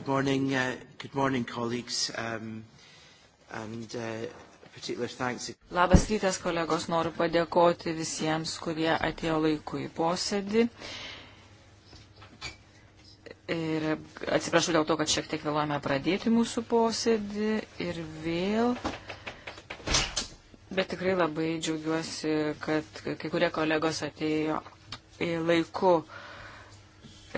Good morning, uh, good morning colleagues, um, and uh, particular thanks. Labas rytas, kolegos, noriu padėkoti visiems, kurie atėjo laiku į posėdį. Ir atsiprašau dėl to, kad šiek tiek vėluojame pradėti mūsų posėdį ir vėl. Bet tikrai labai džiaugiuosi, kad kai kurie kolegos atėjo laiku. Uh,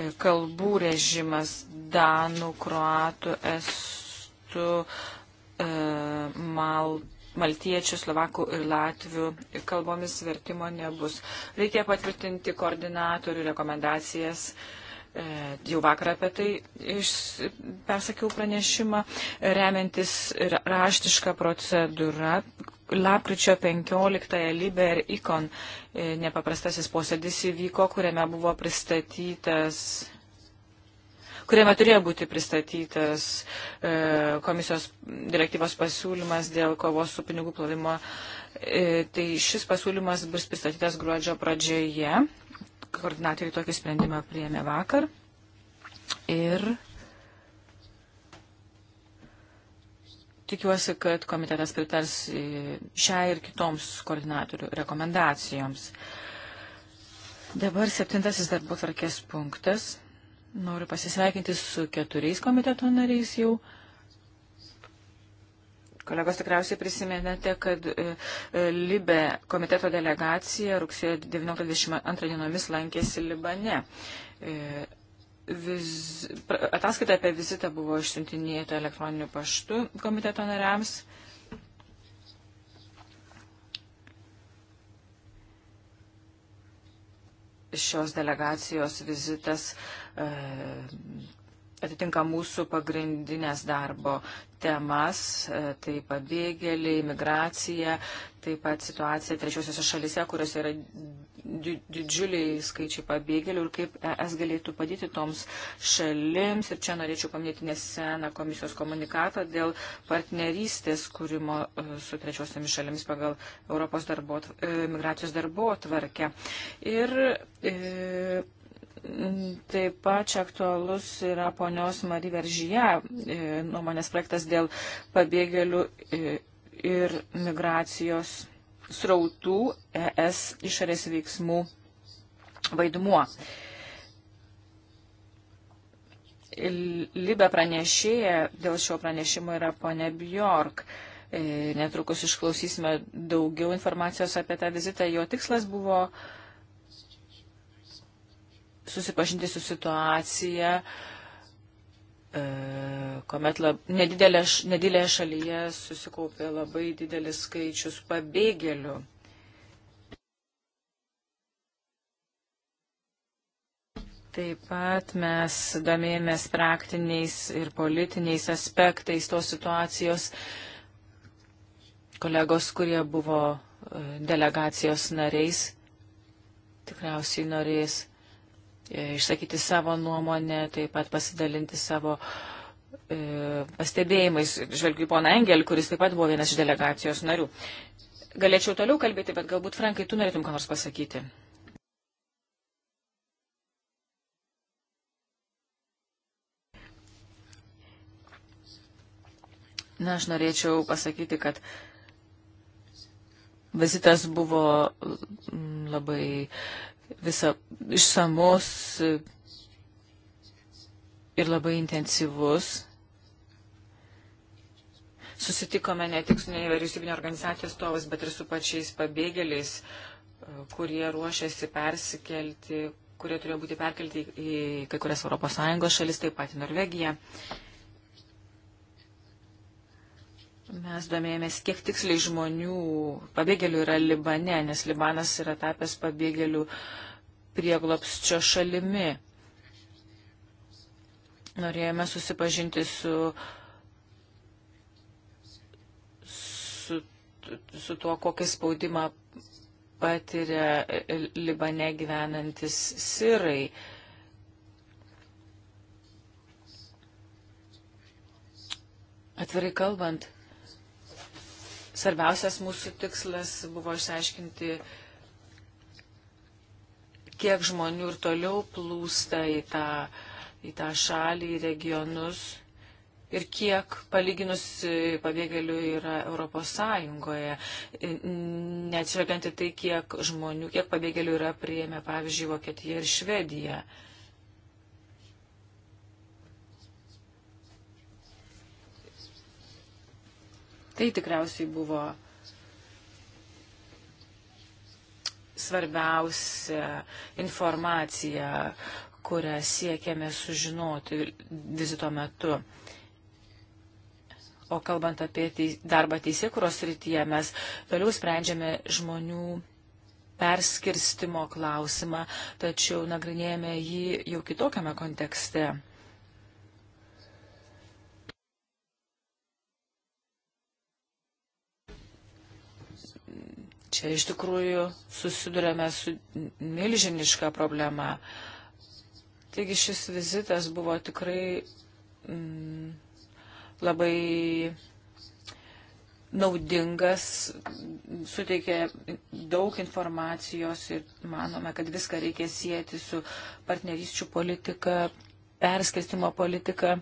E, kalbų režimas danų, kroatų, estų, e, mal, maltiečių, slovakų ir latvių kalbomis vertimo nebus. Reikia patvirtinti koordinatorių rekomendacijas E, jau vakar apie tai iš, persakiau pranešimą, remiantis raštišką procedūrą. Lapkričio 15-ąją Liber Ikon e, nepaprastasis posėdis įvyko, kuriame buvo pristatytas kuriame turėjo būti pristatytas e, komisijos direktyvos pasiūlymas dėl kovos su pinigų plovimo. E, tai šis pasiūlymas bus pristatytas gruodžio pradžioje. Koordinatoriai tokį sprendimą priėmė vakar. Ir tikiuosi, kad komitetas pritars šią ir kitoms koordinatorių rekomendacijoms. Dabar septintasis darbo tvarkės punktas. Noriu pasisveikinti su keturiais komiteto nariais jau. Kolegos tikriausiai prisimenate, kad e, e, Libe komiteto delegacija rugsėjo 19-22 dienomis lankėsi Libane. E, viz... Ataskaita apie vizitą buvo išsiuntinėta elektroniniu paštu komiteto nariams. Šios delegacijos vizitas e, atitinka mūsų pagrindinės darbo temas, e, tai pabėgėliai, migracija, taip pat situacija trečiosiuose šalise, kuriuose yra didžiuliai skaičiai pabėgėlių ir kaip ES galėtų padėti toms šalims. Ir čia norėčiau paminėti neseną komisijos komunikatą dėl partnerystės kūrimo e, su trečiosiomis šalimis pagal Europos darbo, e, migracijos darbo tvarkę. Ir e, Taip pat čia aktualus yra ponios Mari Veržyje e, nuomonės projektas dėl pabėgėlių e, ir migracijos srautų ES išorės veiksmų vaidmuo. Libė pranešėja dėl šio pranešimo yra ponė Bjork. E, netrukus išklausysime daugiau informacijos apie tą vizitą. Jo tikslas buvo uh, susipažinti su situacija, e, kuomet lab, nedidelė, nedidelė šalyje susikaupė labai didelis skaičius pabėgėlių. Taip pat mes domėjomės praktiniais ir politiniais aspektais tos situacijos. Kolegos, kurie buvo e, delegacijos nariais, tikriausiai norės išsakyti savo nuomonę, taip pat pasidalinti savo e, pastebėjimais. Žvelgiu į poną Engel, kuris taip pat buvo vienas iš delegacijos narių. Galėčiau toliau kalbėti, bet galbūt, Frankai, tu norėtum ką nors pasakyti. Na, aš norėčiau pasakyti, kad vizitas buvo mm, labai visa, išsamus ir labai intensyvus. Susitikome ne tik su nevyriausybinio organizacijos tovas, bet ir su pačiais pabėgėliais, kurie ruošiasi persikelti, kurie turėjo būti perkelti į kai kurias ES šalis, taip pat į Norvegiją. Mes domėjomės, kiek tiksliai žmonių pabėgėlių yra Libane, nes Libanas yra tapęs pabėgėlių prieglopsčio šalimi. Norėjome susipažinti su, su, su tuo, kokį spaudimą patiria Libane gyvenantis sirai. Atvirai kalbant, Svarbiausias mūsų tikslas buvo išsiaiškinti, kiek žmonių ir toliau plūsta į tą, į tą šalį, į regionus ir kiek palyginus pabėgėlių yra Europos Sąjungoje, neatsižvelgiant į tai, kiek žmonių, kiek pabėgėlių yra prieėmę, pavyzdžiui, Vokietija ir Švedija. Uh, Tai tikriausiai buvo svarbiausia informacija, kurią siekėme sužinoti vizito metu. O kalbant apie teis, darbą teisėkuros rytyje, mes toliau sprendžiame žmonių perskirstimo klausimą, tačiau nagrinėjame jį jau kitokiame kontekste. Čia iš tikrųjų susidurėme su milžiniška problema. Taigi šis vizitas buvo tikrai mm, labai naudingas, suteikė daug informacijos ir manome, kad viską reikia sieti su partnerysčių politika, perskirstimo politika.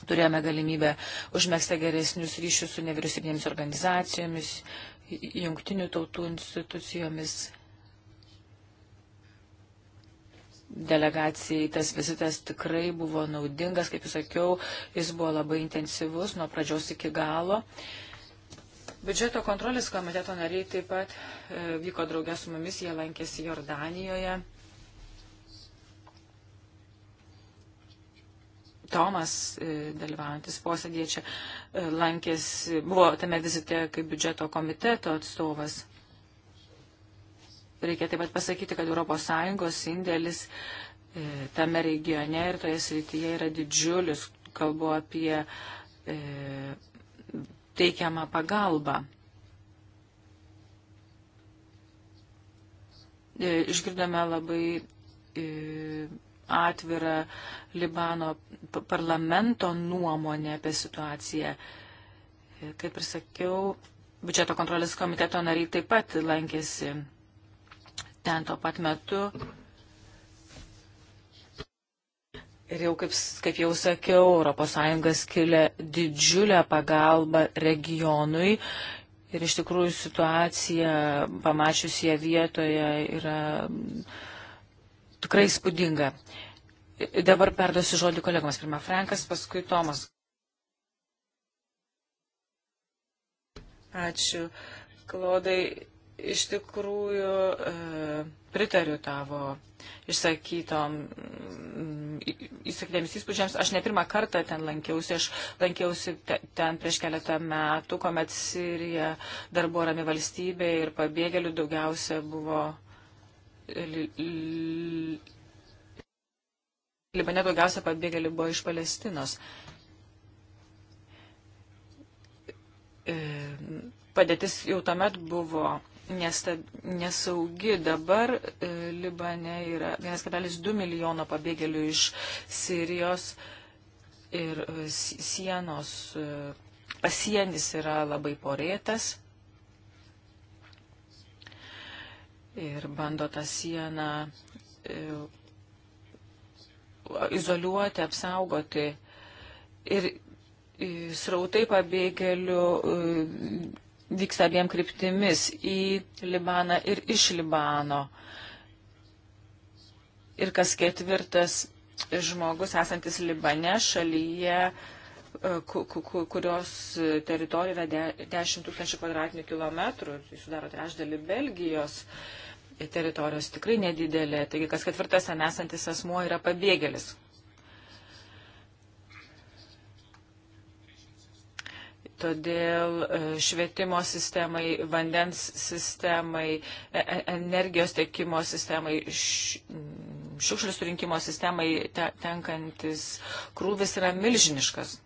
Turėjome galimybę užmėgsti geresnius ryšius su nevyriausybinėmis organizacijomis, jungtinių tautų institucijomis delegacijai tas vizitas tikrai buvo naudingas, kaip jūs sakiau, jis buvo labai intensyvus nuo pradžios iki galo. Biudžeto kontrolės komiteto nariai taip pat e, vyko draugė su mumis, jie lankėsi Jordanijoje. Tomas e, dalyvaujantis posėdėje čia e, lankėsi, buvo tame vizite kaip biudžeto komiteto atstovas. Reikia taip pat pasakyti, kad ES indėlis e, tame regione ir toje srityje yra didžiulis, kalbu apie teikiamą pagalbą. Išgirdome labai atvirą Libano parlamento nuomonę apie situaciją. Kaip ir sakiau, biudžeto kontrolės komiteto nariai taip pat lankėsi ten tuo pat metu. Ir jau, kaip, kaip jau sakiau, ES skilia didžiulę pagalbą regionui ir iš tikrųjų situacija pamačius ją vietoje yra tikrai spūdinga. Dabar perduosiu žodį kolegoms. Pirma Frankas, paskui Tomas. Ačiū. Klodai, iš tikrųjų e, pritariu tavo išsakytom, mm, išsakytėms įspūdžiams. Aš ne pirmą kartą ten lankiausi, aš lankiausi ten prieš keletą metų, kuomet Sirija dar buvo rami valstybė ir pabėgėlių daugiausia buvo Libane daugiausia pabėgėlių buvo iš Palestinos. E, padėtis jau tuomet buvo nestab, nesaugi. Dabar e, Libane yra 1,2 milijono pabėgėlių iš Sirijos ir e, sienos pasienis yra labai porėtas. ir bando tą sieną e, izoliuoti, apsaugoti. Ir e, srautai pabėgėlių e, vyksta abiem kryptimis į Libaną ir iš Libano. Ir kas ketvirtas žmogus esantis Libane šalyje E, kurios teritorija yra de, 10 tūkstančių kvadratinių kilometrų, tai sudaro trečdalį Belgijos teritorijos, tikrai nedidelė, taigi kas ketvirtas ten esantis asmuo yra pabėgėlis. Todėl e, švietimo sistemai, vandens sistemai, e, energijos tiekimo sistemai, šiukšlių surinkimo sistemai tenkantis krūvis yra milžiniškas.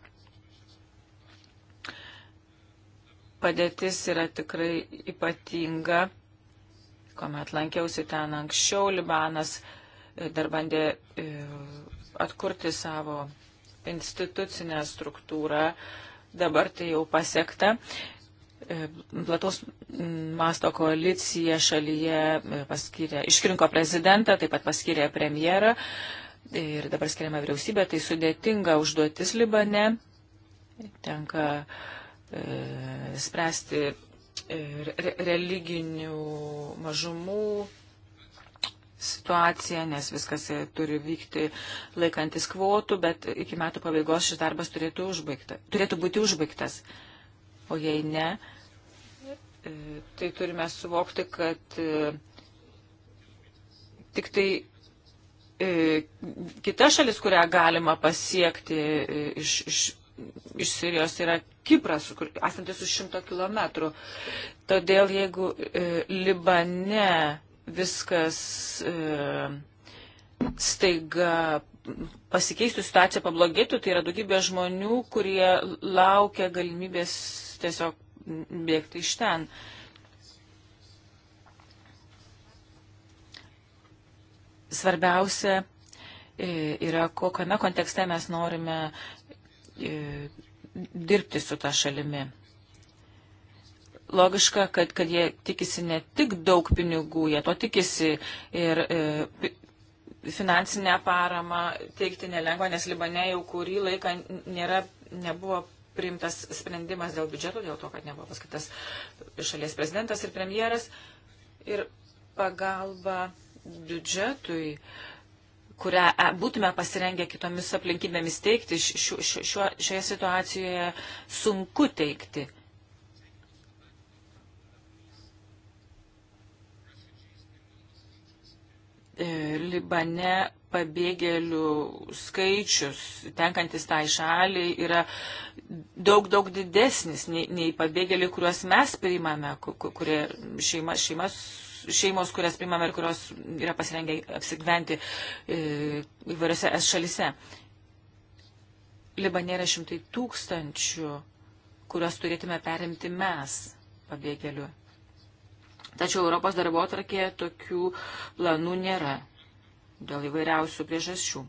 Padėtis yra tikrai ypatinga. Komet lankiausi ten anksčiau, Libanas e, dar bandė e, atkurti savo institucinę struktūrą. Dabar tai jau pasiekta e, plataus masto koalicija šalyje paskyrė, išrinko prezidentą, taip pat paskyrė premjerą ir dabar skiriama vyriausybė, tai sudėtinga užduotis Libane, tenka E, spręsti re religinių mažumų situaciją, nes viskas turi vykti laikantis kvotų, bet iki metų pabaigos šis darbas turėtų, užbaigta, turėtų būti užbaigtas. O jei ne, e, tai turime suvokti, kad e, tik tai kita šalis, kurią galima pasiekti iš, iš, iš Sirijos, yra Kipras, kur, esantis už šimto kilometrų. Todėl jeigu e, Libane viskas e, staiga pasikeistų situacija, pablogėtų, tai yra daugybė žmonių, kurie laukia galimybės tiesiog bėgti iš ten. Svarbiausia e, yra, kokiame kontekste mes norime e, dirbti su ta šalimi. Logiška, kad, kad jie tikisi ne tik daug pinigų, jie to tikisi ir e, finansinę paramą teikti nelengva, nes Libane jau kurį laiką nėra, nebuvo priimtas sprendimas dėl biudžeto, dėl to, kad nebuvo paskaitas šalies prezidentas ir premjeras. Ir pagalba biudžetui. E, kurią būtume pasirengę kitomis aplinkybėmis teikti, šiuo, šiuo, šioje situacijoje sunku teikti. E, Libane pabėgėlių skaičius tenkantis tai šaliai yra daug, daug didesnis nei, nei pabėgėliai, kuriuos mes priimame, kurie šeimas, šeimas šeimos, kurias primame ir kurios yra pasirengę apsigventi e, įvairiose es šalise. Libane yra šimtai tūkstančių, kuriuos turėtume perimti mes pabėgėlių. Tačiau Europos darbo atrakėje tokių planų nėra dėl įvairiausių priežasčių.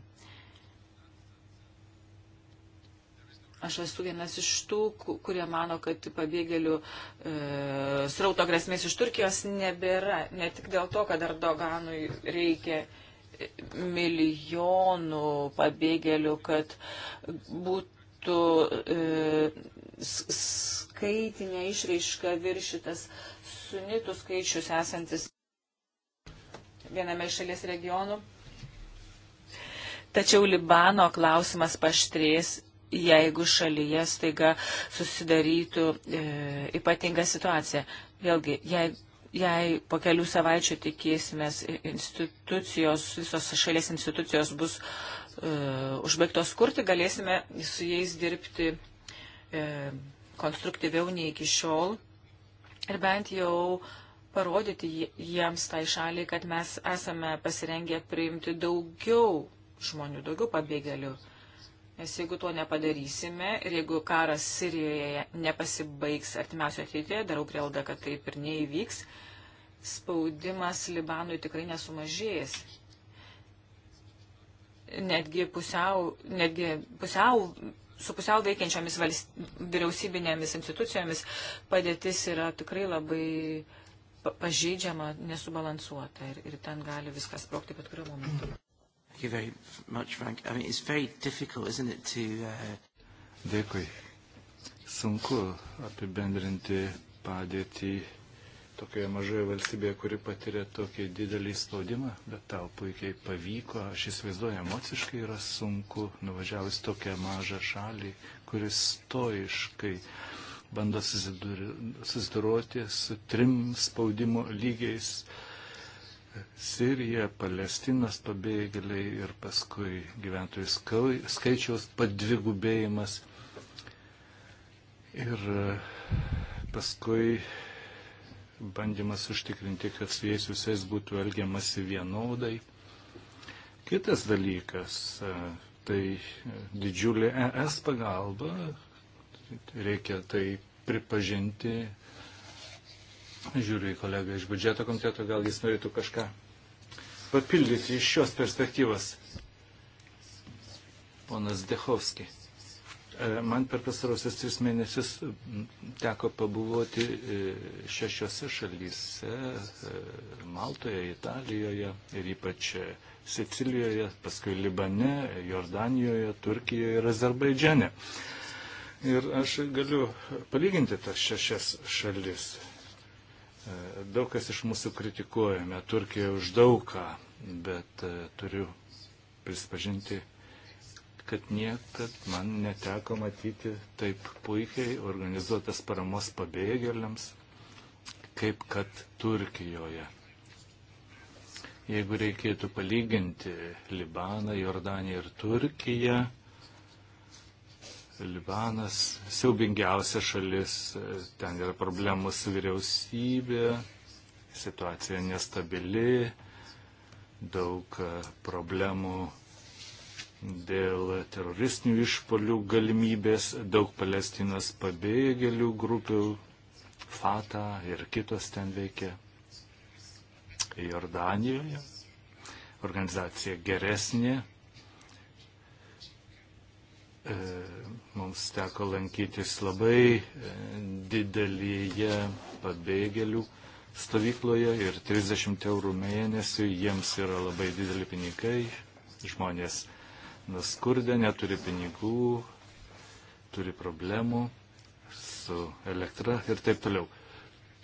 Aš esu vienas iš tų, kurie mano, kad pabėgėlių e, srauto grėsmės iš Turkijos nebėra. Ne tik dėl to, kad Erdoganui reikia e, milijonų pabėgėlių, kad būtų e, skaitinė išraiška viršytas sunitų skaičius esantis viename iš šalies regionų. Tačiau Libano klausimas paštrės jeigu šalyje staiga susidarytų e, ypatinga situacija. Vėlgi, jei, jei po kelių savaičių tikėsimės institucijos, visos šalies institucijos bus e, užbaigtos kurti, galėsime su jais dirbti e, konstruktyviau nei iki šiol ir bent jau parodyti jiems tai šaliai, kad mes esame pasirengę priimti daugiau žmonių, daugiau pabėgėlių. Nes jeigu to nepadarysime ir jeigu karas Sirijoje nepasibaigs artimiausio ateityje, darau prielaidą, kad taip ir neįvyks, spaudimas Libanui tikrai nesumažės. Netgi pusiau, netgi pusiau su pusiau veikiančiomis valst, vyriausybinėmis institucijomis padėtis yra tikrai labai pažeidžiama, nesubalansuota ir, ir ten gali viskas sprokti bet kuriuo momentu. Thank you very much, Frank. I mean, it's very difficult, isn't it, to... Uh... Dėkui. Sunku apibendrinti padėtį tokioje mažoje valstybėje, kuri patiria tokį didelį spaudimą, bet tau puikiai pavyko. Aš įsivaizduoju, emociškai yra sunku nuvažiavus tokią mažą šalį, kuris stoiškai bando susiduroti su trim spaudimo lygiais Sirija, Palestinas pabėgėliai ir paskui gyventojų skaičiaus padvigubėjimas. Ir e, paskui bandymas užtikrinti, kad su jais visais būtų elgiamasi vienodai. Kitas dalykas e, - tai e, didžiulė ES pagalba, reikia tai pripažinti Žiūriu į kolegą iš biudžeto komiteto, gal jis norėtų kažką papildyti iš šios perspektyvos. Ponas Dehovski. E, man per pasarosius tris mėnesius teko pabuvoti e, šešiose šalyse e, - Maltoje, Italijoje ir ypač Sicilijoje, paskui Libane, Jordanijoje, Turkijoje ir Azerbaidžiane. Ir aš galiu palyginti tas šešias šalis. E, daug kas iš mūsų kritikuojame Turkiją už daugą, bet e, turiu prispažinti, kad niekad man neteko matyti taip puikiai organizuotas paramos pabėgėliams, kaip kad Turkijoje. Jeigu reikėtų palyginti Libaną, Jordaniją ir Turkiją, Libanas siaubingiausia šalis, ten yra problemų su vyriausybė, situacija nestabili, daug e, problemų dėl teroristinių išpolių galimybės, daug Palestinos pabėgėlių grupių, Fata ir kitos ten veikia Jordanijoje. Organizacija geresnė. E, Mums teko lankytis labai e, didelėje pabėgėlių stovykloje ir 30 eurų mėnesių jiems yra labai dideli pinigai. Žmonės nuskurdę, neturi pinigų, turi problemų su elektra ir taip toliau.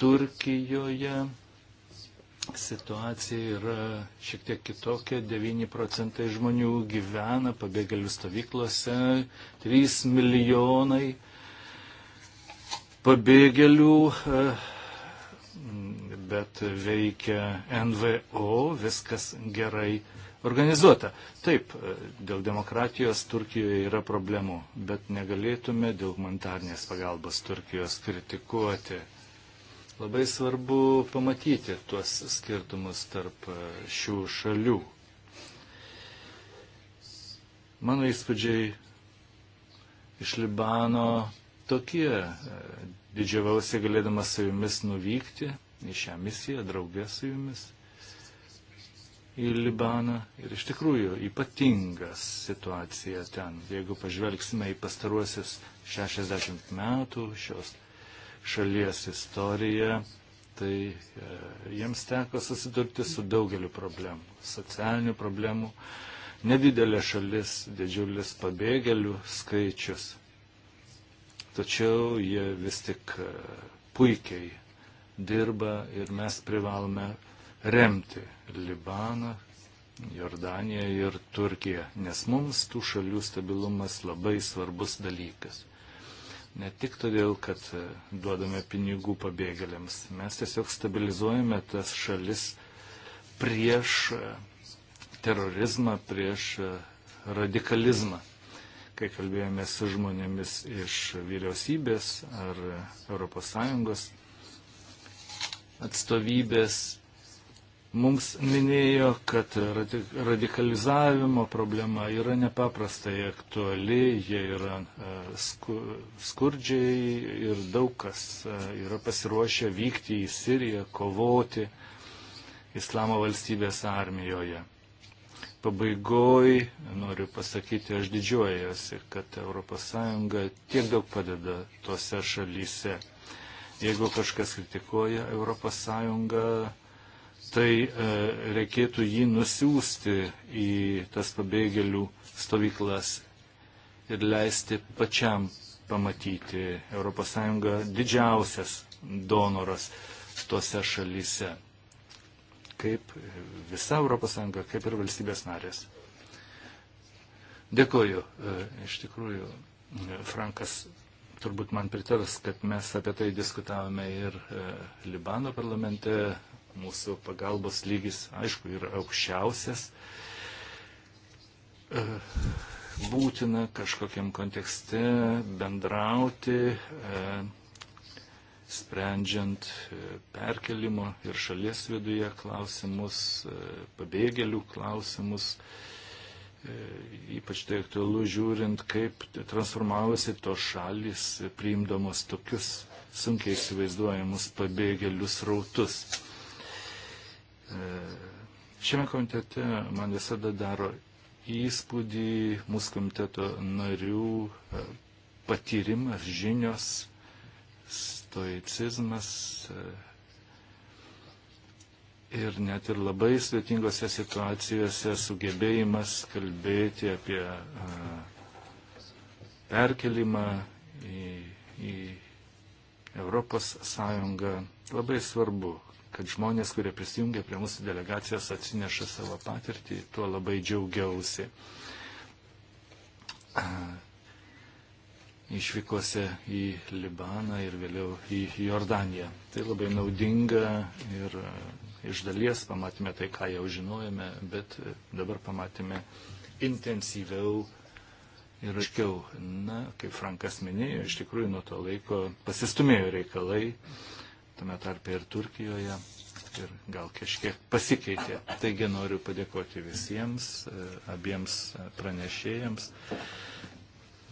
Turkijoje situacija yra šiek tiek kitokia. 9 procentai žmonių gyvena pabėgėlių stovyklose, 3 milijonai pabėgėlių, e, bet veikia NVO, viskas gerai organizuota. Taip, e, dėl demokratijos Turkijoje yra problemų, bet negalėtume dėl humanitarnės pagalbos Turkijos kritikuoti. Labai svarbu pamatyti tuos skirtumus tarp e, šių šalių. Mano įspūdžiai iš Libano tokie. E, didžiavausi galėdamas su jumis nuvykti į šią misiją, draugę su jumis į Libaną. Ir iš tikrųjų ypatinga situacija ten. Jeigu pažvelgsime į pastaruosius 60 metų šios šalies istoriją, tai e, jiems teko susidurti su daugeliu problemų, socialinių problemų, nedidelė šalis, didžiulis pabėgėlių skaičius. Tačiau jie vis tik e, puikiai dirba ir mes privalome remti Libaną, Jordaniją ir Turkiją, nes mums tų šalių stabilumas labai svarbus dalykas ne tik todėl, kad e, duodame pinigų pabėgėliams. Mes tiesiog stabilizuojame tas šalis prieš e, terorizmą, prieš e, radikalizmą. Kai kalbėjome su žmonėmis iš vyriausybės ar ES atstovybės, mums minėjo, kad radikalizavimo problema yra nepaprastai aktuali, jie yra e, skurdžiai ir daug kas e, yra pasiruošę vykti į Siriją, kovoti Islamo valstybės armijoje. Pabaigoj noriu pasakyti, aš didžiuojasi, kad ES tiek daug padeda tose šalyse. Jeigu kažkas kritikuoja ES, tai e, reikėtų jį nusiųsti į tas pabėgėlių stovyklas ir leisti pačiam pamatyti ES didžiausias donoras tose šalyse, kaip visa ES, kaip ir valstybės narės. Dėkoju. E, iš tikrųjų, e, Frankas turbūt man pritars, kad mes apie tai diskutavome ir Libano parlamente, Mūsų pagalbos lygis, aišku, yra aukščiausias. E, būtina kažkokiam kontekste bendrauti, e, sprendžiant e, perkelimo ir šalies viduje klausimus, pabėgėlių klausimus ypač tai aktualu žiūrint, kaip transformavosi tos šalis priimdamos tokius sunkiai įsivaizduojamus pabėgėlius rautus. E, šiame komitete man visada daro įspūdį mūsų komiteto narių e, patyrimas, žinios, stoicizmas e, ir net ir labai sudėtingose situacijose sugebėjimas kalbėti apie perkelimą į, į Europos Sąjungą. Labai svarbu, kad žmonės, kurie prisijungia prie mūsų delegacijos, atsineša savo patirtį, tuo labai džiaugiausi. Išvykose į Libaną ir vėliau į Jordaniją. Tai labai naudinga ir iš dalies pamatėme tai, ką jau žinojame, bet dabar pamatėme intensyviau ir aiškiau. Na, kaip Frankas minėjo, iš tikrųjų nuo to laiko pasistumėjo reikalai. Uh, tame tarpe ir Turkijoje, ir gal kažkiek pasikeitė. Taigi noriu padėkoti visiems, e, abiems e, pranešėjams,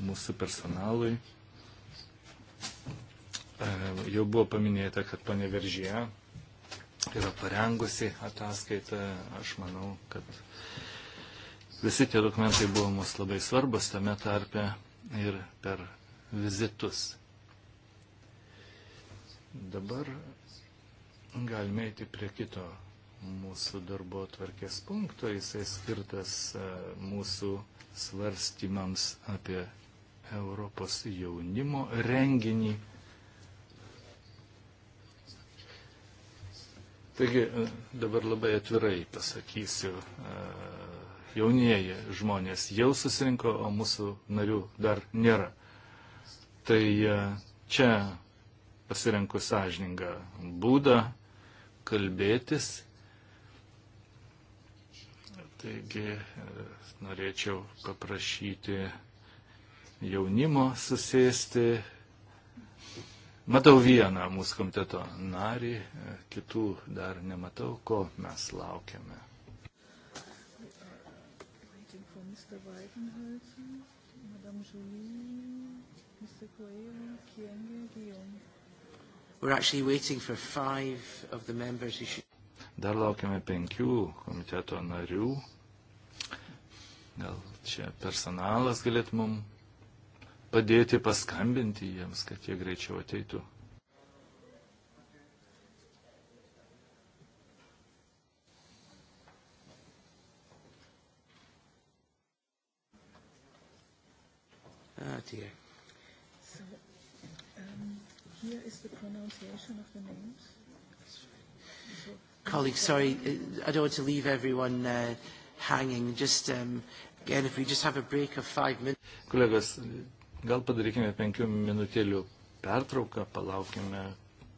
mūsų personalui. E, jau buvo paminėta, kad paneveržyje yra parengusi ataskaitą. Aš manau, kad visi tie dokumentai buvo mums labai svarbus tame tarpe ir per vizitus. Dabar galime eiti prie kito mūsų darbo tvarkės punkto. Jisai skirtas e, mūsų svarstymams apie Europos jaunimo renginį. Taigi e, dabar labai atvirai pasakysiu, e, jaunieji žmonės jau susirinko, o mūsų narių dar nėra. Tai čia pasirenku sąžiningą būdą kalbėtis. Taigi e, norėčiau paprašyti jaunimo susėsti. Matau vieną mūsų komiteto narį, e, kitų dar nematau, ko mes laukiame. Mr. Weidenholzer, Madame Jolie, Mr. Coelho, Kienge. We're actually waiting for five of the members who should... Dar laukiame penkių komiteto narių. Gal čia personalas galėtų mum padėti paskambinti jiems, kad jie greičiau ateitų. Oh dear. Here is the pronunciation of the names. So, Colleagues, sorry, uh, I don't want to leave everyone uh, hanging. Just, um, again, if we just have a break of five minutes. Kolegos, gal padarykime penkių minutėlių pertrauką, palaukime,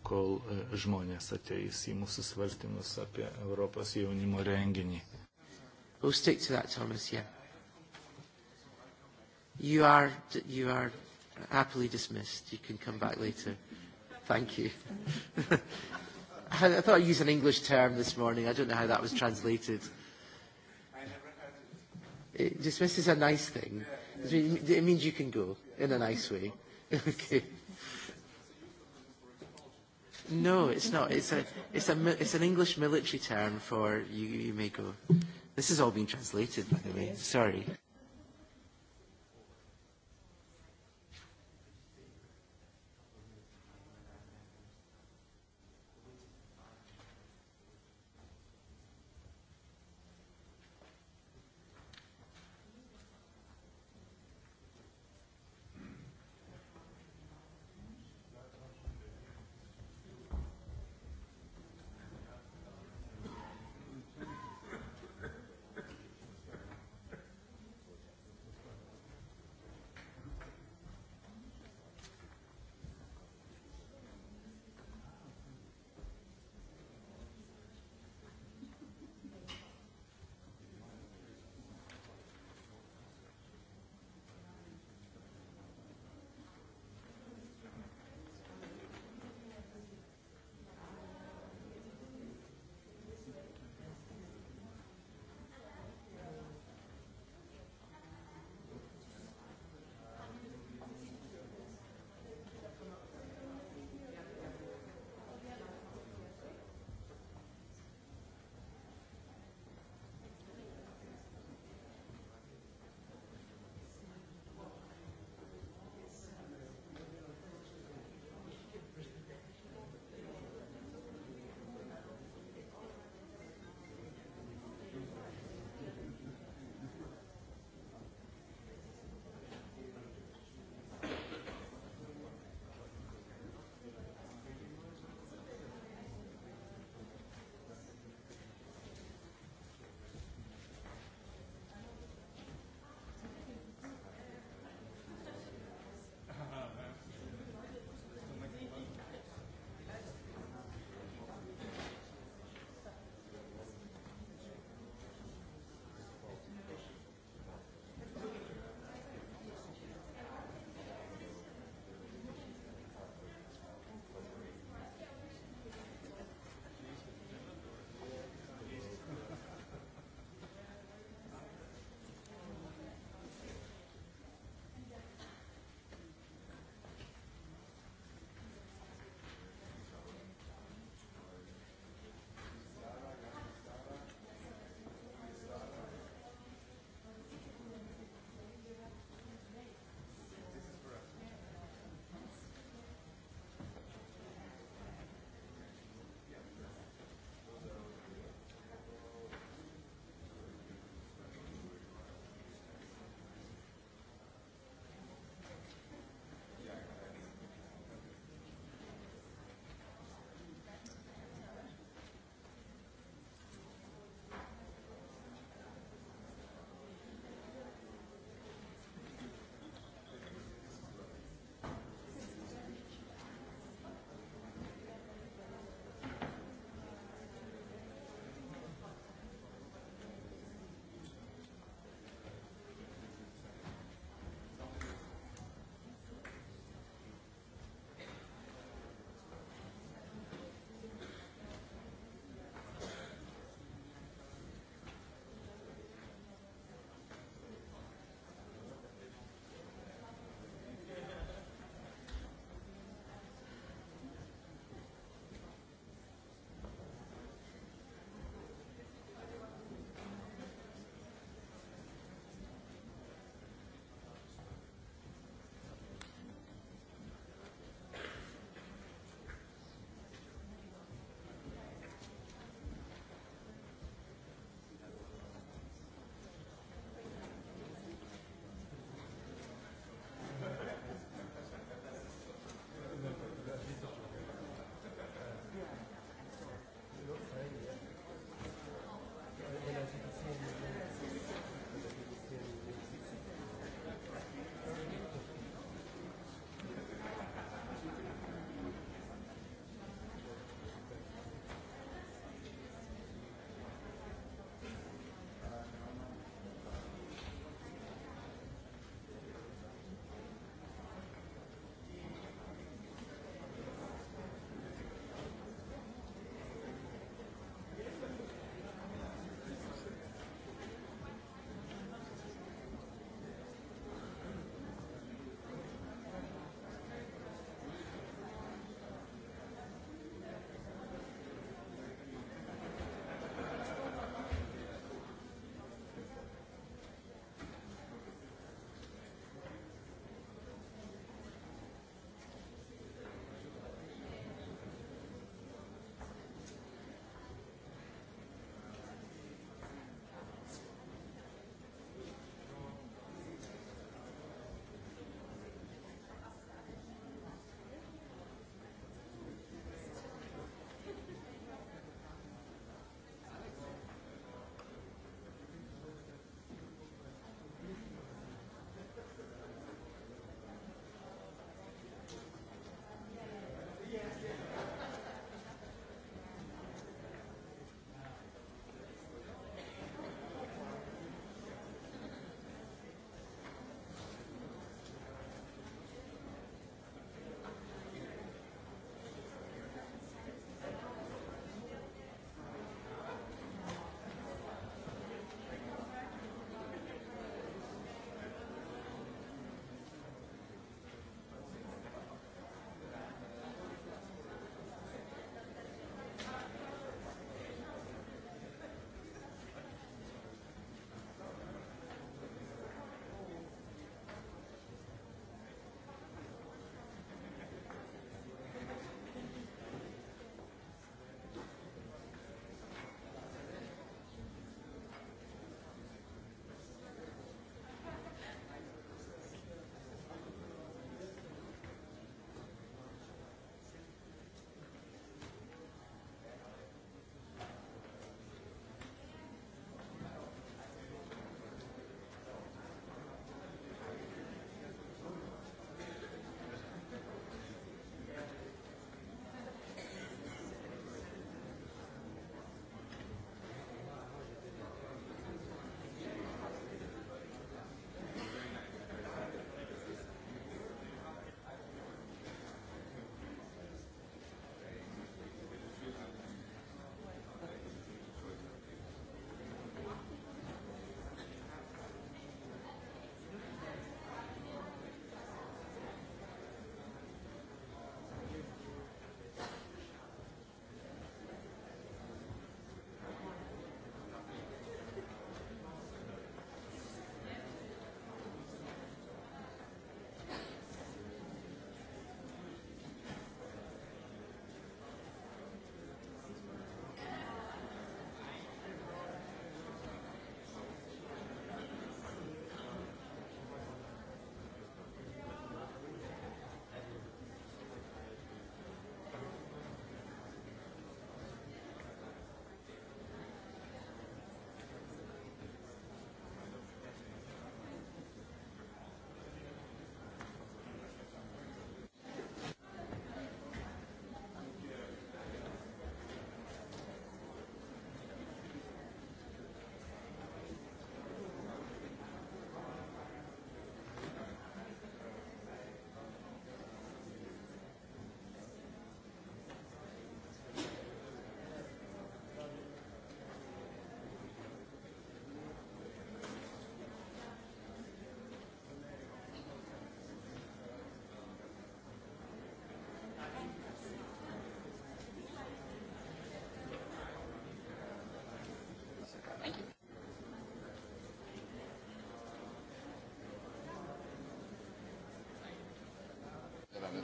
kol e, žmonės ateis į mūsų svarstymus apie Europos jaunimo renginį. We'll stick to that, Thomas, yeah. You are, you are happily dismissed. You can come back later. Thank you. I, I thought I used an English term this morning. I don't know how that was translated. It, dismiss is a nice thing. It means you can go in a nice way. okay. No, it's not. It's a, it's a, it's an English military term for you. You may go. This has all been translated, by the way. Sorry.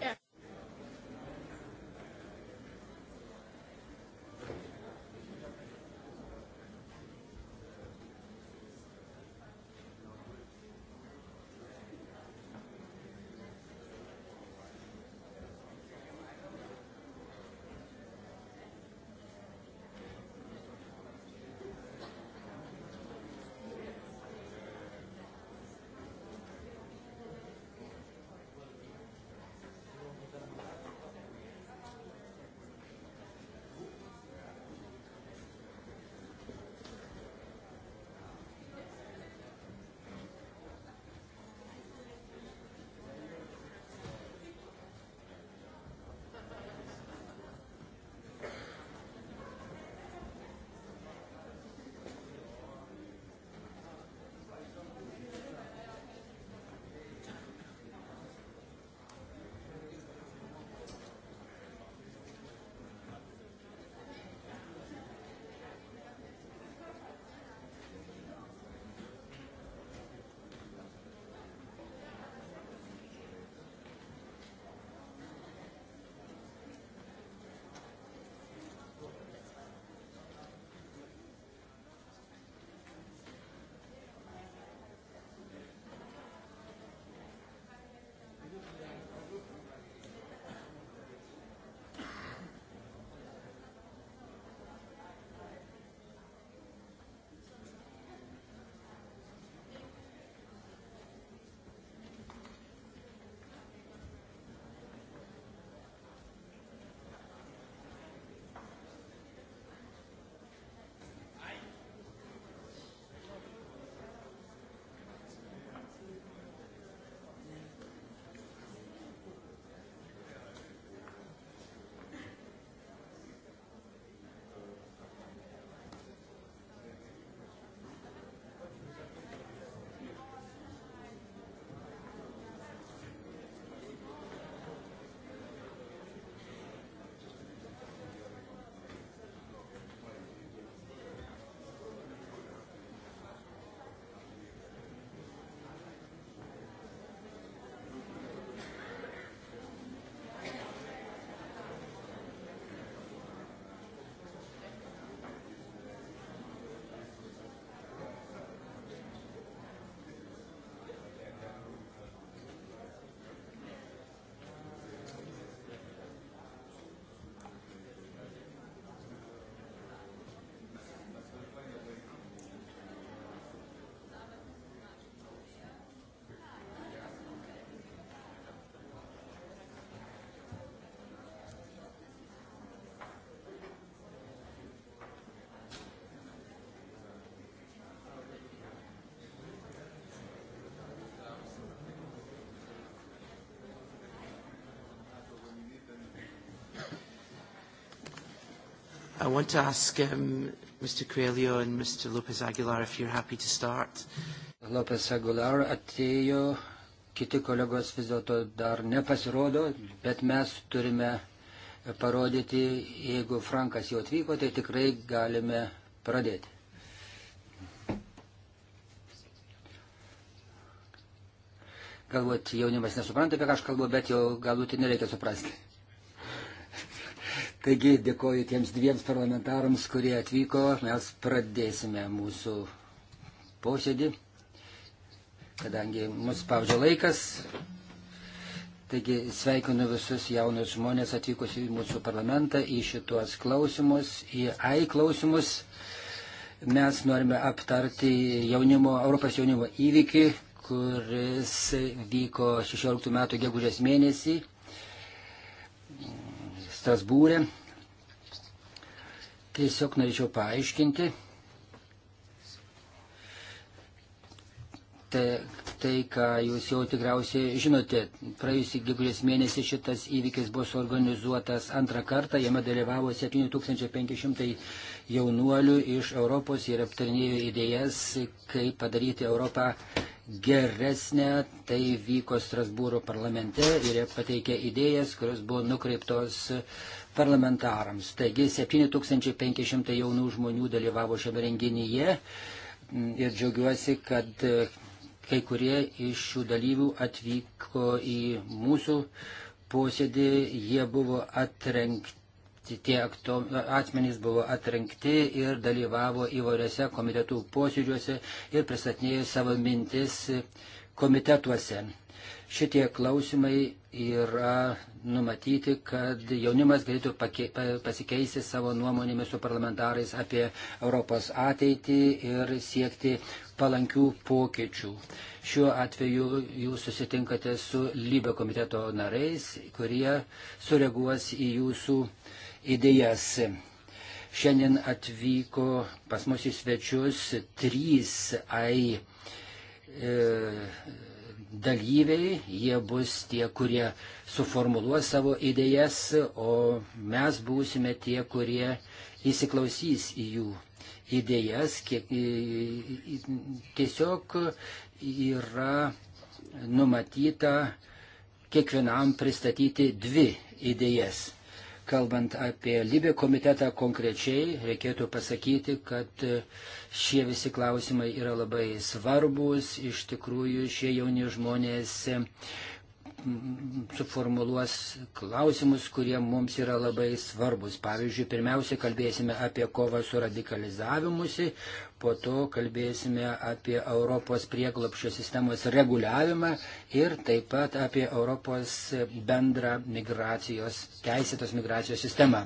Yeah. I want to ask um, Mr. Coelho and Mr. Lopez Aguilar if you're happy to start. Lopez Aguilar atėjo, kiti kolegos vis dėlto dar nepasirodo, bet mes turime parodyti, jeigu Frankas jau atvyko, tai tikrai galime pradėti. Galbūt jaunimas nesupranta, apie ką aš kalbu, bet jau galbūt ir nereikia suprasti. Taigi dėkoju tiems dviems parlamentarams, kurie atvyko. Mes pradėsime mūsų posėdį, kadangi mus spaudžia laikas. Taigi sveikinu visus jaunus žmonės atvykus į mūsų parlamentą, į šituos klausimus, į AI klausimus. Mes norime aptarti jaunimo, Europos jaunimo įvykį, kuris vyko 16 metų gegužės mėnesį Strasbūrė. Tiesiog norėčiau paaiškinti tai, tai, ką jūs jau tikriausiai žinote. Praėjusį gegužės mėnesį šitas įvykis buvo suorganizuotas antrą kartą, jame dalyvavo 7500 jaunuolių iš Europos ir aptarnėjo idėjas, kaip padaryti Europą geresnė. Tai vyko Strasbūro parlamente ir jie pateikė idėjas, kurios buvo nukreiptos parlamentarams. Taigi 7500 jaunų žmonių dalyvavo šiame renginyje ir džiaugiuosi, kad kai kurie iš šių dalyvių atvyko į mūsų posėdį, jie buvo atrenkti tie akto, atmenys buvo atrinkti ir dalyvavo įvairiose komitetų posėdžiuose ir pristatinėjo savo mintis komitetuose. Šitie klausimai yra numatyti, kad jaunimas galėtų pake, pasikeisti savo nuomonėmis su parlamentarais apie Europos ateitį ir siekti palankių pokyčių. Šiuo atveju jūs susitinkate su lybio komiteto nariais, kurie sureaguos į jūsų uh, idėjas. Šiandien atvyko pas mus į svečius trys AI e, dalyviai, jie bus tie, kurie suformuluos savo idėjas, o mes būsime tie, kurie įsiklausys į jų idėjas. Kiek, tiesiog yra numatyta kiekvienam pristatyti dvi idėjas. Kalbant apie Libė komitetą konkrečiai, reikėtų pasakyti, kad e, šie visi klausimai yra labai svarbus. Iš tikrųjų, šie jauni žmonės suformuluos klausimus, kurie mums yra labai svarbus. Pavyzdžiui, pirmiausia kalbėsime apie kovą su radikalizavimusi, po to kalbėsime apie Europos prieglopščio sistemos reguliavimą ir taip pat apie Europos bendrą migracijos, teisėtos migracijos sistemą.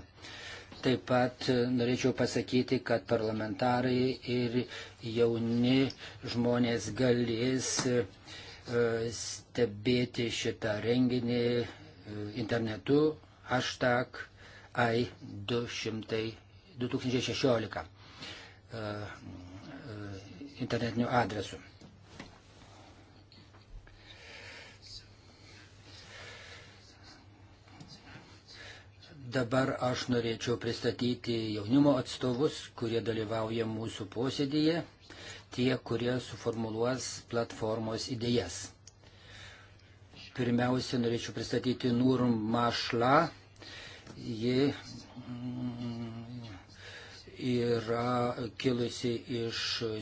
Taip pat norėčiau pasakyti, kad parlamentarai ir jauni žmonės galės E, stebėti šitą renginį e, internetu hashtag i200 2016 e, internetiniu adresu. Dabar aš norėčiau pristatyti jaunimo atstovus, kurie dalyvauja mūsų posėdėje tie, kurie suformuluos platformos idėjas. Pirmiausia, norėčiau pristatyti Nūrum Mašlą. Ji mm, yra kilusi iš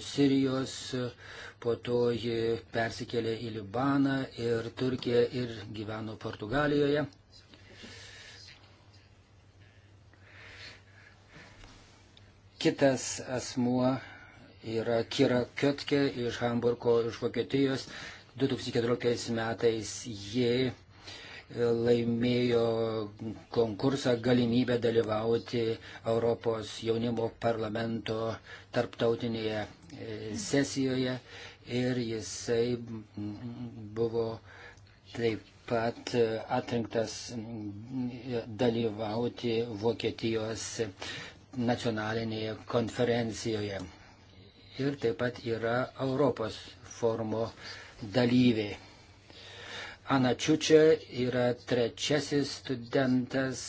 Sirijos, po to ji persikėlė į Libaną ir Turkiją ir gyveno Portugalijoje. Kitas asmuo yra Kira Kötke iš Hamburgo, iš Vokietijos. 2014 metais ji e, laimėjo konkursą galimybę dalyvauti Europos jaunimo parlamento tarptautinėje e, sesijoje ir jisai buvo taip pat e, atrinktas dalyvauti Vokietijos nacionalinėje konferencijoje ir taip pat yra Europos forumo dalyvė. Ana Čiučia yra trečiasis studentas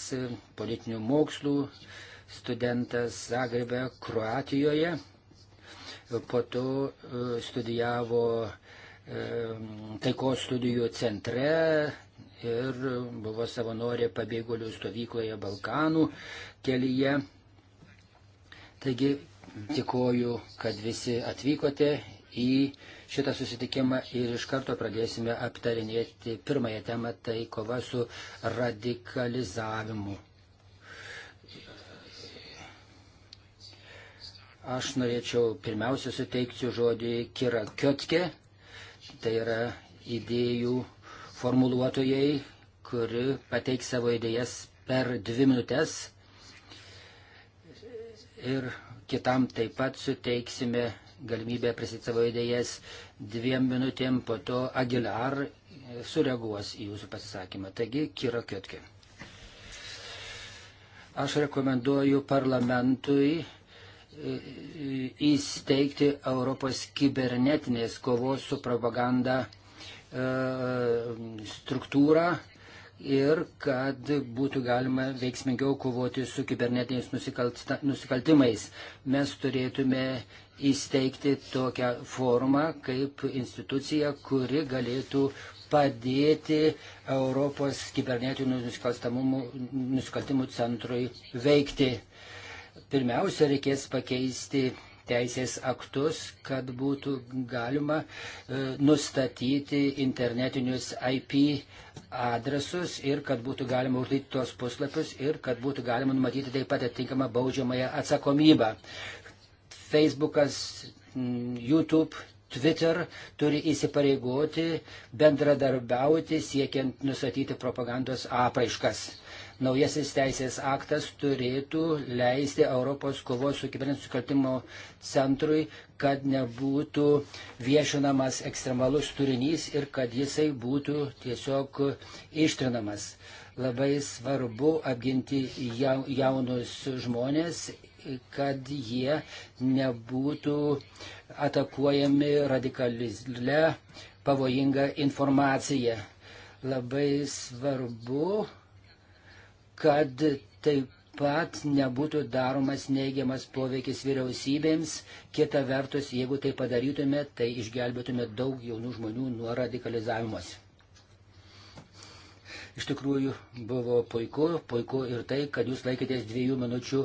politinių mokslų, studentas Zagrebe, Kroatijoje. Po to e, studijavo e, taikos studijų centre ir buvo savanorė pabėgėlių stovykloje Balkanų kelyje. Taigi Dėkuoju, kad visi atvykote į šitą susitikimą ir iš karto pradėsime aptarinėti pirmąją temą, tai kova su radikalizavimu. Aš norėčiau pirmiausia suteikti žodį Kira Kiotke, tai yra idėjų formuluotojai, kuri pateiks savo idėjas per dvi minutės. Ir kitam taip pat suteiksime galimybę pristatyti savo idėjas dviem minutėm, po to Aguilar e, sureaguos į jūsų pasisakymą. Taigi, Kira Kiotke. Aš rekomenduoju parlamentui e, e, įsteigti Europos kibernetinės kovos su propaganda struktūrą ir kad būtų galima veiksmingiau kovoti su kibernetiniais nusikaltimais. Mes turėtume įsteigti tokią formą kaip instituciją, kuri galėtų padėti Europos kibernetinių nusikaltimų centrui veikti. Pirmiausia, reikės pakeisti teisės aktus, kad būtų galima e, nustatyti internetinius IP adresus ir kad būtų galima uždaryti tuos puslapius ir kad būtų galima numatyti taip pat atitinkamą baudžiamąją atsakomybę. Facebookas, YouTube, Twitter turi įsipareigoti bendradarbiauti siekiant nusatyti propagandos apraiškas naujasis teisės aktas turėtų leisti Europos kovos su kibernetiniu nusikaltimu centrui, kad nebūtų viešinamas ekstremalus turinys ir kad jisai būtų tiesiog ištrinamas. Labai svarbu apginti jaunus žmonės kad jie nebūtų atakuojami radikalizle pavojinga informacija. Labai svarbu kad taip pat nebūtų daromas neigiamas poveikis vyriausybėms. Kita vertus, jeigu tai padarytume, tai išgelbėtume daug jaunų žmonių nuo radikalizavimuose. Iš tikrųjų buvo puiku, puiku ir tai, kad jūs laikėtės dviejų minučių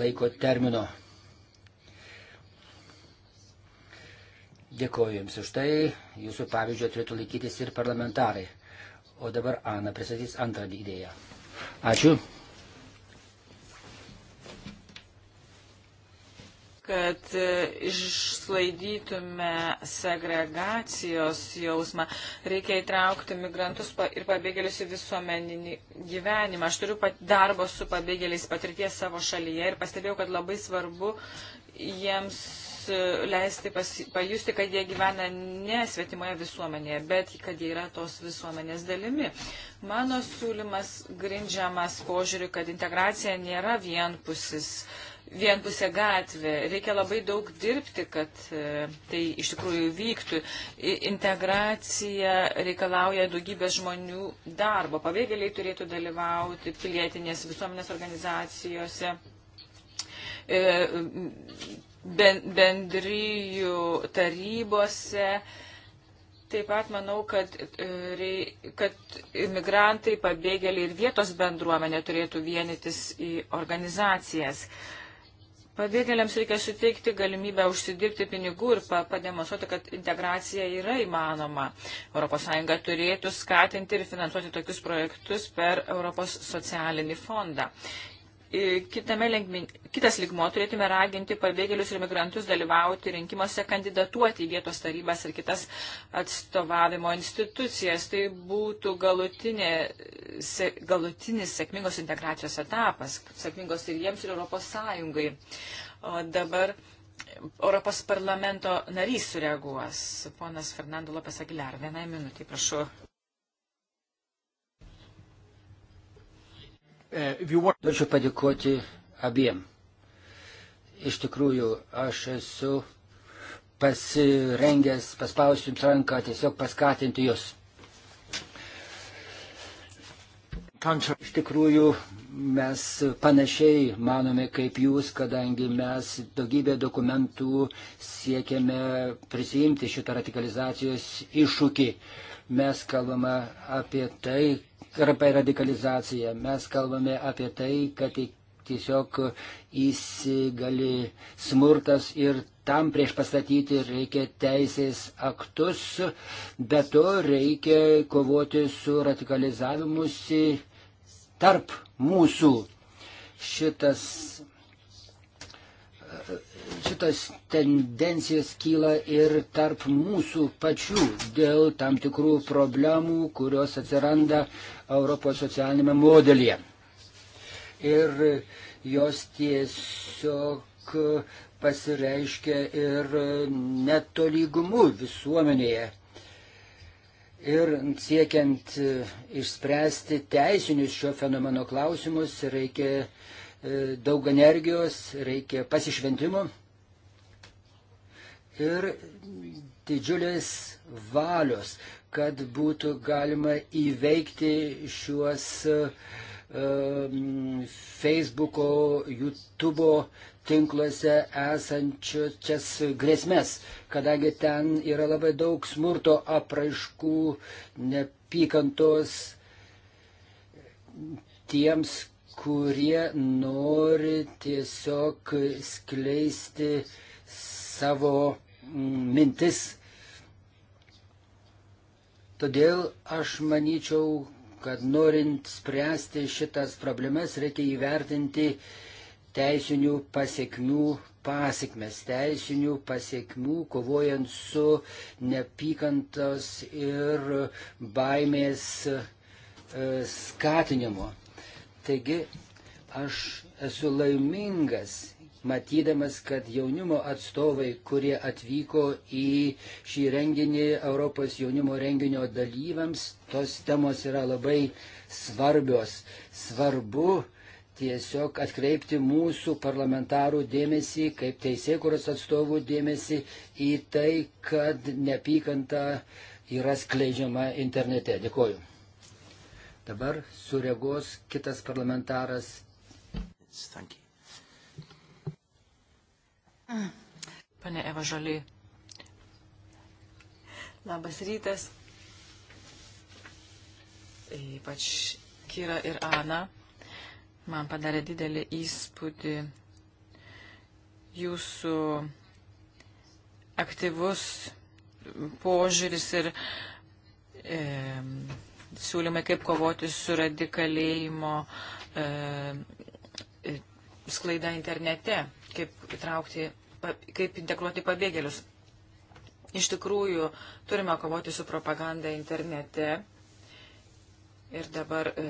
laiko termino. Dėkoju Jums už tai, Jūsų pavyzdžio turėtų laikytis ir parlamentarai. O dabar Ana pristatys antrą idėją. Ačiū. kad e, išslaidytume segregacijos jausmą, reikia įtraukti migrantus ir pabėgėlius į visuomeninį gyvenimą. Aš turiu darbo su pabėgėliais patirties savo šalyje ir pastebėjau, kad labai svarbu jiems leisti pas, pajusti, kad jie gyvena ne svetimoje visuomenėje, bet kad jie yra tos visuomenės dalimi. Mano siūlymas grindžiamas požiūriu, kad integracija nėra vienpusis, vienpusė gatvė. Reikia labai daug dirbti, kad e, tai iš tikrųjų vyktų. Integracija reikalauja daugybės žmonių darbo. Pabėgėliai turėtų dalyvauti pilietinės visuomenės organizacijose e, bendryjų tarybose. Taip pat manau, kad, e, kad imigrantai, pabėgėliai ir vietos bendruomenė turėtų vienytis į organizacijas. Pabėgėliams reikia suteikti galimybę užsidirbti pinigų ir pademonstruoti, kad integracija yra įmanoma. ES turėtų skatinti ir finansuoti tokius projektus per Europos socialinį fondą. E, lengmin, kitas ligmo turėtume raginti pabėgėlius ir migrantus dalyvauti rinkimuose, kandidatuoti į vietos tarybas ir kitas atstovavimo institucijas. Tai būtų galutinė, se, galutinis sėkmingos integracijos etapas, sėkmingos ir jiems, ir Europos Sąjungai. O dabar Europos parlamento narys sureaguos. Ponas Fernando Lopes Aguilar, vienai minutį, prašau. Uh, Norėčiau padėkoti abiem. Iš tikrųjų, aš esu pasirengęs paspausti jums ranką, tiesiog paskatinti jūs. Iš tikrųjų, mes panašiai manome kaip jūs, kadangi mes daugybę dokumentų siekiame prisijimti šitą radikalizacijos iššūkį. Mes kalbame apie tai, ir apie radikalizaciją. Mes kalbame apie tai, kad tiesiog įsigali smurtas ir tam prieš pastatyti reikia teisės aktus, bet to reikia kovoti su radikalizavimusi tarp mūsų. Šitas šitos tendencijos kyla ir tarp mūsų pačių dėl tam tikrų problemų, kurios atsiranda Europos socialinėme modelyje. Ir jos tiesiog pasireiškia ir netolygumu visuomenėje. Ir siekiant išspręsti teisinius šio fenomeno klausimus, reikia uh, E, daug energijos, reikia pasišventimo ir didžiulės valios, kad būtų galima įveikti šiuos um, Facebook'o, YouTube'o tinkluose esančias grėsmės, kadangi ten yra labai daug smurto apraiškų, nepykantos tiems, kurie nori tiesiog skleisti savo mm, mintis. Todėl aš manyčiau, kad norint spręsti šitas problemas reikia įvertinti teisinių pasiekmių pasiekmes, teisinių pasiekmių kovojant su nepykantos ir baimės e, skatinimu. Taigi aš esu laimingas matydamas, kad jaunimo atstovai, kurie atvyko į šį renginį Europos jaunimo renginio dalyviams, tos temos yra labai svarbios. Svarbu tiesiog atkreipti mūsų parlamentarų dėmesį, kaip teisėkuros atstovų dėmesį į tai, kad nepykanta yra skleidžiama internete. Dėkuoju. Dabar sureagos kitas parlamentaras. Pane Eva Žaliai. Labas rytas. Ypač Kira ir Ana. Man padarė didelį įspūdį jūsų aktyvus požiūris ir e, siūlymai, kaip kovoti su radikalėjimo e, e sklaida internete, kaip, įtraukti, kaip integruoti pabėgėlius. Iš tikrųjų, turime kovoti su propaganda internete. Ir dabar e,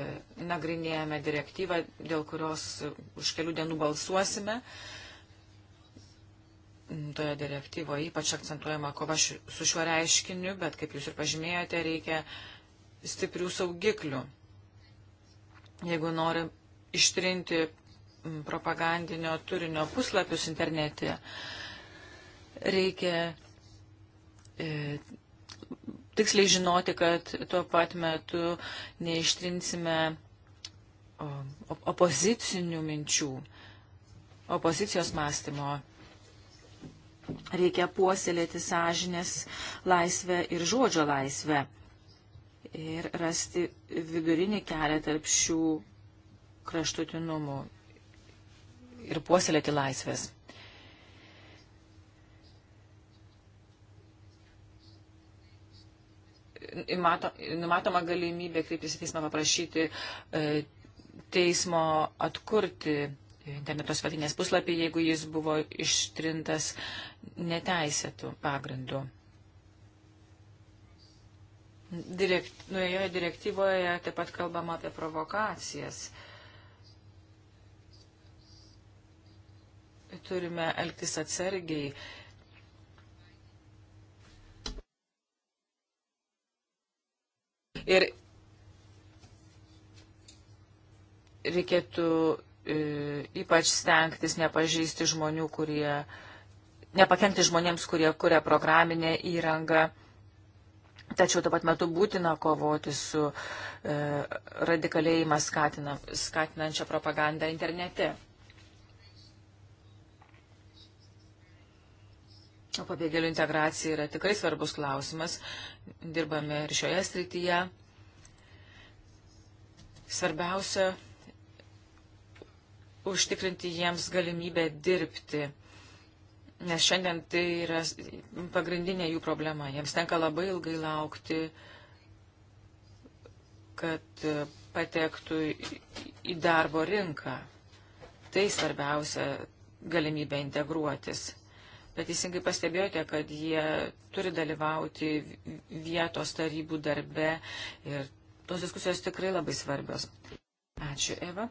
nagrinėjame direktyvą, dėl kurios už kelių dienų balsuosime. Toje direktyvoje ypač akcentuojama kova ši, su šiuo reiškiniu, bet kaip jūs ir pažymėjote, reikia e, stiprių saugiklių. Jeigu nori ištrinti mm, propagandinio turinio puslapius internete, reikia e, tiksliai žinoti, kad tuo pat metu neištrinsime opozicinių minčių, opozicijos mąstymo. Reikia puoselėti sąžinės laisvę ir žodžio laisvę ir rasti vidurinį kelią tarp šių kraštutinumų ir puoselėti laisvės. Mato, numatoma galimybė kreiptis į teismą paprašyti e, teismo atkurti interneto svetainės puslapį, jeigu jis buvo ištrintas neteisėtų pagrindų. Direkt, nuėjoje direktyvoje taip pat kalbama apie provokacijas. Turime elgtis atsargiai. Ir reikėtų e, ypač stengtis nepažeisti žmonių, kurie, nepakengti žmonėms, kurie kuria programinę įrangą. Tačiau tuo pat metu būtina kovoti su e, radikalėjimą skatina, skatinančią propagandą internete. O pabėgėlių integracija yra tikrai svarbus klausimas. Dirbame ir šioje srityje. Svarbiausia užtikrinti jiems galimybę dirbti. Nes šiandien tai yra pagrindinė jų problema. Jiems tenka labai ilgai laukti, kad e, patektų į darbo rinką. Tai svarbiausia galimybė integruotis. Bet teisingai pastebėjote, kad jie turi dalyvauti vietos tarybų darbe ir tos diskusijos tikrai labai svarbios. Ačiū, Eva.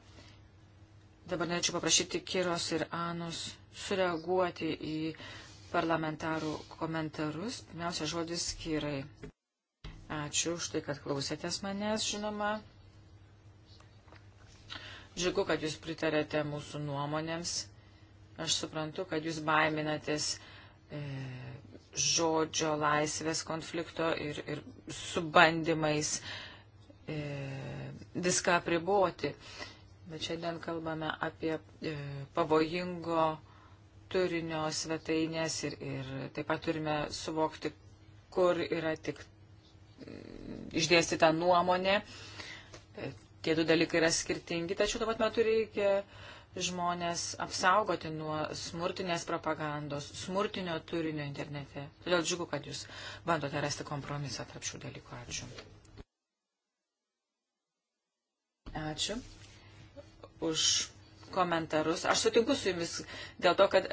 Dabar norėčiau paprašyti Kiros ir Anus sureaguoti į parlamentarų komentarus. Pirmiausia, žodis Kirai. Ačiū už tai, kad klausėtės manęs, žinoma. Džiugu, kad jūs pritarėte mūsų nuomonėms. Aš suprantu, kad jūs baiminatės e, žodžio laisvės konflikto ir, ir su bandymais e, viską priboti. E, bet šiandien kalbame apie e, pavojingo turinio svetainės ir, ir taip pat turime suvokti, kur yra tik e, išdėstyta nuomonė. E, tie du dalykai yra skirtingi, tačiau tuo pat metu reikia žmonės apsaugoti nuo smurtinės propagandos, smurtinio turinio internete. Todėl džiugu, kad jūs bandote rasti kompromisą tarp šių dalykų. Ačiū. Ačiū už komentarus. Aš sutinku su jumis dėl to, kad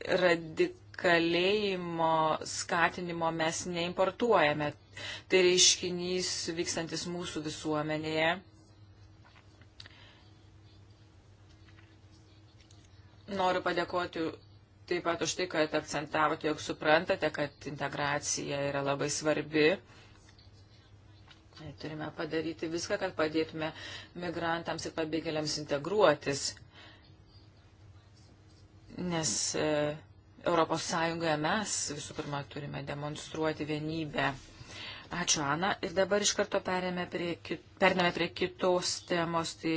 radikalėjimo skatinimo mes neimportuojame. Tai reiškinys vykstantis mūsų visuomenėje. Noriu padėkoti taip pat už tai, kad akcentavote, jog suprantate, kad integracija yra labai svarbi Turime padaryti viską, kad padėtume migrantams ir pabėgėliams integruotis, nes ES mes visų pirma turime demonstruoti vienybę. Ačiū, Ana. Ir dabar iš karto perėmė prie, kit, perėmė prie kitos temos, tai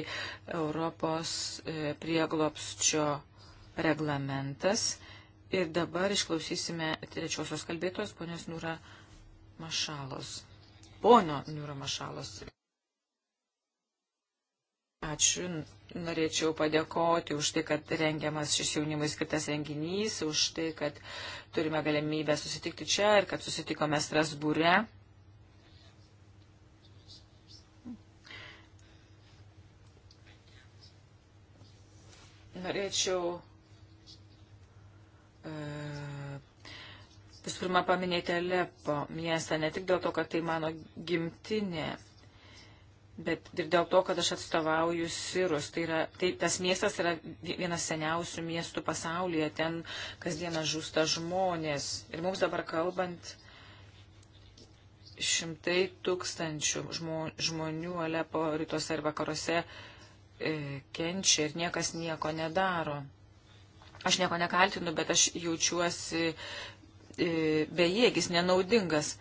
Europos e, prieglopščio reglamentas. Ir dabar išklausysime trečiosios kalbėtos, ponios Nūra Mašalos pono Nuramašalos. Ačiū. Norėčiau padėkoti už tai, kad rengiamas šis jaunimui skirtas renginys, už tai, kad turime galimybę susitikti čia ir kad susitikome Strasbūre. Norėčiau visų pirma paminėti Alepo miestą, ne tik dėl to, kad tai mano gimtinė, bet ir dėl to, kad aš atstovauju Sirus. Tai yra, tai, tas miestas yra vienas seniausių miestų pasaulyje, ten kasdieną žūsta žmonės. Ir mums dabar kalbant, šimtai tūkstančių žmonių Alepo rytuose ir vakaruose e, kenčia ir niekas nieko nedaro. Aš nieko nekaltinu, bet aš jaučiuosi E, bejėgis, nenaudingas.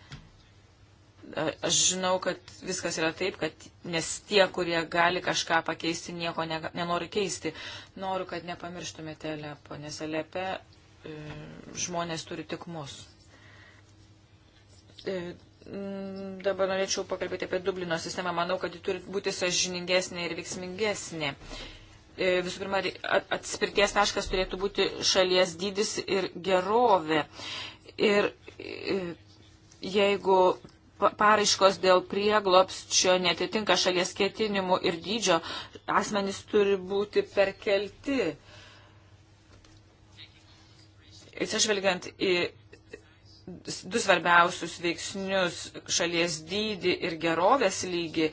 Aš žinau, kad viskas yra taip, kad nes tie, kurie gali kažką pakeisti, nieko ne, nenori keisti. Noriu, kad nepamirštumėte Alepo, nes Alepe e, žmonės turi tik mus. E, dabar norėčiau pakalbėti apie Dublino sistemą. Manau, kad ji turi būti sažiningesnė ir veiksmingesnė visų pirma, atspirties taškas turėtų būti šalies dydis ir gerovė. Ir e, jeigu paraiškos dėl prieglopsčio netitinka šalies ketinimų ir dydžio, asmenys turi būti perkelti. Atsižvelgiant į du svarbiausius veiksnius - šalies dydį ir gerovės lygį,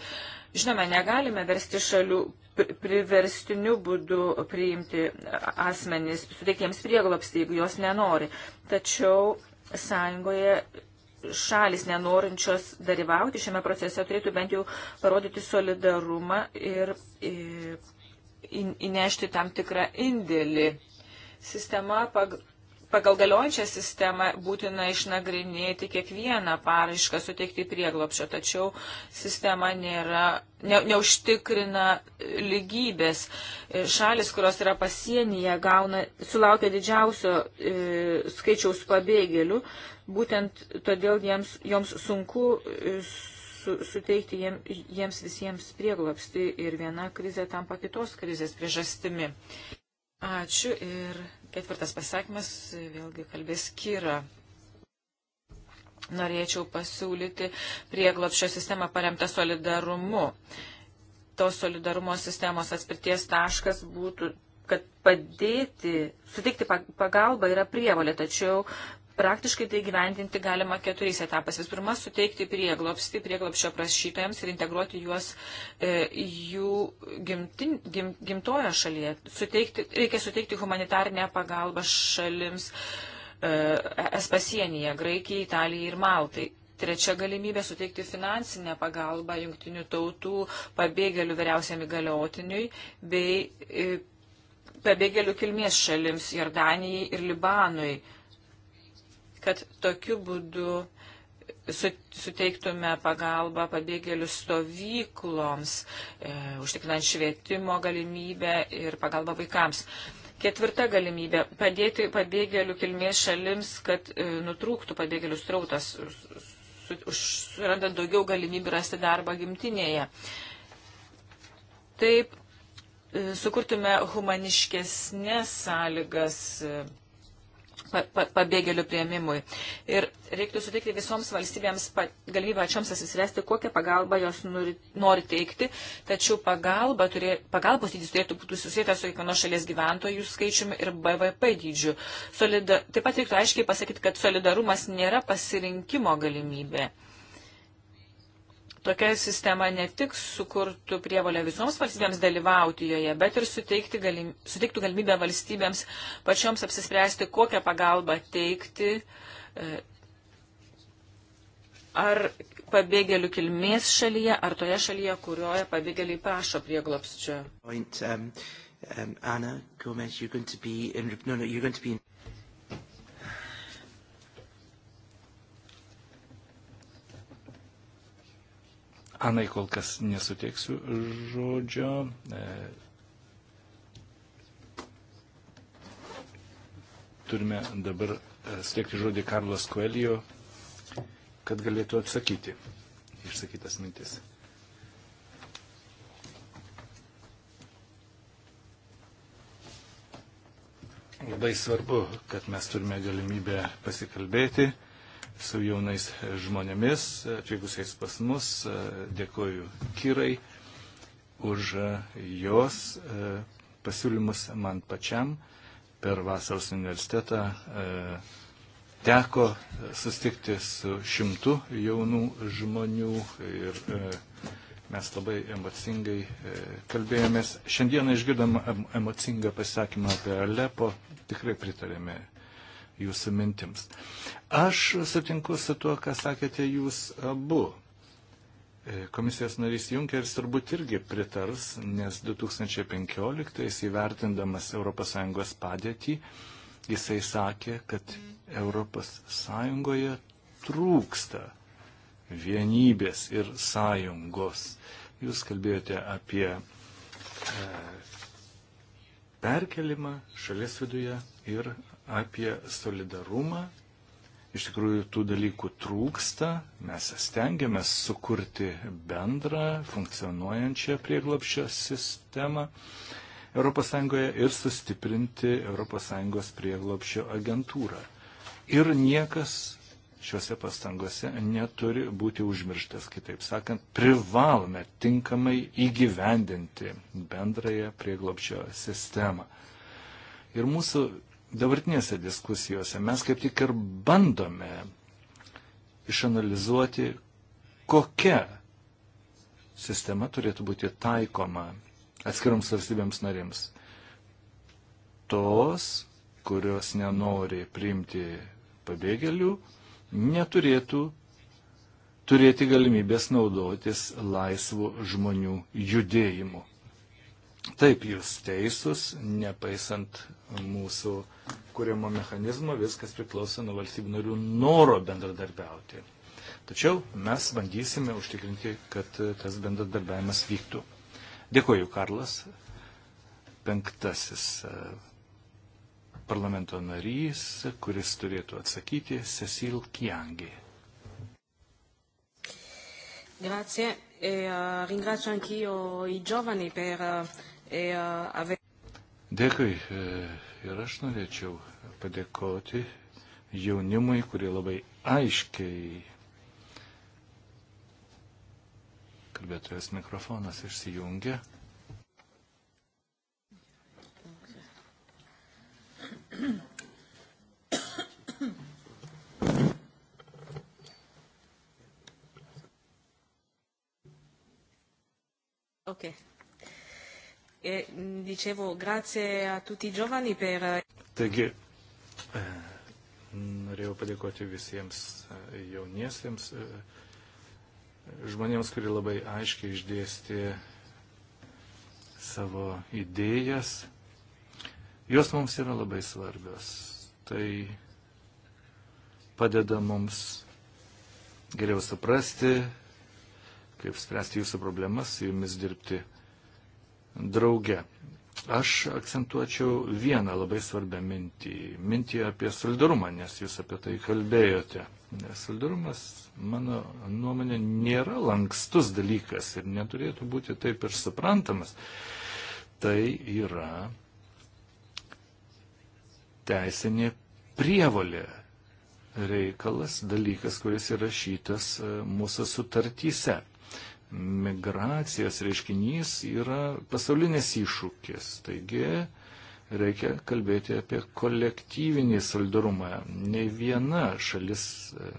žinoma, negalime versti šalių priverstiniu būdu priimti asmenys, suteikti jiems prieglopstį, jeigu jos nenori. Tačiau Sąjungoje šalis nenorinčios dalyvauti šiame procese turėtų bent jau parodyti solidarumą ir, ir įnešti tam tikrą indėlį. Sistema pag, pagal galiojančią sistemą būtina išnagrinėti kiekvieną paraišką suteikti prieglopšio, tačiau sistema nėra, ne, neužtikrina lygybės. E, šalis, kurios yra pasienyje, gauna, sulaukia didžiausio e, skaičiaus pabėgėlių, būtent todėl jiems, joms sunku e, su, suteikti jiem, jiems visiems prieglopsti ir viena krizė tampa kitos krizės priežastimi. Ačiū ir Ketvirtas pasakymas, vėlgi kalbės Kyra. Norėčiau pasiūlyti prieglopščio sistemą paremtą solidarumu. Tos solidarumo sistemos atspirties taškas būtų kad padėti, suteikti pagalbą yra prievalė, tačiau Praktiškai tai gyventinti galima keturiais etapais. Vis pirma, suteikti prieglopstį prieglopščio prašytojams ir integruoti juos e, jų gimtin, gim, gimtojo šalyje. Suteikti, reikia suteikti humanitarnę pagalbą šalims e, es pasienyje - Graikijai, Italijai ir Maltai. Trečia galimybė suteikti finansinę pagalbą jungtinių tautų pabėgėlių vyriausiam įgaliotiniui bei e, pabėgėlių kilmės šalims Jordanijai ir Libanui kad tokiu būdu suteiktume pagalbą pabėgėlių stovykloms, e, užtikrinant švietimo galimybę ir pagalbą vaikams. Ketvirta galimybė - padėti pabėgėlių kilmės šalims, kad e, nutrūktų pabėgėlių strautas, surandant daugiau galimybių rasti darbą gimtinėje. Taip e, sukurtume humaniškesnės sąlygas. E, pa, pa, pabėgėlių prieimimui. Ir reiktų suteikti visoms valstybėms pa, galimybę pačioms atsisvesti, kokią pagalbą jos nori, nori teikti, tačiau pagalba turė, pagalbos dydis turėtų būti susijęta su kiekvienos šalies gyventojų skaičiumi ir BVP dydžiu. Solida, taip pat reiktų aiškiai pasakyti, kad solidarumas nėra pasirinkimo galimybė. Tokia sistema ne tik sukurtų prievalę visoms valstybėms dalyvauti joje, bet ir galim, suteiktų galimybę valstybėms pačioms apsispręsti, kokią pagalbą teikti. E, ar pabėgėlių kilmės šalyje, ar toje šalyje, kurioje pabėgėliai prašo prieglopsčio. Point, um, um, Anna, Gomez, you're going to be in, no, no, you're going to be in Anai kol kas nesuteiksiu žodžio. E, turime dabar e, steikti žodį Karlas Koelijo, kad galėtų atsakyti išsakytas mintis. Labai svarbu, kad mes turime galimybę pasikalbėti su jaunais žmonėmis, atvykusiais pas mus. Dėkoju Kirai už jos e, pasiūlymus man pačiam. Per vasaros universitetą e, teko sustikti su šimtu jaunų žmonių ir e, mes labai emocingai kalbėjomės. Šiandieną išgirdom emocingą pasakymą apie Alepo, tikrai pritarėme jūsų mintims. Aš sutinku su tuo, ką sakėte jūs abu. E, komisijos narys Junkeris turbūt irgi pritars, nes 2015 įvertindamas ES padėtį, jisai sakė, kad ES trūksta vienybės ir sąjungos. Jūs kalbėjote apie e, perkelimą šalies viduje ir apie solidarumą. Iš tikrųjų, tų dalykų trūksta. Mes stengiamės sukurti bendrą, funkcionuojančią prieglapščio sistemą ES ir sustiprinti ES prieglapščio agentūrą. Ir niekas šiuose pastangose neturi būti užmirštas. Kitaip sakant, privalome tinkamai įgyvendinti bendrąją prieglopčio sistemą. Ir mūsų dabartinėse diskusijose mes kaip tik ir bandome išanalizuoti, kokia sistema turėtų būti taikoma atskiroms valstybėms narėms. Tos, kurios nenori priimti pabėgėlių, neturėtų turėti galimybės naudotis laisvų žmonių judėjimu. Taip jūs teisus, nepaisant mūsų uh, kūrimo mechanizmo, viskas priklauso nuo valstybių narių noro bendradarbiauti. Tačiau mes bandysime užtikrinti, kad tas bendradarbiavimas vyktų. Dėkuoju, Karlas. Penktasis e, parlamento narys, kuris turėtų atsakyti, Cecil Kiangi. Grazie e uh, ringrazio anch'io i giovani per uh, e, uh, aver. Dėkui. Uh, ir aš norėčiau padėkoti jaunimui, kurie labai aiškiai kalbėtojas mikrofonas išsijungia. Okay. E dicevo, grazie a tutti i giovani per. Eh, Taigi, eh, norėjau padėkoti visiems eh, jauniesiems žmonėms, kurie labai aiškiai išdėstė savo idėjas. Jos mums yra labai svarbios. Tai padeda mums geriau suprasti, kaip spręsti jūsų problemas, su jumis dirbti drauge. Aš akcentuočiau vieną labai svarbią mintį. Mintį apie solidarumą, nes jūs apie tai kalbėjote. Nes solidarumas, mano nuomonė, nėra lankstus dalykas ir neturėtų būti taip ir suprantamas. Tai yra teisinė prievalė reikalas, dalykas, kuris įrašytas e, mūsų sutartyse migracijos reiškinys yra pasaulinis iššūkis. Taigi reikia kalbėti apie kolektyvinį solidarumą. Ne viena šalis e,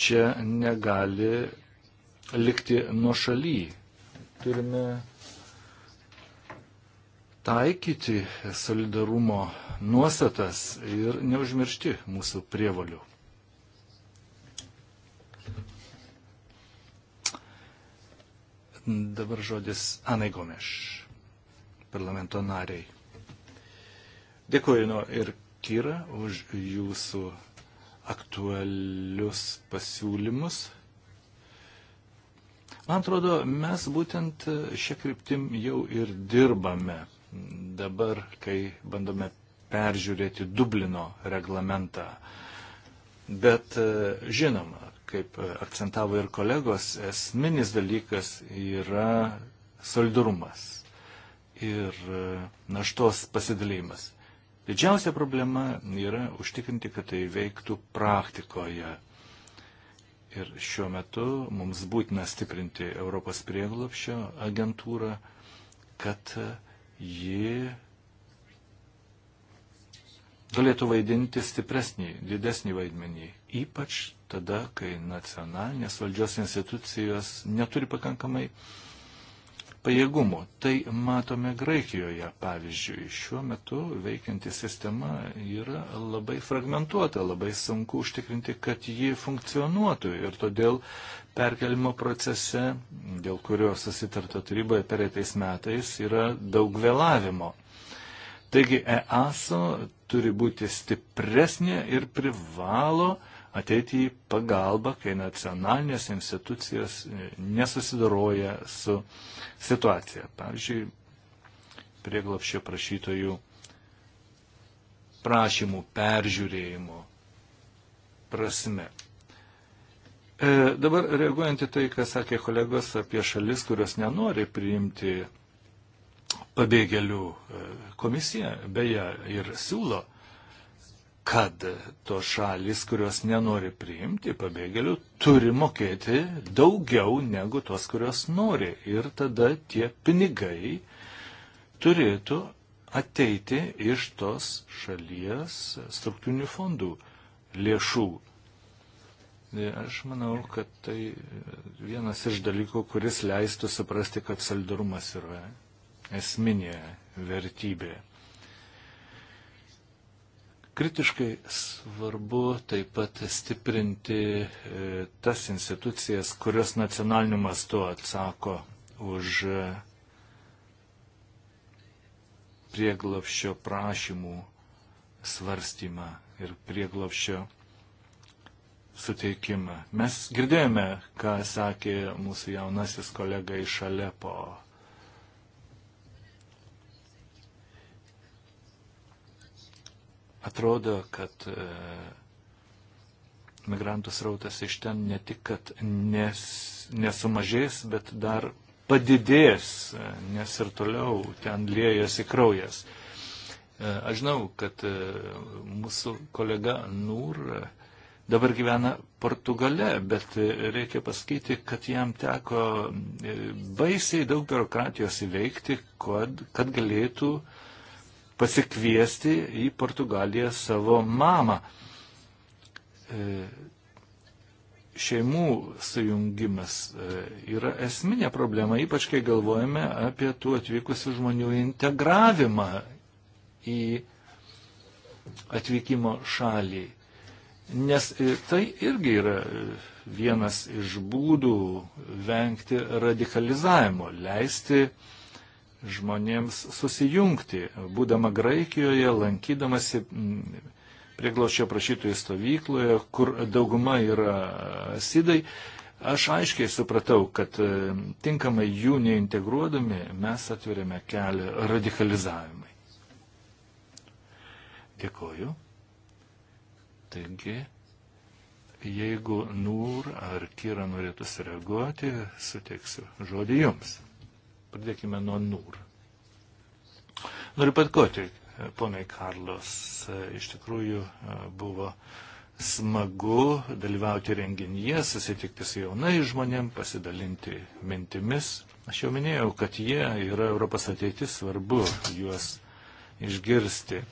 čia negali likti nuo šaly. Turime taikyti solidarumo nuostatas ir neužmiršti mūsų prievalių. Dabar žodis Anai Gomeš, parlamento nariai. Dėkuoju nu, ir Kyra už jūsų aktualius pasiūlymus. Man atrodo, mes būtent šią kryptim jau ir dirbame dabar, kai bandome peržiūrėti Dublino reglamentą. Bet e, žinoma, kaip akcentavo ir kolegos, esminis dalykas yra solidarumas ir naštos pasidalymas. Didžiausia problema yra užtikrinti, kad tai veiktų praktikoje. Ir šiuo metu mums būtina stiprinti Europos prieglopščio agentūrą, kad ji galėtų vaidinti stipresnį, didesnį vaidmenį ypač tada, kai nacionalinės valdžios institucijos neturi pakankamai pajėgumų. Tai matome Graikijoje, pavyzdžiui, šiuo metu veikianti sistema yra labai fragmentuota, labai sunku užtikrinti, kad ji funkcionuotų ir todėl perkelimo procese, dėl kurio susitarta taryboje pereitais metais, yra daug vėlavimo. Taigi EASO turi būti stipresnė ir privalo ateiti į pagalbą, kai nacionalinės institucijos e, nesusidaroja su situacija. Pavyzdžiui, prieglapščio prašytojų prašymų peržiūrėjimo prasme. E, dabar reaguojant į tai, ką sakė kolegos apie šalis, kurios nenori priimti pabėgėlių, e, komisija beje ir siūlo kad tos šalis, kurios nenori priimti pabėgėlių, turi mokėti daugiau negu tos, kurios nori. Ir tada tie pinigai turėtų ateiti iš tos šalies struktūrinių fondų lėšų. E, aš manau, kad tai vienas iš dalykų, kuris leistų suprasti, kad solidarumas yra esminė vertybė. Kritiškai svarbu taip pat stiprinti e, tas institucijas, kurios nacionaliniu mastu atsako už e, prieglopščio prašymų svarstymą ir prieglopščio suteikimą. Mes girdėjome, ką sakė mūsų jaunasis kolega iš Alepo atrodo, kad e, migrantų srautas iš ten ne tik, kad nes, nesumažės, bet dar padidės, e, nes ir toliau ten liejasi kraujas. E, aš žinau, kad mūsų kolega Nūr dabar gyvena Portugale, bet reikia pasakyti, kad jam teko baisiai daug biurokratijos įveikti, kad, kad galėtų uh, pasikviesti į Portugaliją savo mamą. E, šeimų sujungimas e, yra esminė problema, ypač kai galvojame apie tų atvykusių žmonių integravimą į atvykimo šalį. Nes e, tai irgi yra vienas iš būdų vengti radikalizavimo, leisti uh, žmonėms susijungti. Būdama Graikijoje, lankydamasi mm, prieglaušio prašytojų stovykloje, kur dauguma yra sidai, aš aiškiai supratau, kad e, tinkamai jų neintegruodami mes atveriame kelią radikalizavimui. Dėkoju. Taigi, jeigu Nūr ar Kyra norėtų sureaguoti, suteiksiu žodį jums. Pradėkime nuo NUR. Noriu patkoti, e, ponai Karlos, e, iš tikrųjų e, buvo smagu dalyvauti renginyje, susitikti su jaunai žmonėm, pasidalinti mintimis. Aš jau minėjau, kad jie yra Europos ateitis, svarbu juos išgirsti.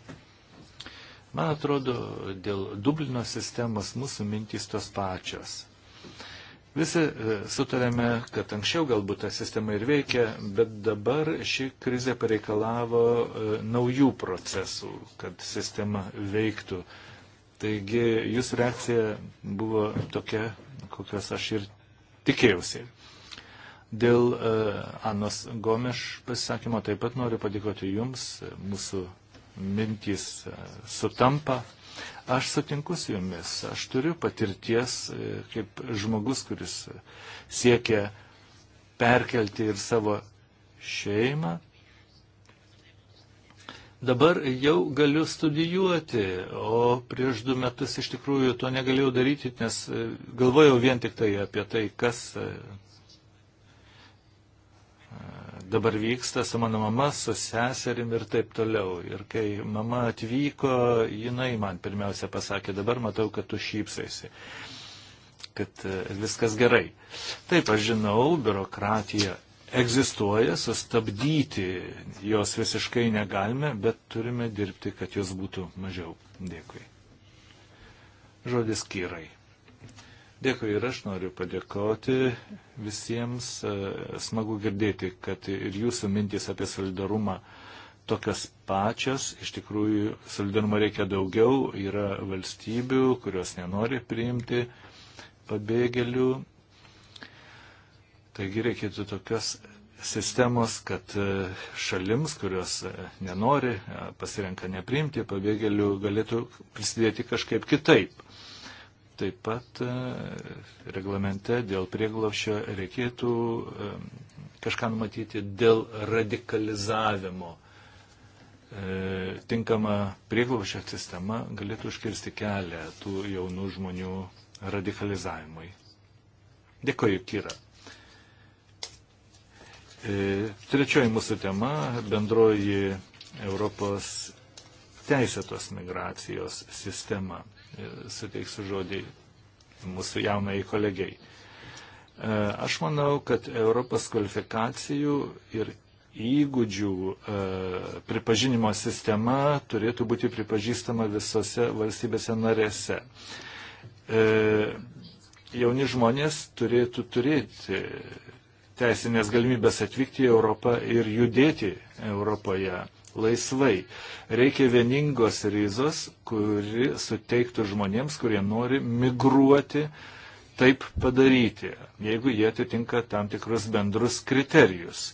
Man atrodo, dėl Dublino sistemos mūsų mintys tos pačios. Visi e, sutarėme, kad anksčiau galbūt ta sistema ir veikia, bet dabar ši krizė pareikalavo e, naujų procesų, kad sistema veiktų. Taigi jūsų reakcija buvo tokia, kokios aš ir tikėjausi. Dėl e, Anos Gomeš pasisakymo taip pat noriu padėkoti Jums, mūsų mintys sutampa, Aš sutinku su jumis, aš turiu patirties e, kaip žmogus, kuris siekia perkelti ir savo šeimą. Dabar jau galiu studijuoti, o prieš du metus iš tikrųjų to negalėjau daryti, nes e, galvojau vien tik tai apie tai, kas e, dabar vyksta su mano mama, su seserim ir taip toliau. Ir kai mama atvyko, jinai man pirmiausia pasakė, dabar matau, kad tu šypsaisi, kad e, viskas gerai. Taip, aš žinau, biurokratija egzistuoja, sustabdyti jos visiškai negalime, bet turime dirbti, kad jos būtų mažiau. Dėkui. Žodis kyrai. Dėkui ir aš noriu padėkoti visiems. E, smagu girdėti, kad ir jūsų mintys apie solidarumą tokios pačios. Iš tikrųjų, solidarumo reikia daugiau. Yra valstybių, kurios nenori priimti pabėgėlių. Taigi reikėtų tokios sistemos, kad e, šalims, kurios e, nenori, pasirenka nepriimti pabėgėlių, galėtų prisidėti kažkaip kitaip. Taip pat e, reglamente dėl prieglaušio reikėtų e, kažką numatyti dėl radikalizavimo. E, tinkama prieglaušio sistema galėtų užkirsti kelią tų jaunų žmonių radikalizavimui. Dėkoju, Kyra. Trečioji mūsų tema - bendroji Europos teisėtos migracijos sistema. E, suteiksiu žodį mūsų jaunai kolegiai. E, aš manau, kad Europos kvalifikacijų ir įgūdžių e, pripažinimo sistema turėtų būti pripažįstama visose valstybėse narėse. Jauni žmonės turėtų turėti teisinės galimybės atvykti į Europą ir judėti Europoje laisvai. Reikia vieningos rizos, kuri suteiktų žmonėms, kurie nori migruoti, taip padaryti, jeigu jie atitinka tam tikrus bendrus kriterijus.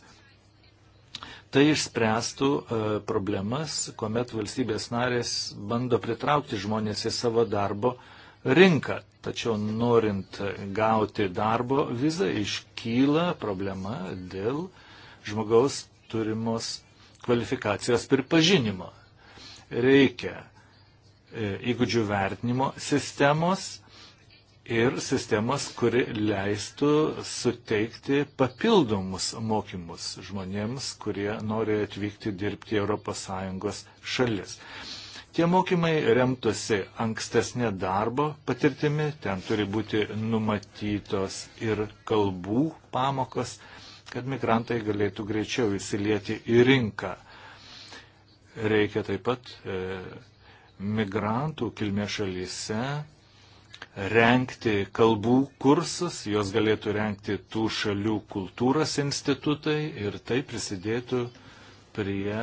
Tai išspręstų e, problemas, kuomet valstybės narės bando pritraukti žmonės į savo darbo rinką. Tačiau norint gauti darbo vizą iškyla problema dėl žmogaus turimos kvalifikacijos pripažinimo. Reikia e, įgūdžių vertinimo sistemos ir sistemos, kuri leistų suteikti papildomus mokymus žmonėms, kurie nori atvykti dirbti į ES šalis. Tie mokymai remtųsi ankstesnė darbo patirtimi, ten turi būti numatytos ir kalbų pamokos kad migrantai galėtų greičiau įsilieti į rinką. Reikia taip pat e, migrantų kilmės šalyse renkti kalbų kursus, jos galėtų renkti tų šalių kultūros institutai ir tai prisidėtų prie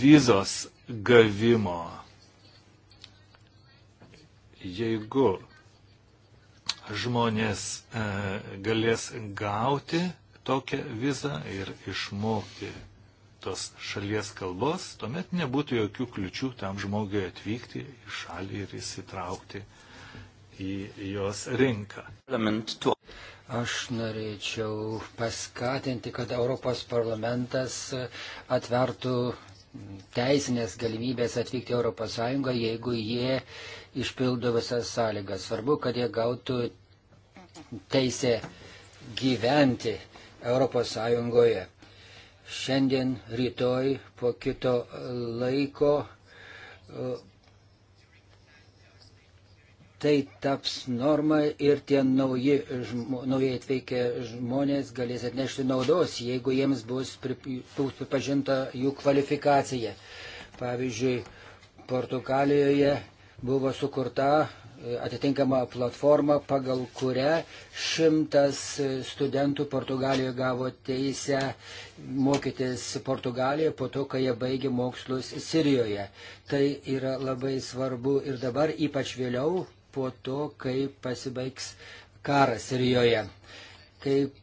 vizos gavimo. Jeigu žmonės e, galės gauti tokią vizą ir išmokti tos šalies kalbos, tuomet nebūtų jokių kliučių tam žmogui atvykti į šalį ir įsitraukti į jos rinką. Aš norėčiau paskatinti, kad Europos parlamentas atvertų teisinės galimybės atvykti ES, jeigu jie išpildo visas sąlygas. Svarbu, kad jie gautų teisę gyventi ES. Šiandien, rytoj, po kito laiko tai taps norma ir tie nauji, žmo, naujai atvykę žmonės galės atnešti naudos, jeigu jiems bus pripažinta jų kvalifikacija. Pavyzdžiui, Portugalijoje buvo sukurta e, atitinkama platforma, pagal kurią šimtas e, studentų Portugalijoje gavo teisę mokytis Portugalijoje po to, kai jie baigė mokslus Sirijoje. Tai yra labai svarbu ir dabar, ypač vėliau, po to, kai pasibaigs karas Sirijoje. Kaip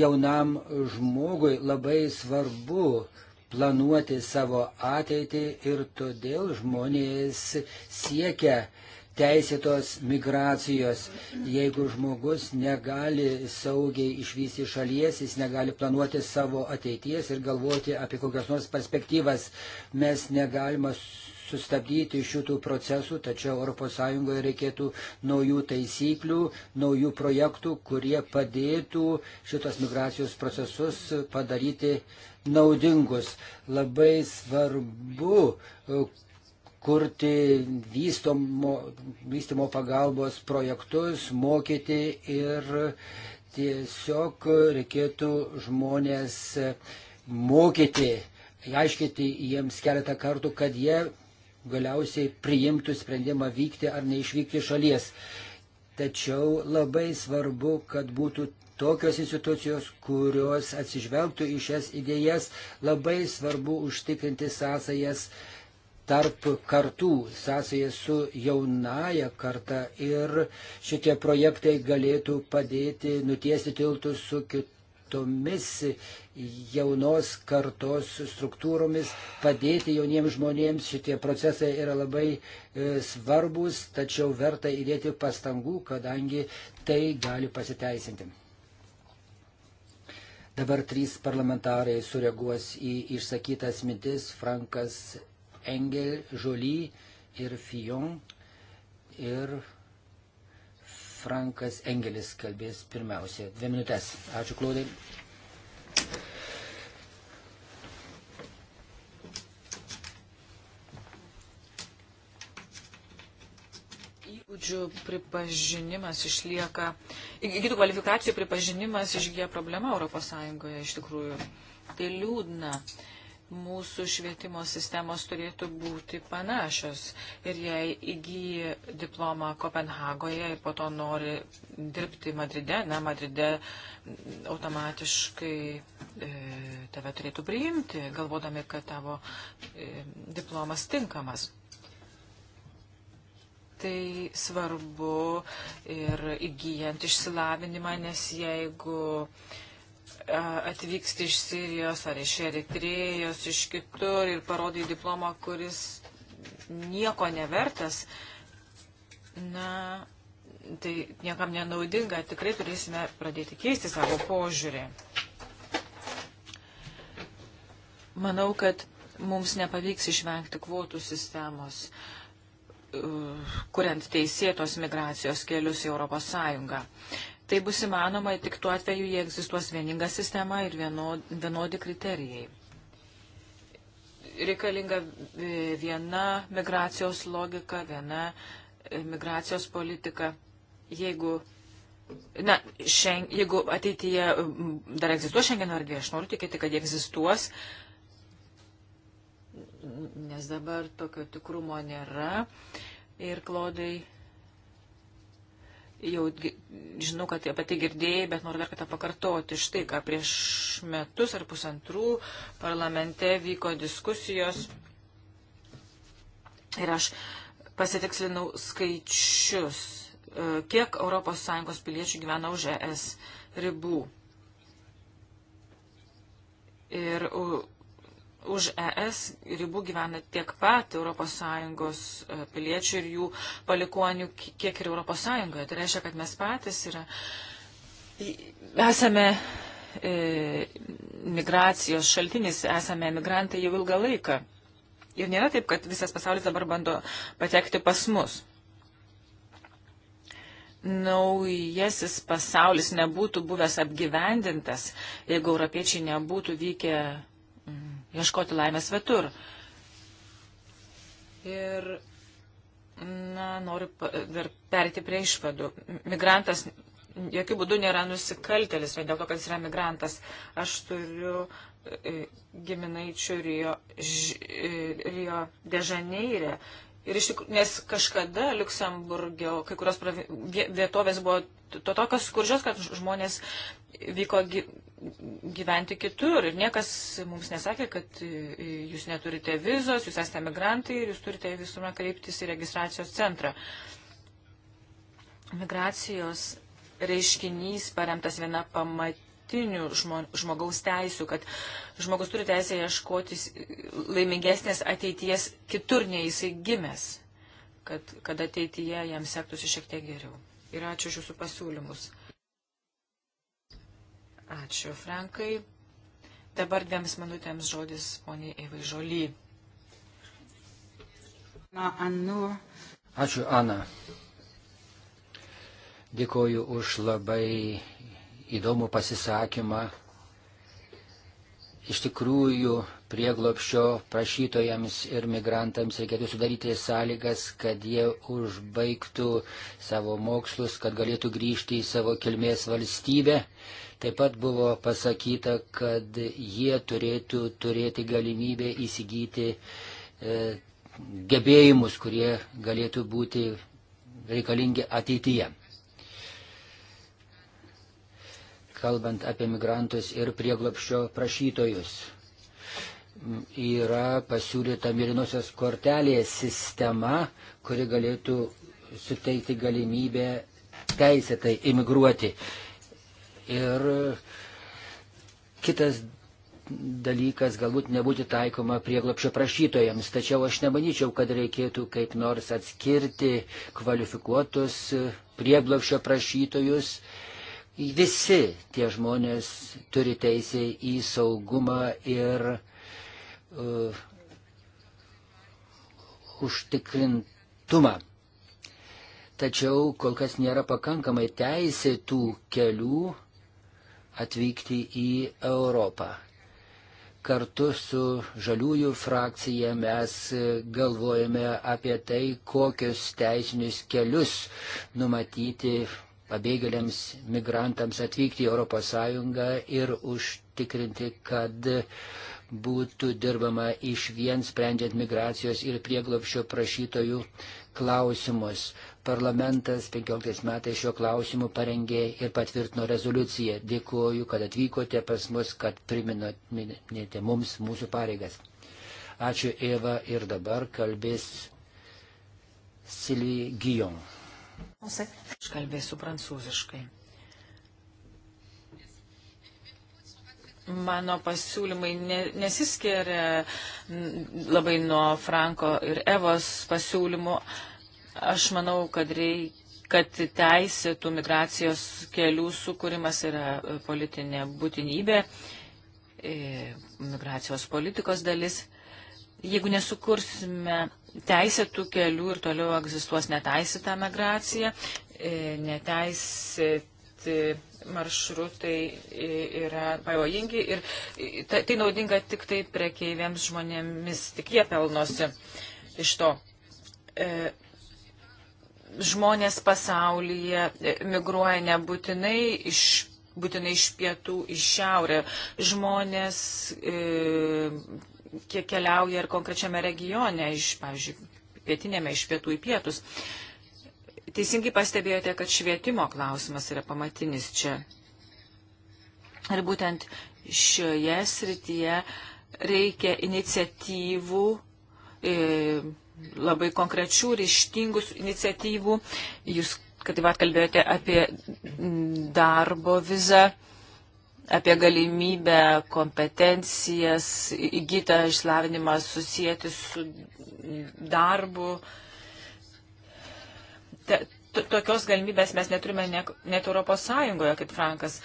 jaunam žmogui labai svarbu planuoti savo ateitį ir todėl žmonės siekia teisėtos migracijos. Jeigu žmogus negali saugiai išvysti šalies, jis negali planuoti savo ateities ir galvoti apie kokias nors perspektyvas, mes negalime sustabdyti šitų procesų, tačiau ES reikėtų naujų taisyklių, naujų projektų, kurie padėtų šitos migracijos procesus padaryti naudingus. Labai svarbu e, kurti vystomo, vystymo pagalbos projektus, mokyti ir tiesiog reikėtų žmonės mokyti, aiškinti jiems keletą kartų, kad jie galiausiai priimtų sprendimą vykti ar neišvykti šalies. Tačiau labai svarbu, kad būtų tokios institucijos, kurios atsižvelgtų į šias idėjas, labai svarbu užtikrinti sąsajas tarp kartų, sąsajas su jaunaja karta ir šitie projektai galėtų padėti nutiesti tiltus su kit, tomis jaunos kartos struktūromis, padėti jauniems žmonėms. Šitie procesai yra labai e, svarbus, tačiau verta įdėti pastangų, kadangi tai gali pasiteisinti. Dabar trys parlamentarai sureaguos į išsakytas mintis Frankas Engel, Žoly ir Fijon. Ir Frankas Engelis kalbės pirmiausia. Dvi minutės. Ačiū, Klaudai. Įgūdžių pripažinimas išlieka, įgūdžių kvalifikacijų pripažinimas išgyja problema Europos Sąjungoje iš tikrųjų. Tai liūdna. Uh, mūsų švietimo sistemos turėtų būti panašios. Ir jei įgyji diplomą Kopenhagoje ir po to nori dirbti Madride, na, Madride automatiškai e, tave turėtų priimti, galvodami, kad tavo e, diplomas tinkamas. Tai svarbu ir įgyjant išsilavinimą, nes jeigu e, atvyksti iš Sirijos ar iš Eritrėjos, iš kitur ir parodai diplomą, kuris nieko nevertas, na, tai niekam nenaudinga, tikrai turėsime pradėti keisti savo požiūrį. Manau, kad mums nepavyks išvengti kvotų sistemos, kuriant teisėtos migracijos kelius į Europos Sąjungą. Tai bus įmanoma tik tuo atveju, jei egzistuos vieninga sistema ir vienodi kriterijai. Reikalinga e, viena migracijos logika, viena e, migracijos politika. Jeigu, na, šen, jeigu ateityje dar egzistuos šiandien ar dviejų, aš noriu tikėti, kad jie egzistuos, nes dabar tokio tikrumo nėra. Ir klodai jau žinau, kad apie tai girdėjai, bet noriu dar kartą pakartoti. Štai, ką prieš metus ar pusantrų parlamente vyko diskusijos ir aš pasitikslinau skaičius, e, kiek ES piliečių gyvena už ES ribų. Ir už ES ribų gyvena tiek pat ES e, piliečių ir jų palikonių, kiek ir ES. Tai reiškia, kad mes patys yra, esame e, migracijos šaltinis, esame emigrantai jau ilgą laiką. Ir nėra taip, kad visas pasaulis dabar bando patekti pas mus. Naujasis pasaulis nebūtų buvęs apgyvendintas, jeigu europiečiai nebūtų vykę mm, ieškoti laimės svetur. Ir na, noriu dar perėti prie išvadų. Migrantas jokių būdų nėra nusikaltelis, vien dėl to, kad jis yra migrantas. Aš turiu e, giminaičių Rio, ž, e, Rio dežaneirė. Ir iš tikrųjų, nes kažkada Luksemburgio kai kurios vietovės buvo tokios skurdžios, kad žmonės vyko gy gyventi kitur. Ir niekas mums nesakė, kad e, e, jūs neturite vizos, jūs esate migrantai ir jūs turite visumą kreiptis į registracijos centrą. Migracijos reiškinys paremtas viena pamatė pagrindinių žmogaus teisų, kad žmogus turi teisę ieškoti laimingesnės ateities kitur nei jisai gimęs, kad, kad ateityje jam sektųsi šiek tiek geriau. Ir ačiū už jūsų pasiūlymus. Ačiū, Frankai. Dabar dviems minutėms žodis poniai Eivai Žoly. Ačiū, Ana. Dėkoju už labai įdomų pasisakymą. Iš tikrųjų, prieglopščio prašytojams ir migrantams reikėtų sudaryti sąlygas, kad jie užbaigtų savo mokslus, kad galėtų grįžti į savo kilmės valstybę. Taip pat buvo pasakyta, kad jie turėtų turėti galimybę įsigyti e, gebėjimus, kurie galėtų būti reikalingi ateityje. Kalbant apie migrantus ir prieglopščio prašytojus yra pasiūlyta mėlynosios kortelės sistema, kuri galėtų suteikti galimybę teisėtai imigruoti. Ir kitas dalykas galbūt nebūti taikoma prieglapšio prašytojams, tačiau aš nemanyčiau, kad reikėtų kaip nors atskirti kvalifikuotus prieglapšio prašytojus. Visi tie žmonės turi teisę į saugumą ir uh, užtikrintumą. Tačiau kol kas nėra pakankamai teisėtų kelių atvykti į Europą. Kartu su žaliųjų frakcija mes galvojame apie tai, kokius teisinius kelius numatyti pabėgėliams, migrantams atvykti į ES ir užtikrinti, kad uh, būtų dirbama iš vien sprendžiant migracijos ir prieglopšio prašytojų klausimus. Parlamentas 15 metais šiuo klausimu parengė ir patvirtino rezoliuciją. Dėkuoju, kad atvykote pas mus, kad priminėte mums mūsų pareigas. Ačiū Eva ir dabar kalbės Silvi Gijon. Aš kalbėsiu prancūziškai. mano pasiūlymai ne, nesiskiria labai nuo Franko ir Evos pasiūlymų. Aš manau, kad, reik, kad teisėtų migracijos kelių sukūrimas yra e, politinė būtinybė, e, migracijos politikos dalis. Jeigu nesukursime teisėtų kelių ir toliau egzistuos neteisėta migracija, e, neteisėti maršrutai yra pavojingi ir tai naudinga tik tai prekeiviams žmonėmis, tik jie pelnosi iš to. E, žmonės pasaulyje e, migruoja nebūtinai iš, būtinai iš pietų į šiaurę. Žmonės e, kiek keliauja ir konkrečiame regione, iš, pavyzdžiui, pietinėme, iš pietų į pietus. E, Teisingai pastebėjote, kad švietimo klausimas yra pamatinis čia. Ir būtent šioje srityje reikia iniciatyvų, e, labai konkrečių, ryštingų iniciatyvų. Jūs, kad taip pat kalbėjote apie darbo vizą, apie galimybę kompetencijas, įgytą išlavinimą susijęti su darbu. E, te, tokios galimybės mes neturime ne, net Europos Sąjungoje, kaip Frankas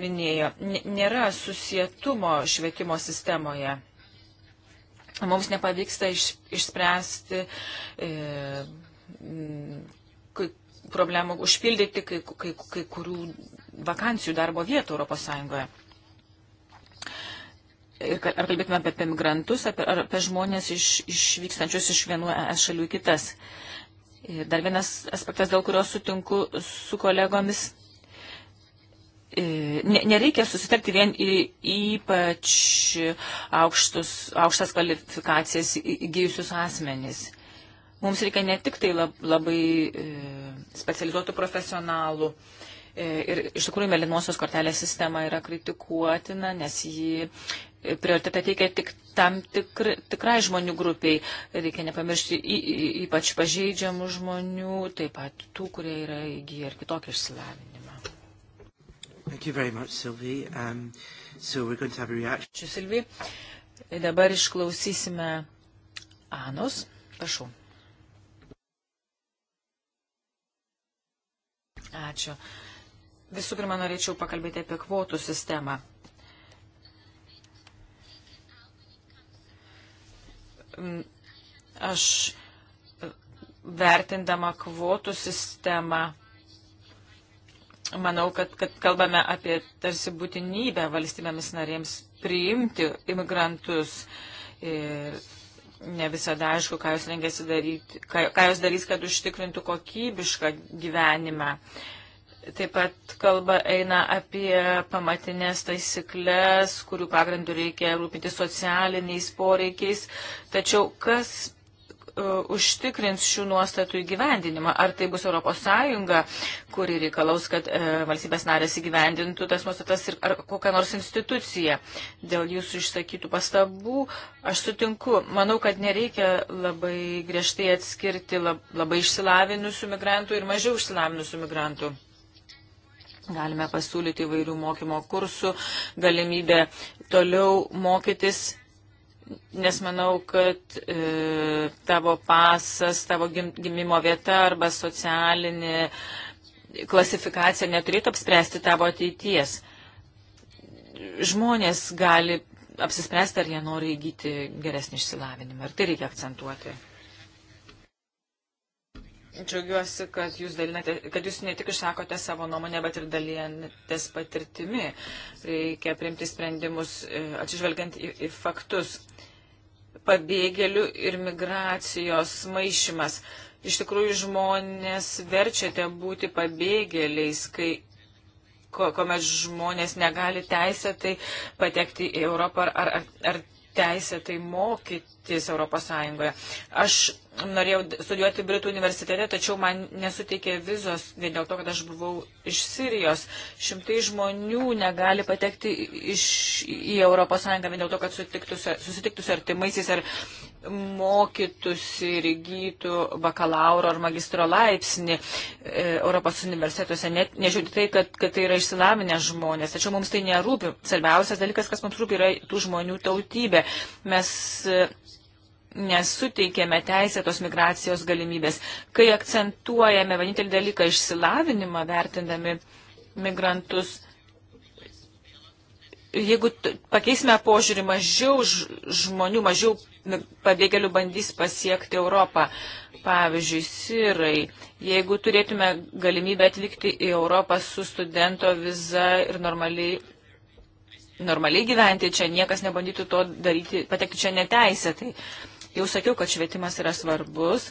minėjo. Nėra susietumo švietimo sistemoje. Mums nepavyksta iš, išspręsti e, kai, problemų, užpildyti kai, kai, kai kurių vakancijų darbo vietų Europos Sąjungoje. Ir ar kalbėtume apie, apie migrantus, apie, ar apie žmonės iš, išvykstančius iš vienų ES šalių į kitas. E, Ir dar vienas aspektas, dėl kurio sutinku su kolegomis. E, nereikia susitelkti vien į ypač aukštus, aukštas kvalifikacijas įgyjusius asmenys. Mums reikia ne tik tai labai e, specializuotų profesionalų. E, ir iš tikrųjų, mėlynosios kortelės sistema yra kritikuotina, nes ji prioritetą teikia tik tam tikr, tikrai žmonių grupiai. Reikia nepamiršti y, y, ypač pažeidžiamų žmonių, taip pat tų, kurie yra įgyję ir kitokį išsilavinimą. Much, Sylvie. Um, so Ačiū, Silvi. Dabar išklausysime Anos. Prašau. Ačiū. Visų pirma, norėčiau pakalbėti apie kvotų sistemą. aš e, vertindama kvotų sistemą, manau, kad, kad kalbame apie tarsi būtinybę valstybėmis narėms priimti imigrantus. Ir ne visada aišku, ką jūs rengėsi daryti, ką, ką jūs darys, kad užtikrintų kokybišką gyvenimą. Uh, Taip pat kalba eina apie pamatinės taisyklės, kurių pagrindų reikia rūpinti socialiniais poreikiais. Tačiau kas uh, užtikrins šių nuostatų įgyvendinimą? Ar tai bus ES, kuri reikalaus, kad uh, valstybės narės įgyvendintų tas nuostatas ir ar kokią nors instituciją? Dėl jūsų išsakytų pastabų aš sutinku. Manau, kad nereikia labai griežtai atskirti lab, labai išsilavinusių migrantų ir mažiau išsilavinusių migrantų Galime pasiūlyti įvairių mokymo kursų, galimybę toliau mokytis, nes manau, kad e, tavo pasas, tavo gim, gimimo vieta arba socialinė klasifikacija neturėtų apspręsti tavo ateities. Žmonės gali apsispręsti, ar jie nori įgyti geresnį išsilavinimą. Ir tai reikia akcentuoti. Džiaugiuosi, kad jūs, dalinate, kad jūs ne tik išsakote savo nuomonę, bet ir dalinatės patirtimi. Reikia priimti sprendimus e, atsižvelgiant į, į faktus. Pabėgėlių ir migracijos maišymas. Iš tikrųjų, žmonės verčiate būti pabėgėliais, kai kuomet žmonės negali teisėtai patekti į Europą ar, ar, ar teisėtai mokytis Europos Sąjungoje. Aš norėjau studijuoti Britų universitete, tačiau man nesuteikė vizos vien dėl to, kad aš buvau iš Sirijos. Šimtai žmonių negali patekti iš, į ES vien dėl to, kad susitiktų su artimaisiais ar mokytųsi ir įgytų bakalauro ar magistro laipsnį e, Europos universitetuose. Net nežiūrėti tai, kad, kad tai yra išsilavinę žmonės, tačiau mums tai nerūpi. Svarbiausias dalykas, kas mums rūpi, yra tų žmonių tautybė. Mes e, nesuteikėme teisėtos migracijos galimybės, kai akcentuojame vienintelį dalyką išsilavinimą vertindami migrantus. Jeigu pakeisime požiūrį, mažiau žmonių, mažiau pabėgėlių bandys pasiekti Europą. Pavyzdžiui, sirai. Jeigu turėtume galimybę atvykti į Europą su studento viza ir normaliai normaliai gyventi čia, niekas nebandytų to daryti, patekti čia neteisėtai. Jau sakiau, kad švietimas yra svarbus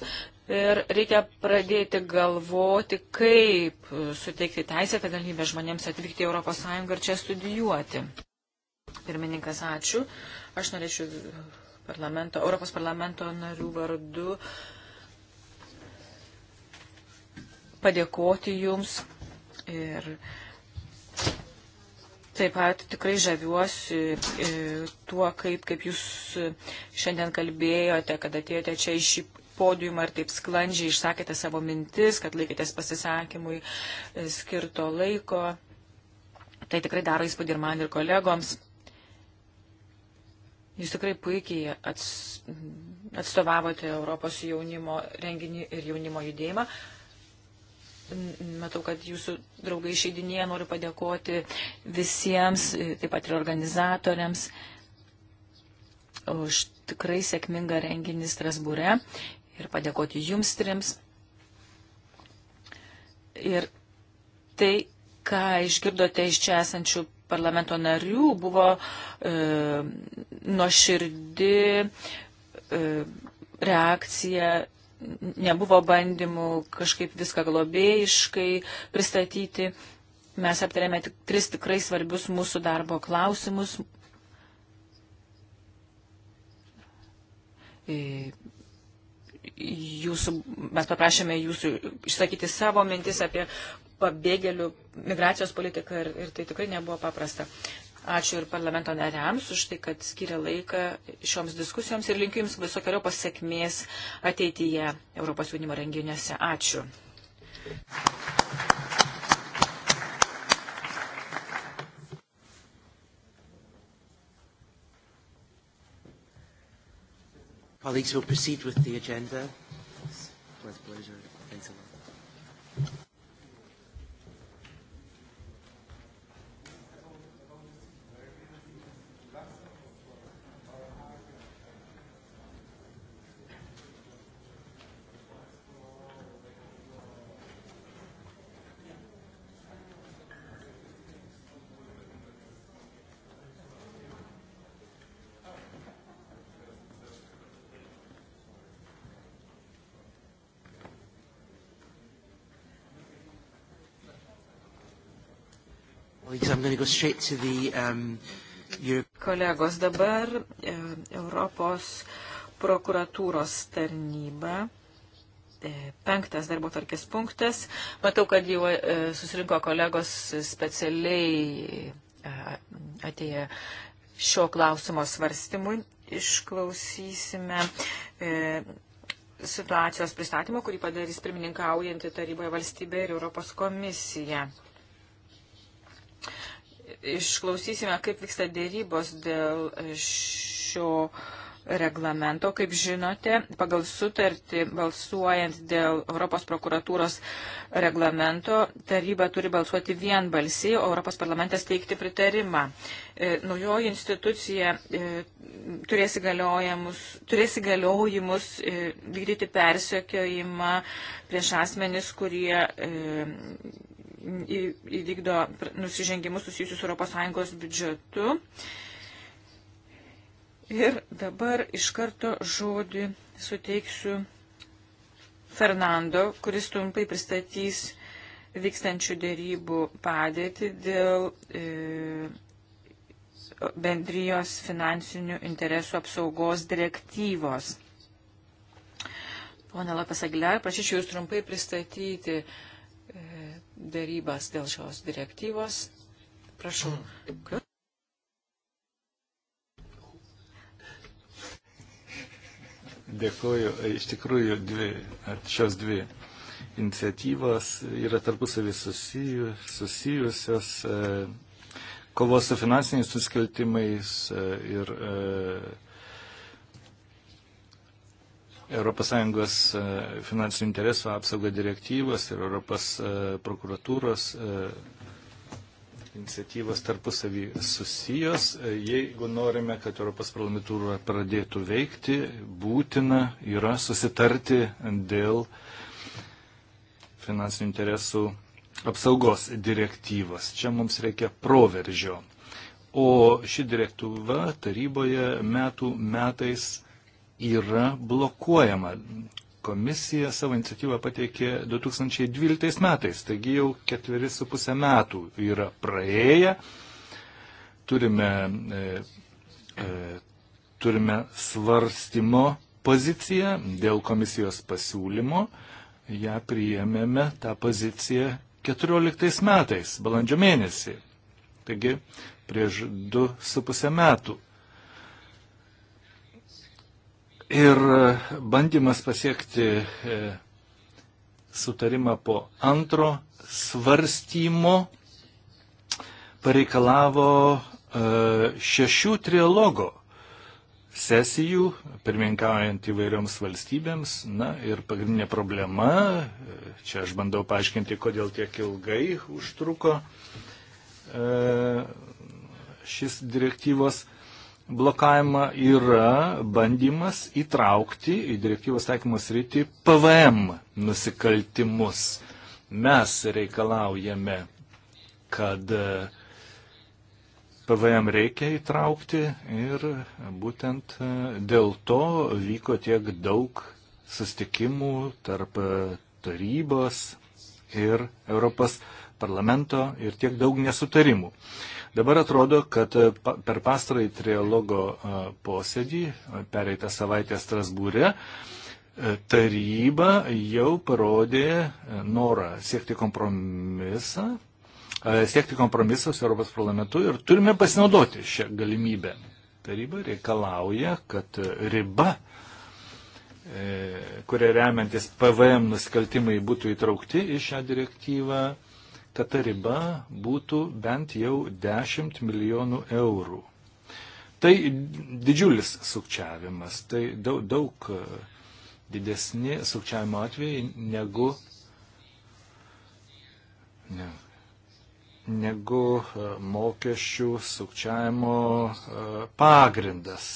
ir reikia pradėti galvoti, kaip suteikti teisėtą galimybę žmonėms atvykti į ES ir čia studijuoti. Pirmininkas, ačiū. Aš norėčiau parlamento, Europos parlamento narių vardu padėkoti Jums ir Taip pat tikrai žaviuosi e, tuo, kaip, kaip jūs šiandien kalbėjote, kad atėjote čia iš podiumą ir taip sklandžiai išsakėte savo mintis, kad laikėtės pasisakymui e, skirto laiko. Tai tikrai daro įspūdį ir man, ir kolegoms. Jūs tikrai puikiai atstovavote Europos jaunimo renginį ir jaunimo judėjimą matau, kad jūsų draugai išeidinėje noriu padėkoti visiems, taip pat ir organizatoriams, už tikrai sėkmingą renginį Strasbūre ir padėkoti jums trims. Ir tai, ką išgirdote iš čia esančių parlamento narių, buvo e, nuoširdi e, reakcija nebuvo bandymų kažkaip viską globėjiškai pristatyti. Mes aptarėme tik tris tikrai svarbius mūsų darbo klausimus. E, jūsų, mes paprašėme jūsų išsakyti savo mintis apie pabėgėlių migracijos politiką ir, ir tai tikrai nebuvo paprasta. Ačiū ir parlamento nariams už tai, kad skiria laiką šioms diskusijoms ir linkiu Jums visokiojo pasiekmės ateityje Europos jaunimo renginiuose. Ačiū. Colleagues will proceed with the agenda. With pleasure. the, um, your... Kolegos, dabar e, Europos prokuratūros tarnyba. E, penktas darbo tarkės punktas. Matau, kad jau e, susirinko kolegos specialiai e, atėję šio klausimo svarstymui. Išklausysime e, situacijos pristatymo, kurį padarys pirmininkaujanti taryboje valstybė ir Europos komisija išklausysime, kaip vyksta dėrybos dėl šio reglamento. Kaip žinote, pagal sutartį balsuojant dėl Europos prokuratūros reglamento, taryba turi balsuoti vienbalsiai, o Europos parlamentas teikti pritarimą. E, naujoji institucija e, turės įgaliojimus e, vykdyti persiekioimą prieš asmenis, kurie įvykdo nusižengimus susijusius su ES biudžetu. Ir dabar iš karto žodį suteiksiu Fernando, kuris trumpai pristatys vykstančių dėrybų padėtį dėl e, bendrijos finansinių interesų apsaugos direktyvos. Pone Lapas Aguilar, prašyčiau Jūs trumpai pristatyti uh, darybas dėl šios direktyvos. Prašau. Dėkuoju. Iš tikrųjų, dvi, šios dvi iniciatyvos yra tarpusavį susijus, susijusios. E, kovos su finansiniais suskeltimais e, ir e, ES e, finansinių interesų apsaugo direktyvos ir ES e, prokuratūros e, iniciatyvos tarpusavį susijęs. Jeigu norime, kad Europos parlamentūra pradėtų veikti, būtina yra susitarti dėl finansinių interesų apsaugos direktyvos. Čia mums reikia proveržio. O ši direktyva taryboje metų metais yra blokuojama. Komisija savo iniciatyvą pateikė 2012 metais, taigi jau ketveri su pusę metų yra praėję. Turime, e, e, turime svarstymo poziciją dėl komisijos pasiūlymo. Ja priėmėme tą poziciją 14 metais, balandžio mėnesį. Taigi prieš du su pusę metų. Ir e, bandymas pasiekti e, sutarimą po antro svarstymo pareikalavo e, šešių trialogo sesijų, pirmininkaujant įvairioms valstybėms. Na ir pagrindinė problema, čia aš bandau paaiškinti, kodėl tiek ilgai užtruko šis direktyvos blokavimą yra bandymas įtraukti į direktyvos taikymos rytį PVM nusikaltimus. Mes reikalaujame, kad e, PVM reikia įtraukti ir būtent e, dėl to vyko tiek daug sustikimų tarp e, tarybos ir Europos parlamento ir tiek daug nesutarimų. Dabar atrodo, kad e, per pastarąjį trialogo e, posėdį, e, pereitą savaitę Strasbūrė, taryba jau parodė norą siekti kompromisą, siekti kompromiso su Europos parlamentu ir turime pasinaudoti šią galimybę. Taryba reikalauja, kad riba kuria remiantis PVM nusikaltimai būtų įtraukti į šią direktyvą kad ta riba būtų bent jau 10 milijonų eurų. Tai didžiulis sukčiavimas, tai daug, daug e, didesni sukčiavimo atvejai negu, ne, negu e, mokesčių sukčiavimo e, pagrindas.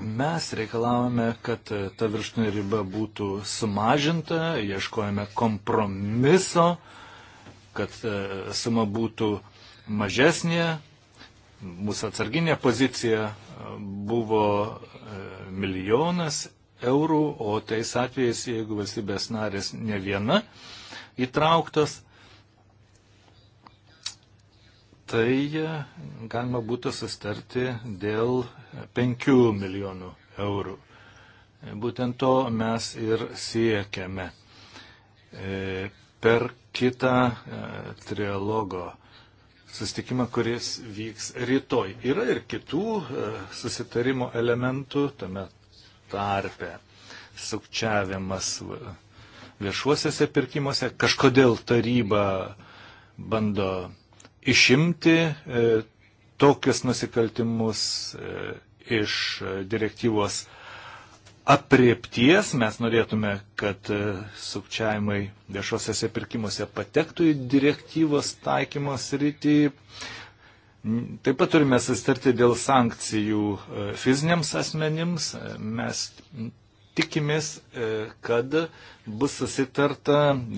Mes reikalavome, kad ta viršutinė riba būtų sumažinta, ieškojame kompromiso, kad e, suma būtų mažesnė. Mūsų atsarginė pozicija e, buvo e, milijonas eurų, o tais atvejais, jeigu valstybės narės ne viena įtrauktos, tai galima būtų sustarti dėl 5 milijonų eurų. Būtent to mes ir siekiame. E, per kitą e, trialogo sustikimą, kuris vyks rytoj. Yra ir kitų e, susitarimo elementų tame tarpe. Sukčiavimas viešuosiuose pirkimuose. Kažkodėl taryba bando išimti e, tokius nusikaltimus e, iš e, direktyvos apriepties. Mes norėtume, kad e, sukčiavimai viešuosiuose pirkimuose patektų į direktyvos taikymos rytį. Taip pat turime sustarti dėl sankcijų e, fiziniams asmenims. E, mes tikimės, e, kad bus susitarta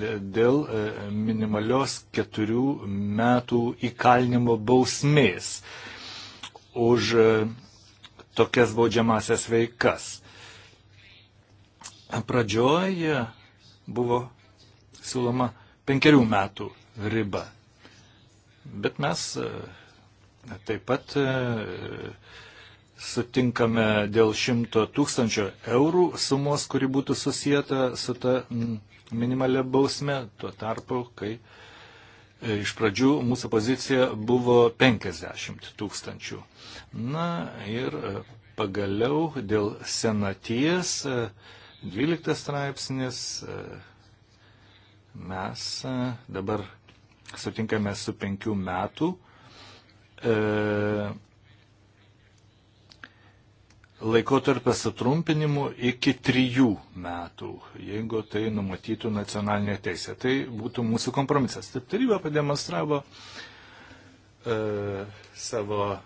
e, dėl e, minimalios keturių metų įkalinimo bausmės už tokias baudžiamasias veikas. Pradžioje buvo siūloma penkerių metų riba. Bet mes taip pat sutinkame dėl šimto tūkstančio eurų sumos, kuri būtų susijęta su ta minimalia bausme, tuo tarpu, kai e, iš pradžių mūsų pozicija buvo 50 tūkstančių. Na ir e, pagaliau dėl senaties 12 e, straipsnis mes dabar sutinkame su penkių metų. E, laikotarpio sutrumpinimu iki trijų metų, jeigu tai numatytų nacionalinė teisė. Tai būtų mūsų kompromisas. Taip taryba pademonstravo e, savo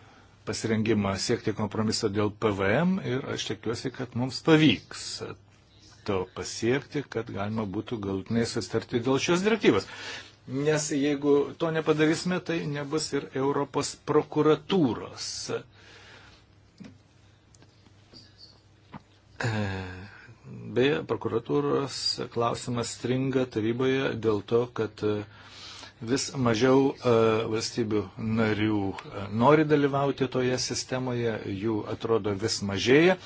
pasirengimą siekti kompromiso dėl PVM ir aš tikiuosi, kad mums pavyks to pasiekti, kad galima būtų galutinai sustarti dėl šios direktyvos. Nes jeigu to nepadarysime, tai nebus ir Europos prokuratūros. E, E, beje, prokuratūros klausimas stringa taryboje dėl to, kad e, vis mažiau e, valstybių narių nori dalyvauti toje sistemoje, jų atrodo vis mažėja,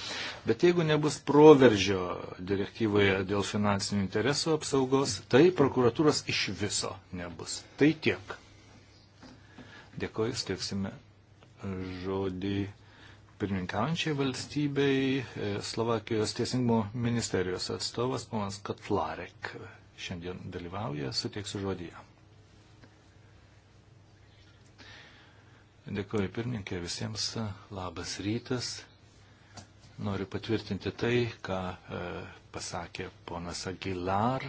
bet jeigu nebus proveržio direktyvoje dėl finansinių interesų apsaugos, tai prokuratūros iš viso nebus. Tai tiek. Dėkoju, steiksime žodį pirmininkaujančiai valstybei e, Slovakijos teisingumo ministerijos atstovas ponas Katlarek. Šiandien dalyvauja, suteiksiu žodį. Dėkuoju pirmininkė visiems, e, labas rytas. Noriu patvirtinti tai, ką e, pasakė ponas Aguilar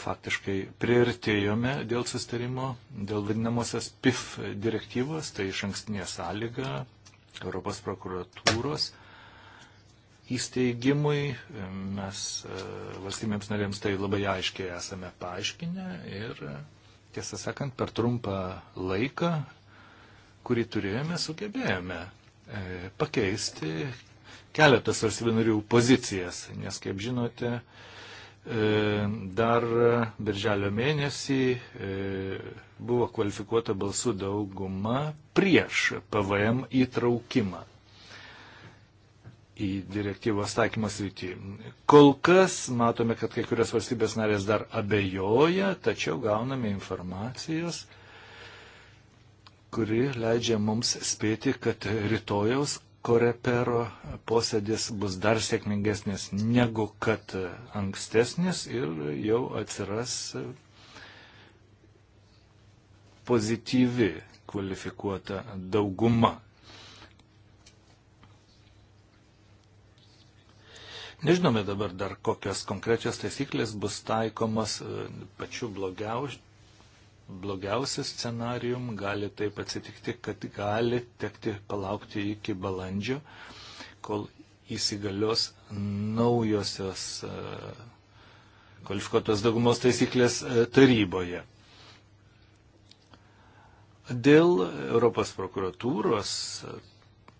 faktiškai priartėjome dėl sustarimo, dėl vadinamosios PIF direktyvos, tai iš ankstinė sąlyga Europos prokuratūros įsteigimui. Mes e, valstybėms narėms tai labai aiškiai esame paaiškinę ir e, tiesą sakant, per trumpą laiką, kurį turėjome, sugebėjome e, pakeisti keletas valstybių narių pozicijas, nes, kaip žinote, dar birželio mėnesį buvo kvalifikuota balsų dauguma prieš PVM įtraukimą į direktyvos taikymą sritį. Kol kas matome, kad kai kurios valstybės narės dar abejoja, tačiau gauname informacijos, kuri leidžia mums spėti, kad rytojaus korepero posėdis bus dar sėkmingesnis negu kad ankstesnis ir jau atsiras pozityvi kvalifikuota dauguma. Nežinome dabar dar, kokios konkrečios taisyklės bus taikomas e, pačiu blogiausiu. Blogiausias scenarium gali taip atsitikti, kad gali tekti palaukti iki balandžio, kol įsigalios naujosios e, kvalifikuotos daugumos taisyklės e, taryboje. Dėl Europos prokuratūros,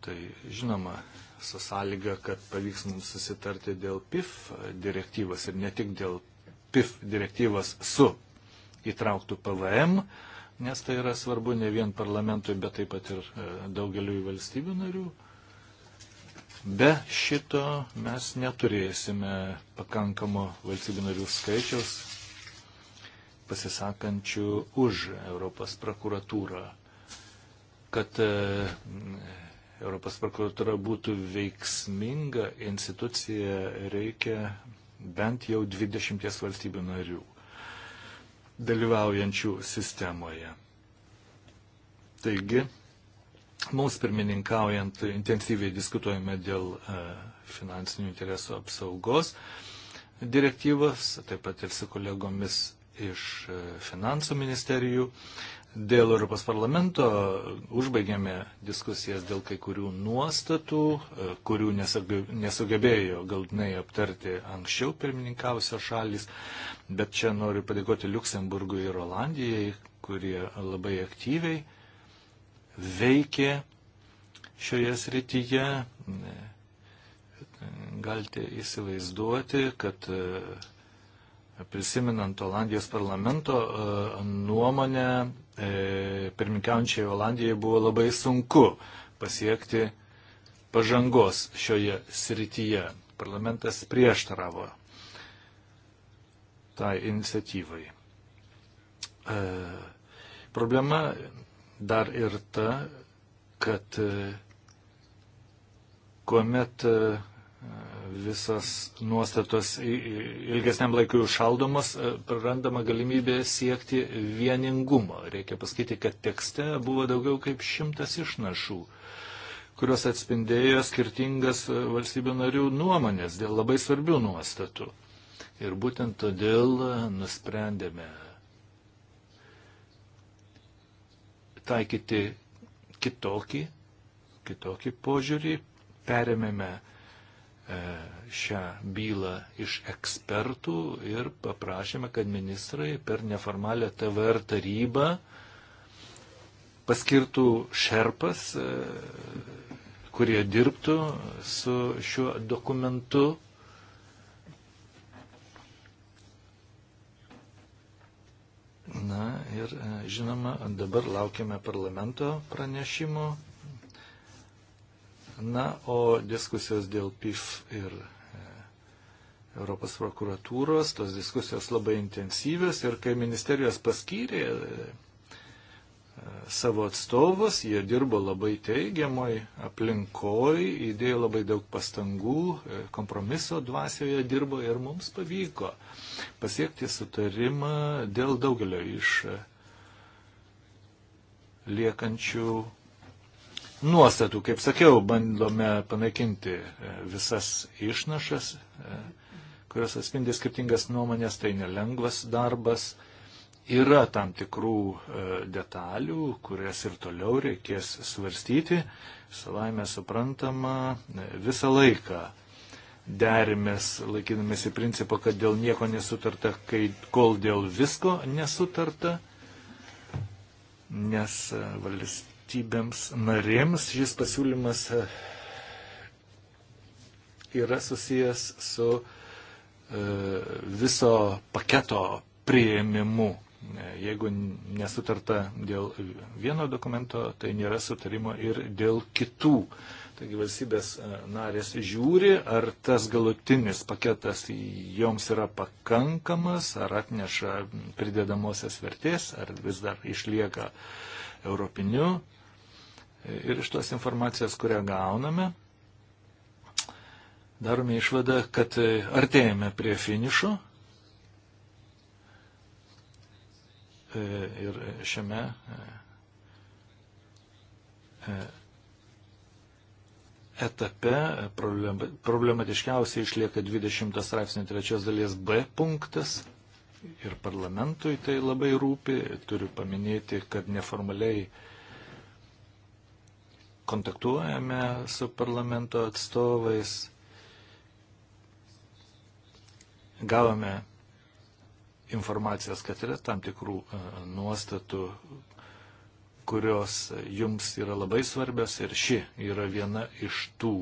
tai žinoma, su sąlyga, kad pavyks mums susitarti dėl PIF direktyvos ir ne tik dėl PIF direktyvos su įtrauktų PVM, nes tai yra svarbu ne vien parlamentui, bet taip pat ir e, daugeliu valstybių narių. Be šito mes neturėsime pakankamo valstybių narių skaičiaus, pasisakančių už Europos prokuratūrą, kad e, Europos prokuratūra būtų veiksminga institucija, reikia bent jau 20 valstybių narių dalyvaujančių sistemoje. Taigi, mums pirmininkaujant intensyviai diskutuojame dėl e, finansinių interesų apsaugos direktyvos, taip pat ir su kolegomis iš e, finansų ministerijų. Dėl Europos parlamento užbaigėme diskusijas dėl kai kurių nuostatų, e, kurių nesugebėjo galtinai aptarti anksčiau pirmininkavusios šalis, bet čia noriu padėkoti Luksemburgui ir Olandijai, kurie labai aktyviai veikė šioje srityje. E, galite įsivaizduoti, kad prisiminant Olandijos parlamento e, nuomonę, e, pirmininkiaujančiai Olandijai buvo labai sunku pasiekti pažangos šioje srityje. Parlamentas prieštaravo tai iniciatyvai. E, problema dar ir ta, kad kuomet visas nuostatos ilgesniam laikui užšaldomos, e, prarandama galimybė siekti vieningumo. Reikia pasakyti, kad tekste buvo daugiau kaip šimtas išnašų, kurios atspindėjo skirtingas e, valstybių narių nuomonės dėl labai svarbių nuostatų. Ir būtent todėl e, nusprendėme taikyti kitokį, kitokį požiūrį, perėmėme E, šią bylą iš ekspertų ir paprašėme, kad ministrai per neformalią TVR tarybą paskirtų šerpas, e, kurie dirbtų su šiuo dokumentu. Na ir e, žinoma, dabar laukiame parlamento pranešimo Na, o diskusijos dėl PIF ir e, Europos prokuratūros, tos diskusijos labai intensyvios ir kai ministerijos paskyrė e, savo atstovus, jie dirbo labai teigiamoj aplinkoj, įdėjo labai daug pastangų, e, kompromiso dvasioje dirbo ir mums pavyko pasiekti sutarimą dėl daugelio iš liekančių nuostatų. Kaip sakiau, bandome panaikinti e, visas išnašas, e, kurios atspindi skirtingas nuomonės, tai nelengvas darbas. Yra tam tikrų e, detalių, kurias ir toliau reikės svarstyti. Savaime suprantama, visą laiką derimės, laikydamėsi principo, kad dėl nieko nesutarta, kai, kol dėl visko nesutarta, nes valstybė valstybėms narėms. Šis pasiūlymas e, yra susijęs su e, viso paketo prieimimu. E, jeigu nesutarta dėl vieno dokumento, tai nėra sutarimo ir dėl kitų. Taigi valstybės narės žiūri, ar tas galutinis paketas joms yra pakankamas, ar atneša pridedamosios vertės, ar vis dar išlieka europiniu Ir iš tos informacijos, kurią gauname, darome išvadą, kad e, artėjame prie finišo. E, ir šiame e, etape problematiškiausiai išlieka 20 straipsnio 3 dalies B punktas. Ir parlamentui tai labai rūpi. Turiu paminėti, kad neformaliai uh, kontaktuojame su parlamento atstovais. Gavome informacijos, kad yra tam tikrų e, nuostatų, kurios jums yra labai svarbios ir ši yra viena iš tų.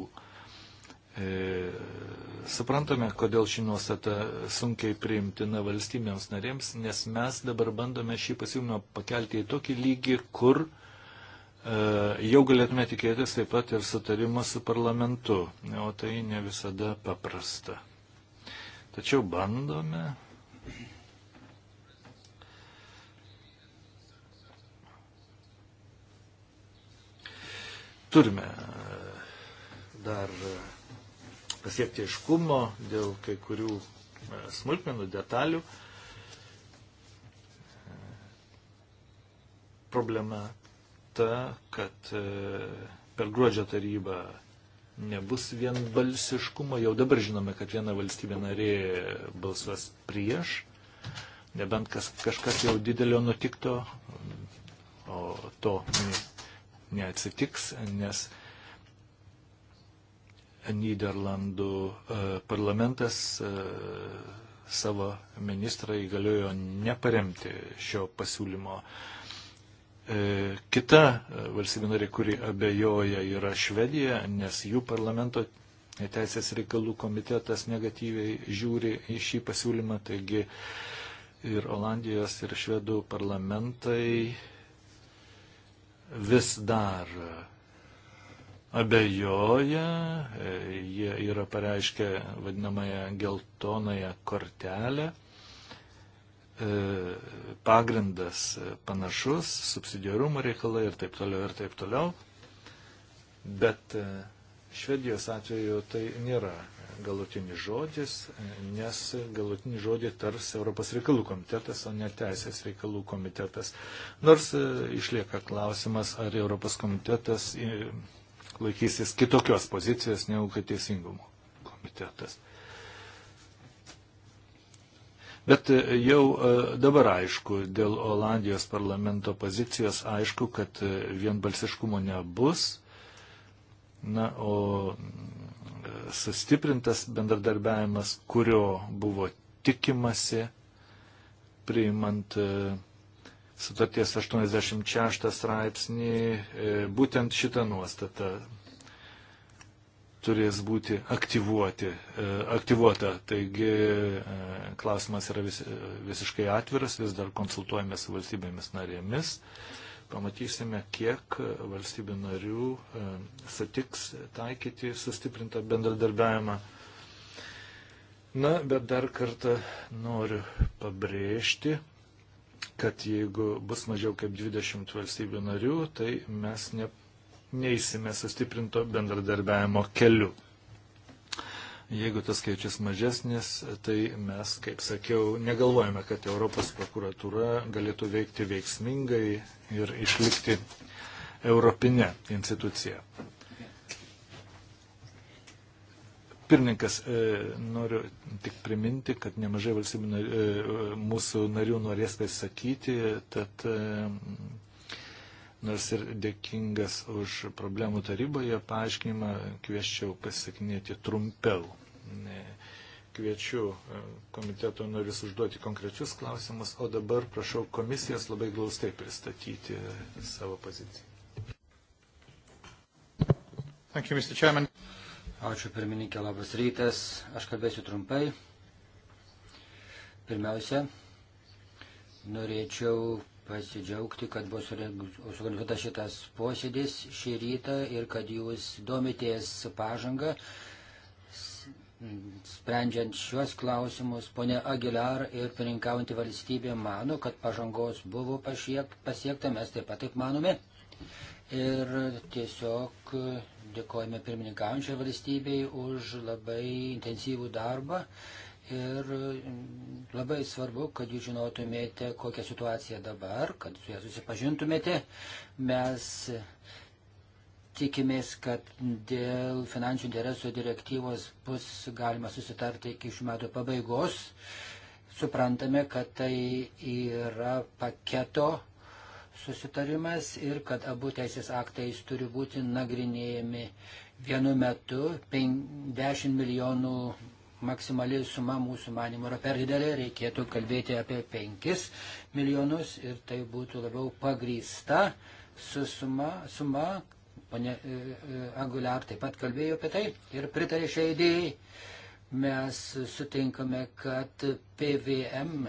E, suprantame, kodėl ši nuostata sunkiai priimtina valstybėms narėms, nes mes dabar bandome šį pasiūlymą pakelti į tokį lygį, kur e, E, jau galėtume tikėtis taip pat ir sutarimą su parlamentu, o tai ne visada paprasta. Tačiau bandome. Turime e, dar e, pasiekti iškumo dėl kai kurių smulkmenų detalių. Problema ta, kad e, per gruodžio tarybą nebus vienbalsiškumo. Jau dabar žinome, kad viena valstybė narė balsuos prieš, nebent kas, kažkas jau didelio nutikto, o to neatsitiks, nes Niderlandų e, parlamentas e, savo ministrą įgaliojo neparemti šio pasiūlymo. Uh, E, kita e, valstybė narė, kuri abejoja, yra Švedija, nes jų parlamento teisės reikalų komitetas negatyviai žiūri į šį pasiūlymą, taigi ir Olandijos, ir Švedų parlamentai vis dar abejoja, e, jie yra pareiškę vadinamąją geltonąją kortelę. E, pagrindas panašus, subsidiarumo reikalai ir taip toliau ir taip toliau. Bet e, Švedijos atveju tai nėra galutinis žodis, nes galutinį žodį tars Europos reikalų komitetas, o ne Teisės reikalų komitetas. Nors e, išlieka klausimas, ar Europos komitetas laikysis kitokios pozicijos negu kad teisingumo komitetas. Bet e, jau e, dabar aišku, dėl Olandijos parlamento pozicijos aišku, kad e, vienbalsiškumo nebus. Na, o sustiprintas bendradarbiavimas, kurio buvo tikimasi, priimant sutarties 86 straipsnį, būtent šitą nuostatą turės būti aktyvuoti, e, aktyvuota. Taigi e, klausimas yra vis, e, visiškai atviras, vis dar konsultuojame su valstybėmis narėmis. Pamatysime, kiek valstybių narių sutiks taikyti sustiprintą bendradarbiavimą. Na, bet dar kartą noriu pabrėžti, kad jeigu bus mažiau kaip 20 valstybių narių, tai mes ne, neįsime sustiprinto bendradarbiavimo keliu. Jeigu tas skaičius mažesnis, tai mes, kaip sakiau, negalvojame, kad Europos prokuratūra galėtų veikti veiksmingai ir išlikti europinė institucija. Pirmininkas, e, noriu tik priminti, kad nemažai valstybių e, mūsų narių norės pasisakyti, tad e, nors ir dėkingas už problemų taryboje paaiškinimą, kvieščiau pasisakinėti trumpiau. Kviečiu e, komiteto norius užduoti konkrečius klausimus, o dabar prašau komisijos labai glaustai pristatyti savo poziciją. Thank you, Mr. Chairman. Ačiū pirmininkė, labas rytas. Aš kalbėsiu trumpai. Pirmiausia, norėčiau pasidžiaugti, kad buvo suorganizuotas šitas posėdis šį rytą ir kad jūs domitės pažangą, sprendžiant šiuos klausimus. Pone Aguilar ir pininkaujantį valstybę mano, kad pažangos buvo pasiek, pasiekta, mes taip pat taip manome. Ir tiesiog dėkojame pirmininkaujančiai valstybei už labai intensyvų darbą Ir mm, labai svarbu, kad jūs žinotumėte, kokią situaciją dabar, kad su ją susipažintumėte. Mes tikimės, kad dėl finansinių interesų direktyvos bus galima susitarti iki šių metų pabaigos. Suprantame, kad tai yra paketo susitarimas ir kad abu teisės aktais turi būti nagrinėjami vienu metu. 50 milijonų maksimali suma mūsų manimo yra per didelė, reikėtų kalbėti apie 5 milijonus ir tai būtų labiau pagrįsta su suma, suma ponė e, e, Aguliar taip pat kalbėjo apie tai ir pritarė šiai idėjai. Mes sutinkame, kad PVM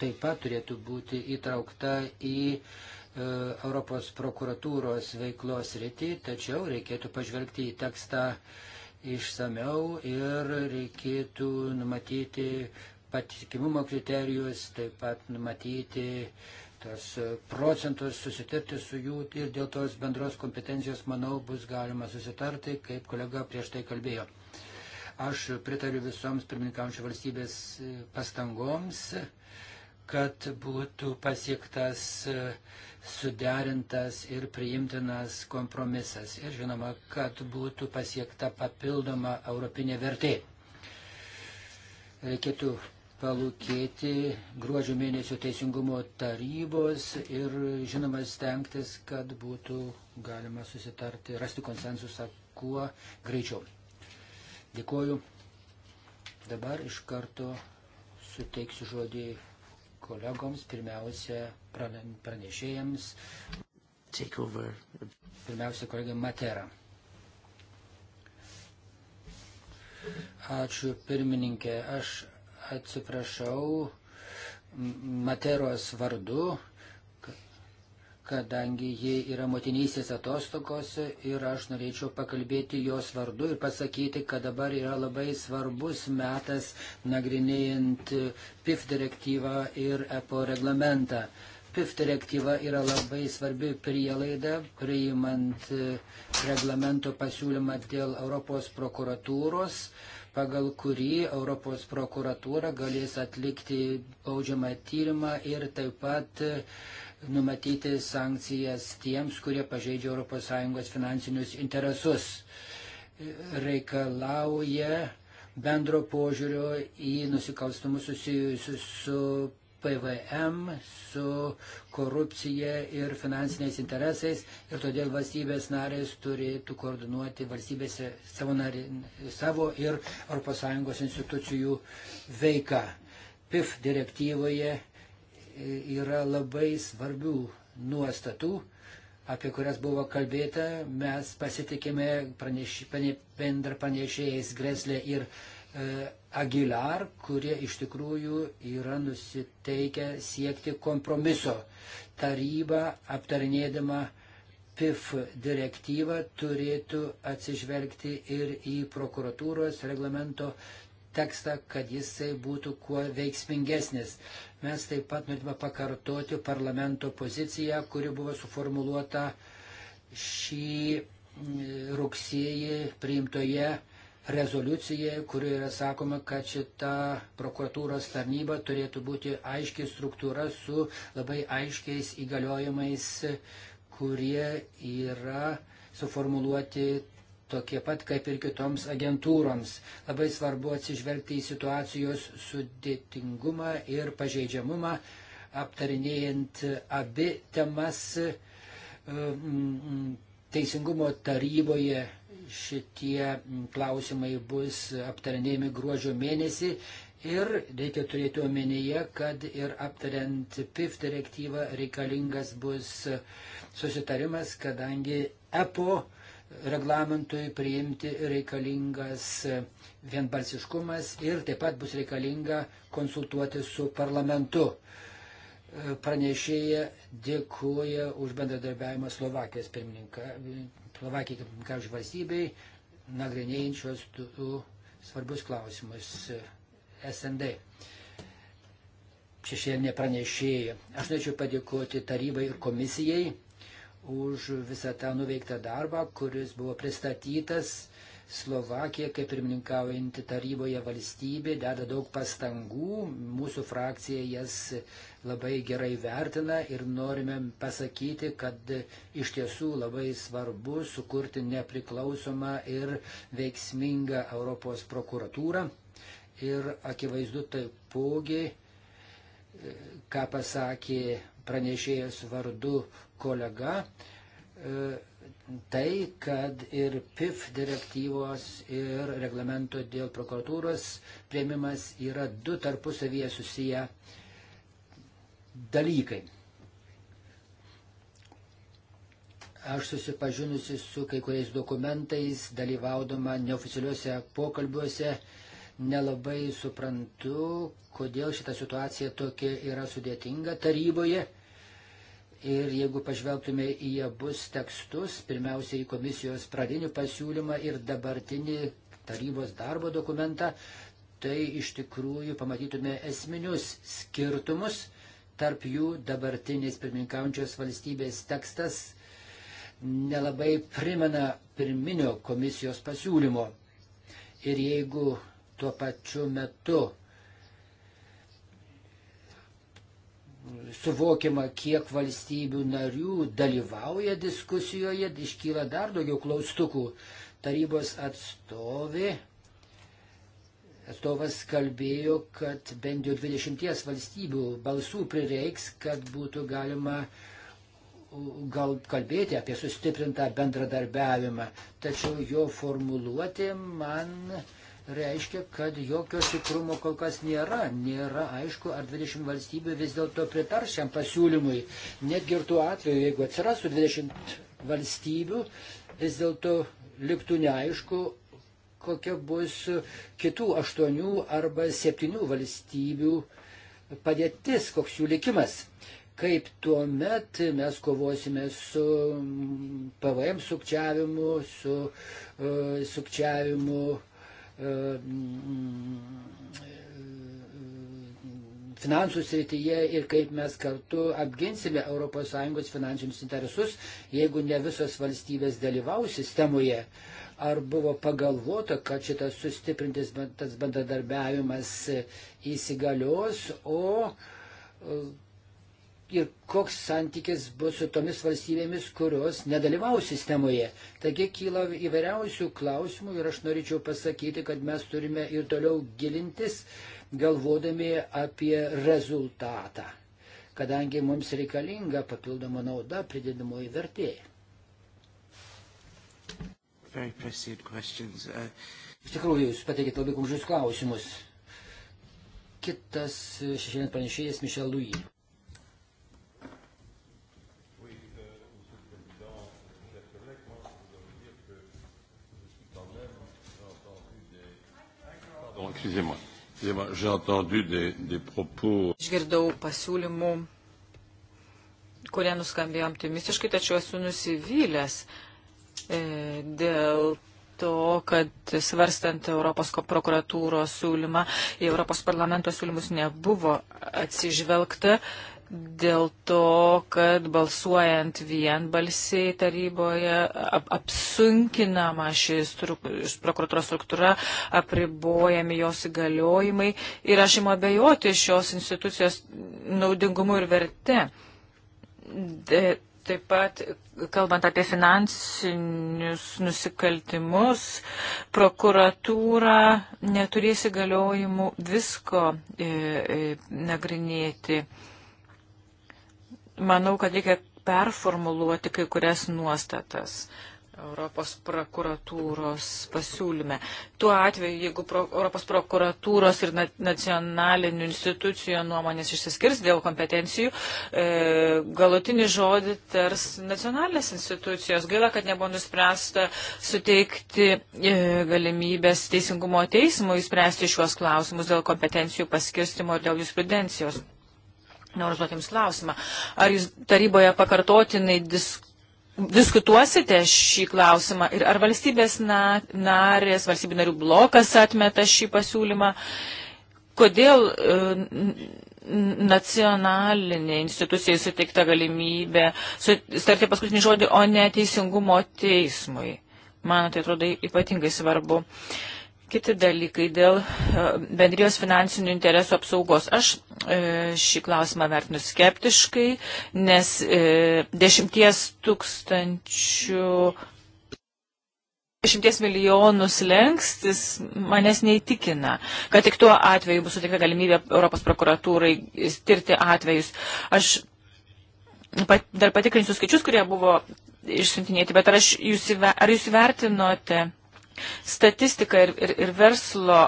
taip pat turėtų būti įtraukta į e, Europos prokuratūros veiklos rytį, tačiau reikėtų pažvelgti į tekstą išsameu ir reikėtų numatyti patikimumo kriterijus, taip pat numatyti tas procentus, susitarti su jų ir dėl tos bendros kompetencijos, manau, bus galima susitarti, kaip kolega prieš tai kalbėjo. Aš pritariu visoms pirmininkaujančių valstybės pastangoms. Uh, kad būtų pasiektas e, suderintas ir priimtinas kompromisas ir žinoma, kad būtų pasiekta papildoma europinė vertė. Reikėtų palūkėti gruodžio mėnesio teisingumo tarybos ir žinoma stengtis, kad būtų galima susitarti, rasti konsensusą kuo greičiau. Dėkuoju. Dabar iš karto suteiksiu žodį kolegoms, pirmiausia pranešėjams. Take over. Pirmiausia, kolegė Matera. Ačiū pirmininkė, aš atsiprašau Materos vardu, kadangi ji yra motinysės atostogos ir aš norėčiau pakalbėti jos vardu ir pasakyti, kad dabar yra labai svarbus metas nagrinėjant PIF direktyvą ir EPO reglamentą. PIF direktyva yra labai svarbi prielaida priimant e, reglamento pasiūlymą dėl Europos prokuratūros pagal kurį Europos prokuratūra galės atlikti baudžiamą tyrimą ir taip pat uh, numatyti sankcijas tiems, kurie pažeidžia ES finansinius interesus. Reikalauja bendro požiūrio į nusikalstumus susijusius su PVM, su korupcija ir finansiniais interesais ir todėl valstybės narės turėtų koordinuoti valstybėse savo, narė, savo ir ES institucijų veiką. PIF direktyvoje yra labai svarbių nuostatų, apie kurias buvo kalbėta. Mes pasitikime praneš, bendra pranešėjais Greslė ir e, Aguilar, kurie iš tikrųjų yra nusiteikę siekti kompromiso. Taryba aptarinėdama PIF direktyvą turėtų atsižvelgti ir į prokuratūros reglamento e, tekstą, kad jisai būtų kuo veiksmingesnis. Mes taip pat norime pakartoti parlamento poziciją, kuri buvo suformuluota šį mm, rugsėjį priimtoje rezoliucijoje, kurioje yra sakoma, kad šita prokuratūros tarnyba turėtų būti aiškiai struktūra su labai aiškiais įgaliojimais, kurie yra suformuluoti tokie pat kaip ir kitoms agentūroms. Labai svarbu atsižvelgti į situacijos sudėtingumą ir pažeidžiamumą, aptarinėjant abi temas e, Teisingumo taryboje šitie klausimai bus aptarinėjami gruodžio mėnesį ir reikia turėti omenyje, kad ir aptariant PIF direktyvą reikalingas bus susitarimas, kadangi EPO reglamentui priimti reikalingas vienbalsiškumas ir taip pat bus reikalinga konsultuoti su parlamentu. Pranešėja dėkuoja už bendradarbiavimą Slovakijos pirmininką, Slovakijai kaip pirmininkavžiai valstybei, nagrinėjančios du svarbius klausimus SND šešėlinė pranešėja. Aš norėčiau padėkoti tarybai ir komisijai už visą tą nuveiktą darbą, kuris buvo pristatytas. Slovakija, kaip pirmininkaujanti taryboje valstybė, deda daug pastangų, mūsų frakcija jas labai gerai vertina ir norime pasakyti, kad iš tiesų labai svarbu sukurti nepriklausomą ir veiksmingą Europos prokuratūrą. Ir akivaizdu taipogi, ką pasakė pranešėjas vardu kolega, e, tai, kad ir PIF direktyvos ir reglamento dėl prokuratūros prieimimas yra du tarpusavyje susiję dalykai. Aš susipažinusi su kai kuriais dokumentais, dalyvaudama neoficialiuose pokalbiuose nelabai suprantu, kodėl šita situacija tokia yra sudėtinga taryboje. Ir jeigu pažvelgtume į abus tekstus, pirmiausia į komisijos pradinį pasiūlymą ir dabartinį tarybos darbo dokumentą, tai iš tikrųjų pamatytume esminius skirtumus. Tarp jų dabartinis pirmininkaujančios valstybės tekstas nelabai primena pirminio komisijos pasiūlymo. Ir jeigu tuo pačiu metu. Suvokiama, kiek valstybių narių dalyvauja diskusijoje, iškyla dar daugiau klaustukų. Tarybos atstovė, atstovas kalbėjo, kad bent jau 20 valstybių balsų prireiks, kad būtų galima gal kalbėti apie sustiprintą bendradarbiavimą, tačiau jo formuluotė man reiškia, kad jokio tikrumo kol kas nėra. Nėra aišku, ar 20 valstybių vis dėlto pritar šiam pasiūlymui. Netgi ir tuo atveju, jeigu atsirastų 20 valstybių, vis dėlto liktų neaišku, kokia bus kitų 8 arba 7 valstybių padėtis, koks jų likimas. Kaip tuo met mes kovosime su PVM mm, sukčiavimu, su uh, sukčiavimu uh, E, e, finansų srityje ir kaip mes kartu apginsime ES finansinius interesus, jeigu ne visos valstybės dalyvaus sistemoje. Ar buvo pagalvota, kad šitas sustiprintis tas bendradarbiavimas įsigalios, o e, ir koks santykis bus su tomis valstybėmis, kurios nedalyvaus sistemoje. Taigi kyla įvairiausių klausimų ir aš norėčiau pasakyti, kad mes turime ir toliau gilintis, galvodami apie rezultatą, kadangi mums reikalinga papildoma nauda pridedamoji vertė. Uh, Iš tikrųjų, jūs pateikėte labai konkrečius klausimus. Kitas šešėlės pranešėjas Mišel Lui. excusez-moi. Excusez-moi, j'ai entendu des, des propos. Išgirdau pasiūlymų, kurie nuskambėjo optimistiškai, tačiau esu nusivylęs e, dėl to, kad svarstant Europos prokuratūros siūlymą, į Europos parlamento siūlymus nebuvo atsižvelgta dėl to, kad balsuojant vienbalsiai taryboje ap apsunkinama ši struk prokuratūros struktūra, apribojami jos įgaliojimai ir aš imu abejoti šios institucijos naudingumu ir verte. De, taip pat, kalbant apie finansinius nusikaltimus, prokuratūra neturės įgaliojimų visko e, e, nagrinėti. E, Manau, kad reikia performuluoti kai kurias nuostatas. Europos prokuratūros pasiūlyme. Tuo atveju, jeigu pro, Europos prokuratūros ir na, nacionalinių institucijų nuomonės išsiskirs dėl kompetencijų, e, galutinį žodį tars nacionalinės institucijos. Gaila, kad nebuvo nuspręsta suteikti e, galimybės Teisingumo teismui spręsti šiuos klausimus dėl kompetencijų paskirstimo ir dėl jurisprudencijos. Noriu užduoti Jums klausimą. Ar Jūs taryboje pakartotinai diskutuojate? diskutuosite šį klausimą ir ar valstybės na, narės, valstybių narių blokas atmeta šį pasiūlymą, kodėl e, nacionalinė institucija suteikta galimybė sutarti paskutinį žodį, o ne teisingumo teismui. Man tai atrodo ypatingai svarbu. E, Kiti dalykai dėl e, bendrijos finansinių interesų apsaugos. Aš e, šį klausimą vertinu skeptiškai, nes e, dešimties tūkstančių. Šimties milijonų slengstis manęs neįtikina, kad tik tuo atveju bus suteikta galimybė Europos prokuratūrai tirti atvejus. Aš pat, dar patikrinsiu skaičius, kurie buvo išsiuntinėti, bet ar, jūs, įver, ar jūs vertinote statistiką ir, ir, ir verslo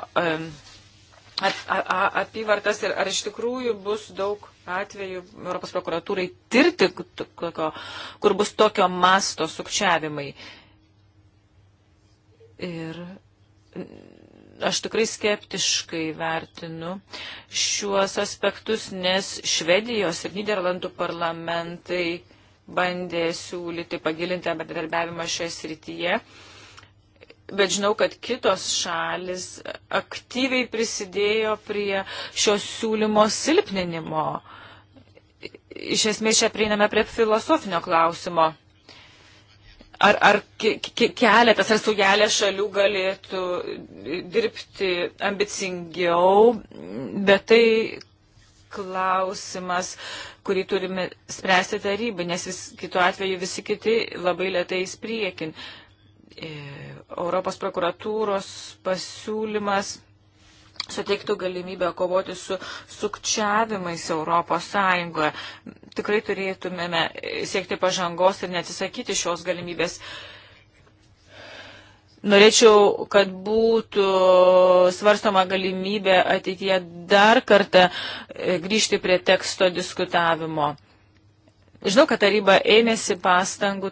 apyvartas ir ar iš tikrųjų bus daug atvejų Europos prokuratūrai tirti, kur bus tokio masto sukčiavimai. Ir aš tikrai skeptiškai vertinu šiuos aspektus, nes Švedijos ir Niderlandų parlamentai bandė siūlyti pagilinti bendradarbiavimą šioje srityje bet žinau, kad kitos šalis aktyviai prisidėjo prie šios siūlymo silpninimo. Iš esmės čia prieiname prie filosofinio klausimo. Ar, ar keletas ar sugelė šalių galėtų dirbti ambicingiau, bet tai klausimas, kurį turime spręsti tarybai, nes vis, kitu atveju visi kiti labai lietai įspriekin. E, Europos prokuratūros pasiūlymas suteiktų galimybę kovoti su sukčiavimais Europos Sąjungoje. Tikrai turėtumėme siekti pažangos ir neatsisakyti šios galimybės. Norėčiau, kad būtų svarstoma galimybė ateityje dar kartą e, grįžti prie teksto diskutavimo. Žinau, kad taryba ėmėsi pastangų,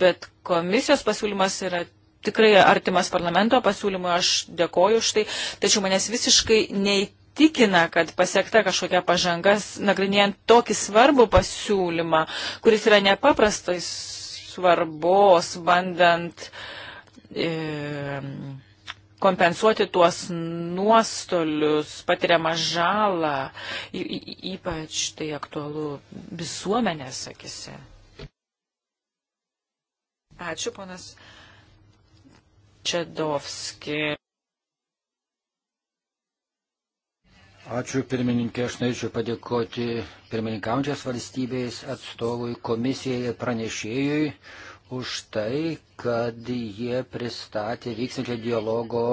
bet komisijos pasiūlymas yra tikrai artimas parlamento pasiūlymui, aš dėkoju už tai, tačiau manęs visiškai neįtikina, kad pasiekta kažkokia pažangas, nagrinėjant tokį svarbų pasiūlymą, kuris yra nepaprastai svarbos, bandant. E, kompensuoti tuos nuostolius, patiriamą žalą, ypač tai aktualu visuomenės akise. Ačiū, ponas Čedovski. Ačiū pirmininkė, aš norėčiau padėkoti pirmininkaujančios valstybės atstovui, komisijai ir pranešėjui už tai, kad jie pristatė vyksančio dialogo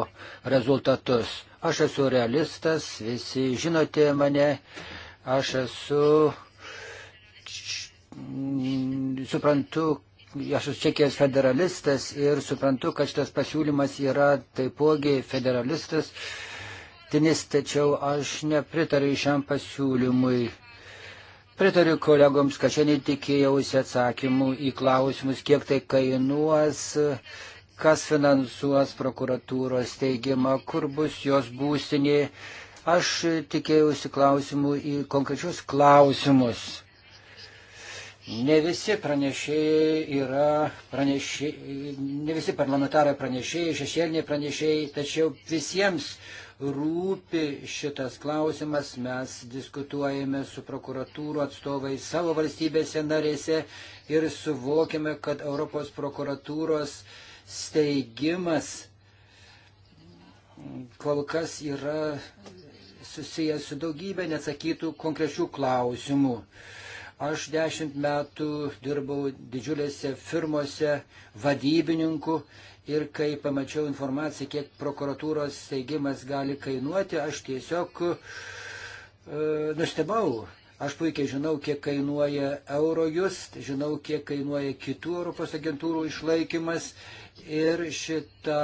rezultatus. Aš esu realistas, visi žinote mane, aš esu suprantu, aš esu Čekijos federalistas ir suprantu, kad šitas pasiūlymas yra taipogi federalistas, tinis, tačiau aš nepritariu šiam pasiūlymui. Pritariu kolegoms, kad šiandien tikėjausi atsakymų į klausimus, kiek tai kainuos, kas finansuos prokuratūros teigimą, kur bus jos būsinė. Aš tikėjausi klausimų į konkrečius klausimus. Ne visi pranešėjai yra pranešėjai, ne visi parlamentarai pranešėjai, šešėliniai pranešėjai, tačiau visiems rūpi šitas klausimas. Mes diskutuojame su prokuratūrų atstovais savo valstybėse narėse ir suvokiame, kad Europos prokuratūros steigimas kol kas yra susijęs su daugybė neatsakytų konkrečių klausimų. Aš dešimt metų dirbau didžiulėse firmose vadybininku ir kai pamačiau informaciją, kiek prokuratūros steigimas gali kainuoti, aš tiesiog e, nustebau. Aš puikiai žinau, kiek kainuoja Eurojust, žinau, kiek kainuoja kitų Europos agentūrų išlaikymas ir šitą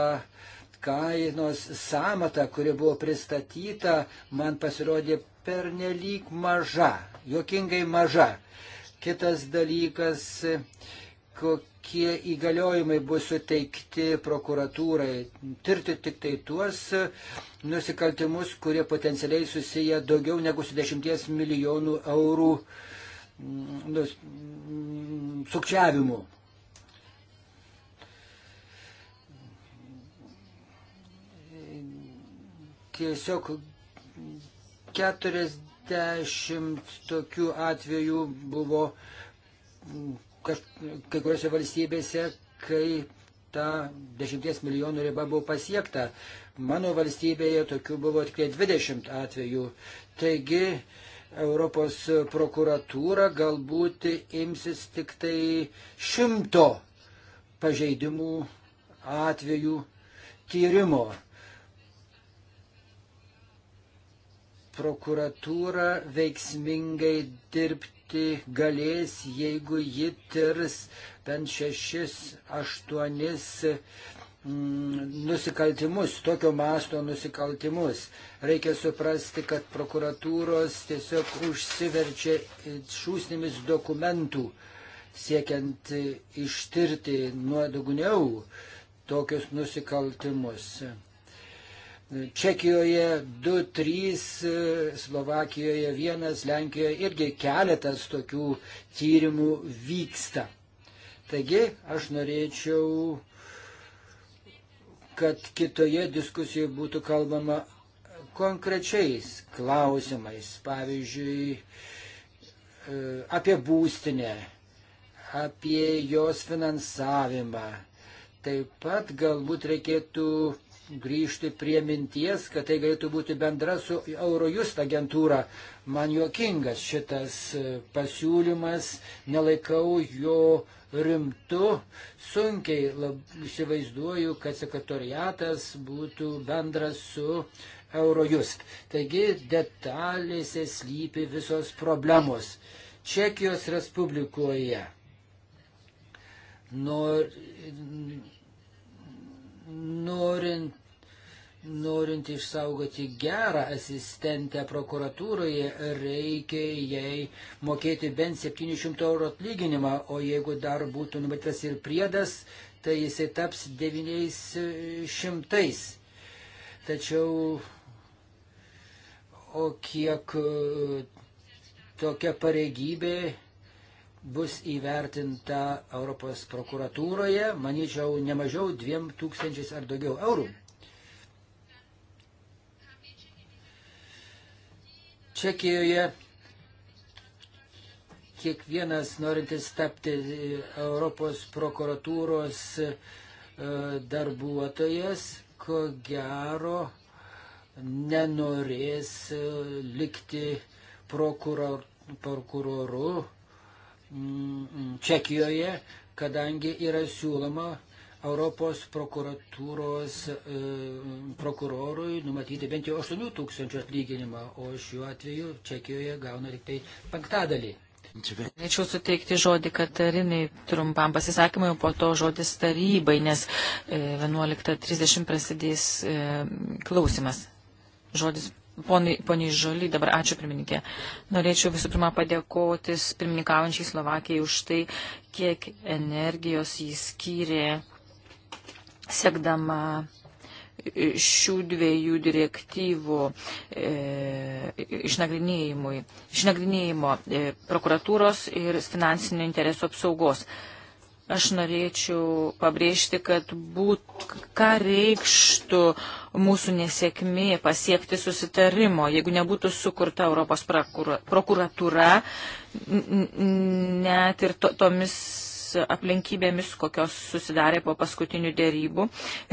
kainos samatą, kuri buvo pristatyta, man pasirodė pernelyg maža jokingai maža. Kitas dalykas, kokie įgaliojimai bus suteikti prokuratūrai, tirti tik tai tuos nusikaltimus, kurie potencialiai susiję daugiau negu su 10 milijonų eurų nu, sukčiavimu. Tiesiog 40 dešimt tokių atvejų buvo kai kuriuose valstybėse, kai ta 10 milijonų riba buvo pasiekta. Mano valstybėje tokių buvo tik 20 atvejų. Taigi Europos prokuratūra galbūt imsis tik tai šimto pažeidimų atvejų tyrimo. prokuratūra veiksmingai dirbti galės, jeigu ji tirs bent šešis, aštuonis mm, nusikaltimus, tokio masto nusikaltimus. Reikia suprasti, kad prokuratūros tiesiog užsiverčia šūsnimis dokumentų, siekiant ištirti nuodugniau tokius nusikaltimus. Čekijoje 2, 3, Slovakijoje 1, Lenkijoje irgi keletas tokių tyrimų vyksta. Taigi aš norėčiau, kad kitoje diskusijoje būtų kalbama konkrečiais klausimais. Pavyzdžiui, e, apie būstinę, apie jos finansavimą. Taip pat galbūt reikėtų grįžti prie minties, kad tai galėtų būti bendra su Eurojust agentūra. Man juokingas šitas e, pasiūlymas, nelaikau jo rimtu, sunkiai lab, įsivaizduoju, kad sekretoriatas būtų bendras su Eurojust. Taigi detalėse slypi visos problemos. Čekijos Respublikoje. Nor, norint Norint išsaugoti gerą asistentę prokuratūroje, reikia jai mokėti bent 700 eurų atlyginimą, o jeigu dar būtų numatytas ir priedas, tai jisai taps 900. Tačiau, o kiek e, tokia pareigybė bus įvertinta Europos prokuratūroje, manyčiau, nemažiau 2000 ar daugiau eurų. Čekijoje kiekvienas norintis tapti e, Europos prokuratūros e, darbuotojas, ko gero, nenorės e, likti prokuror, prokuroru mm, mm, Čekijoje, kadangi yra siūloma Europos prokuratūros e, prokurorui numatyti bent jau 8 tūkstančių atlyginimą, o šiuo atveju Čekijoje gauna tik tai penktadalį. Norėčiau suteikti žodį Katarinai trumpam pasisakymui, po to žodis tarybai, nes 11.30 e, prasidės e, klausimas. Žodis poniai Žoli, dabar ačiū pirmininkė. Norėčiau visų pirma padėkoti pirmininkaujančiai Slovakijai už tai, kiek energijos jis skyrė siekdama šių dviejų direktyvų e, išnagrinėjimo e, prokuratūros ir finansinių interesų apsaugos. Aš norėčiau pabrėžti, kad būt, ką reikštų mūsų nesėkmė pasiekti susitarimo, jeigu nebūtų sukurta Europos prokura, prokuratūra, net ir to, tomis aplinkybėmis, kokios susidarė po paskutinių dėrybų.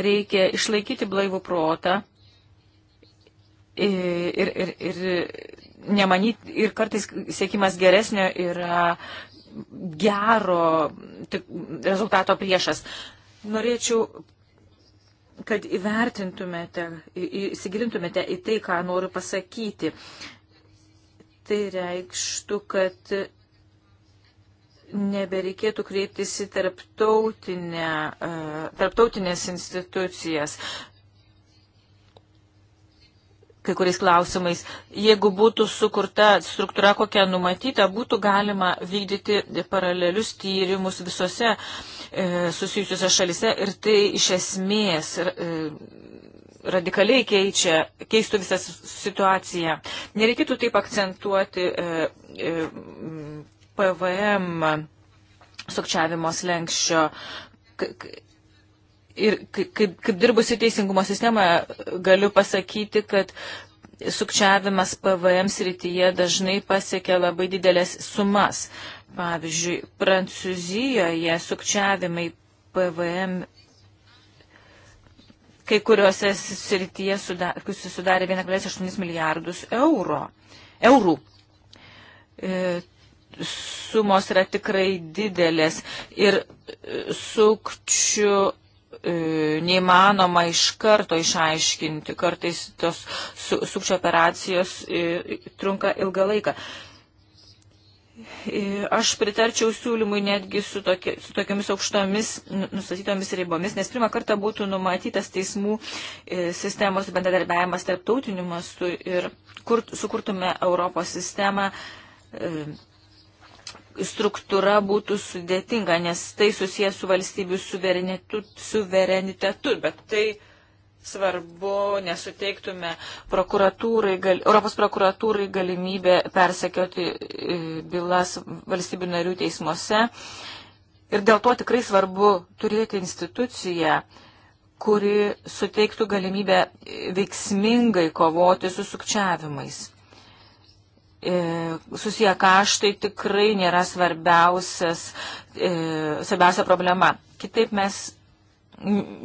Reikia išlaikyti blaivų protą ir, ir, ir, nemanyti, ir kartais siekimas geresnio yra gero tik, rezultato priešas. Norėčiau kad įvertintumėte, įsigilintumėte į tai, ką noriu pasakyti. Tai reikštų, kad nebereikėtų kreiptis į tarptautinę, e, tarptautinės institucijas. Kai kuriais klausimais, jeigu būtų sukurta struktūra, kokia numatyta, būtų galima vykdyti paralelius tyrimus visose e, susijusiuose šalise ir tai iš esmės e, radikaliai keičia, keistų visą situaciją. Nereikėtų taip akcentuoti. E, e, PVM sukčiavimo slengščio. Ir kaip, kaip dirbusi teisingumo sistemoje galiu pasakyti, kad sukčiavimas PVM srityje dažnai pasiekia labai didelės sumas. Pavyzdžiui, Prancūzijoje sukčiavimai PVM kai kuriuose srityje sudarė 1,8 milijardus euro, eurų. E, sumos yra tikrai didelės ir e, sukčių e, neįmanoma iš karto išaiškinti. Kartais tos su, sukčio operacijos e, trunka ilgą laiką. Aš pritarčiau siūlymui netgi su, tokie, su tokiamis aukštomis nu, nustatytomis ribomis, nes pirmą kartą būtų numatytas teismų sistemos bendradarbiavimas tarptautiniu mastu ir kur, sukurtume Europos sistemą struktūra būtų sudėtinga, nes tai susijęs su valstybių suverenitetu, bet tai svarbu nesuteiktume prokuratūrai, gal, Europos prokuratūrai galimybę persekioti e, bylas valstybių narių teismuose. Ir dėl to tikrai svarbu turėti instituciją, kuri suteiktų galimybę veiksmingai kovoti su sukčiavimais. E, susiję kaštai tikrai nėra svarbiausias, e, svarbiausia problema. Kitaip mes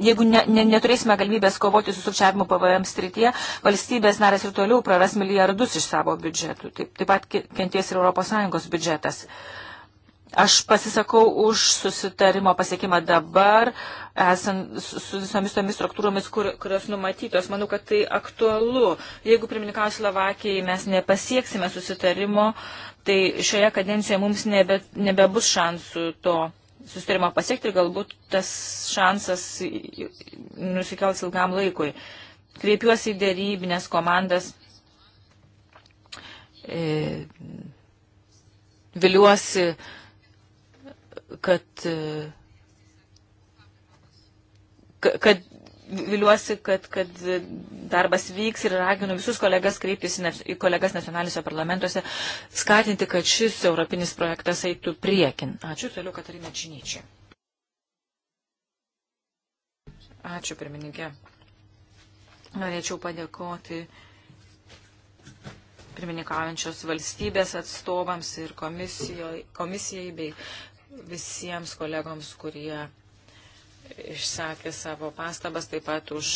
jeigu ne, ne, neturėsime galimybės kovoti su sukčiavimu PVM srityje, valstybės narės ir toliau praras milijardus iš savo biudžetų. Taip, taip pat kenties ir ES biudžetas. Uh, Aš pasisakau už susitarimo pasiekimą dabar, esant su visomis tomis struktūromis, kur, kurios numatytos. Manau, kad tai aktualu. Jeigu pirmininkaus Slovakijai mes nepasieksime susitarimo, tai šioje kadencijoje mums nebe, nebebus šansų to susitarimo pasiekti ir galbūt tas šansas nusikels ilgam laikui. Kreipiuosi į dėrybinės komandas. E, viliuosi kad, kad viliuosi, kad, kad darbas vyks ir raginu visus kolegas kreiptis į kolegas nacionaliniuose parlamentuose, skatinti, kad šis europinis projektas eitų priekin. Ačiū toliau, Katarina Činyčia. Ačiū, pirmininkė. Norėčiau padėkoti pirmininkaujančios valstybės atstovams ir komisijai bei visiems kolegoms, kurie išsakė savo pastabas, taip pat už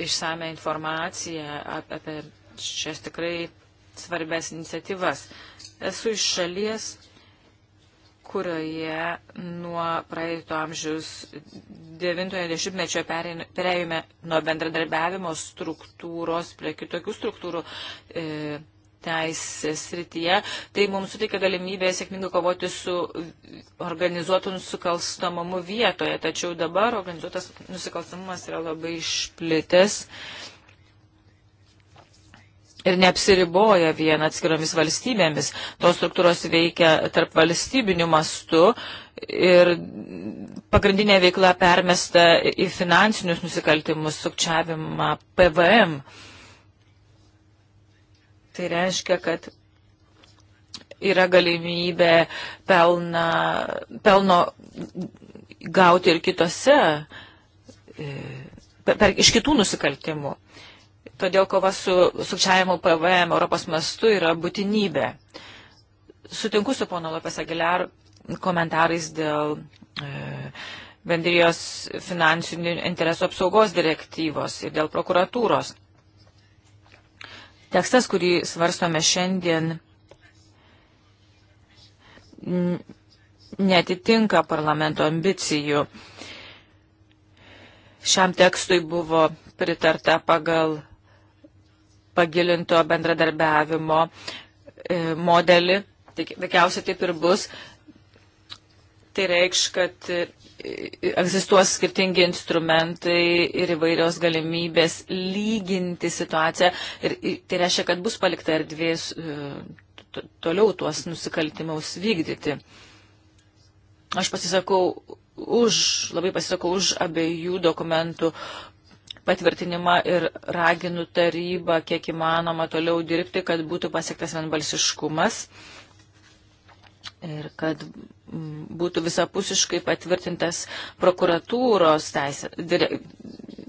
išsame informaciją apie šias tikrai svarbės iniciatyvas. Esu iš šalies, kurioje nuo praeito amžiaus 90-mečio perėjome nuo bendradarbiavimo struktūros prie kitokių struktūrų. E, teisės srityje, tai mums suteikia galimybę sėkmingai kovoti su organizuotu nusikalstamumu vietoje. Tačiau dabar organizuotas nusikalstamumas yra labai išplitęs ir neapsiriboja vien atskiromis valstybėmis. Tos struktūros veikia tarp valstybinių mastų ir pagrindinė veikla permesta į finansinius nusikaltimus, sukčiavimą, PVM. Uh, Tai reiškia, kad yra galimybė pelna, pelno gauti ir kitose, e, per, per, iš kitų nusikaltimų. Todėl kova su sukčiavimu PVM Europos mastu yra būtinybė. Sutinku su pono Lopes Aguilar komentarais dėl e, bendrijos finansinių interesų apsaugos direktyvos ir dėl prokuratūros. Tekstas, kurį svarstome šiandien, netitinka parlamento ambicijų. Šiam tekstui buvo pritarta pagal pagilinto bendradarbiavimo e, modelį. Tikiausiai taip ir bus. Tai reikš, kad egzistuos skirtingi instrumentai ir įvairios galimybės lyginti situaciją. Ir tai reiškia, kad bus palikta erdvės e, toliau tuos nusikaltimus vykdyti. Aš pasisakau už, labai pasisakau už abiejų dokumentų patvirtinimą ir raginu tarybą, kiek įmanoma, toliau dirbti, kad būtų pasiektas vienbalsiškumas. Uh, ir kad mm, būtų visapusiškai patvirtintas prokuratūros teisė, dire,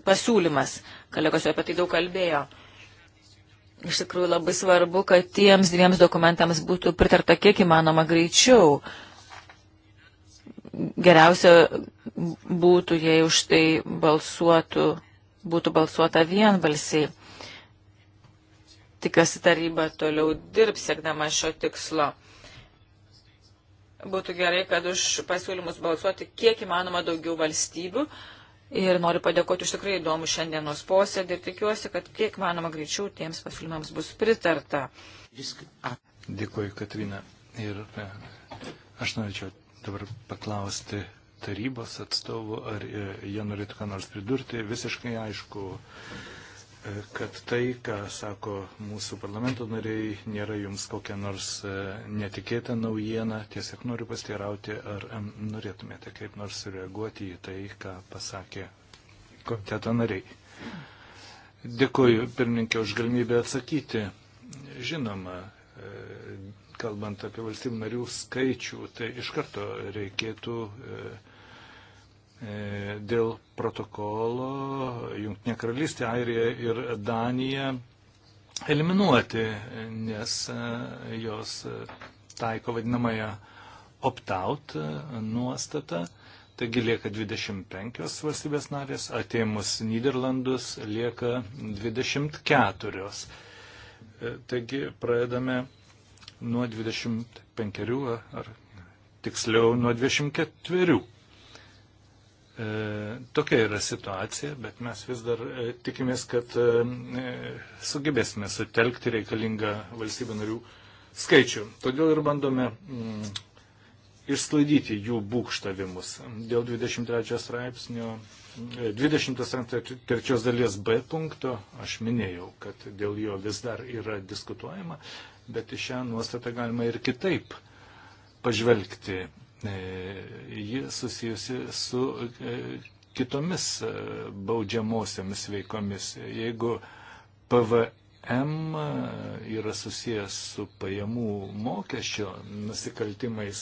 pasiūlymas. Kolegos jau apie tai daug kalbėjo. Iš tikrųjų labai svarbu, kad tiems dviems dokumentams būtų pritarta kiek įmanoma greičiau. Geriausia būtų, jei už tai balsuotų, būtų balsuota vienbalsiai. Tikiuosi taryba toliau dirbs siekdama šio tikslo Būtų gerai, kad už pasiūlymus balsuoti kiek įmanoma daugiau valstybių. Ir noriu padėkoti už tikrai įdomų šiandienos posėdį ir tikiuosi, kad kiek manoma greičiau tiems pasiūlymams bus pritarta. Dėkuoju, Katrina. Ir e, aš norėčiau dabar paklausti tarybos atstovų, ar e, jie norėtų ką nors pridurti. Visiškai aišku, kad tai, ką sako mūsų parlamento nariai, nėra jums kokia nors e, netikėta naujiena. Tiesiog noriu pasteirauti, ar norėtumėte kaip nors reaguoti į tai, ką pasakė komiteto nariai. Dėkuoju pirmininkė už galimybę atsakyti. Žinoma, e, kalbant apie valstybių narių skaičių, tai iš karto reikėtų e, E, dėl protokolo Junktinė karalystė, Airija ir Danija eliminuoti, nes e, jos taiko vadinamąją opt-out e, nuostatą. Taigi lieka 25 valstybės narės, atėmus Niderlandus lieka 24. Taigi pradedame nuo 25 ar tiksliau nuo 24. E, tokia yra situacija, bet mes vis dar e, tikimės, kad e, sugebėsime sutelkti reikalingą valstybių narių skaičių. Todėl ir bandome mm, išsklaidyti jų būkštavimus. Dėl 23 straipsnio, 23 dalies B punkto aš minėjau, kad dėl jo vis dar yra diskutuojama, bet į šią nuostatą galima ir kitaip pažvelgti. E, ji susijusi su e, kitomis e, baudžiamosiamis veikomis. Jeigu PVM yra susijęs su pajamų mokesčio nusikaltimais,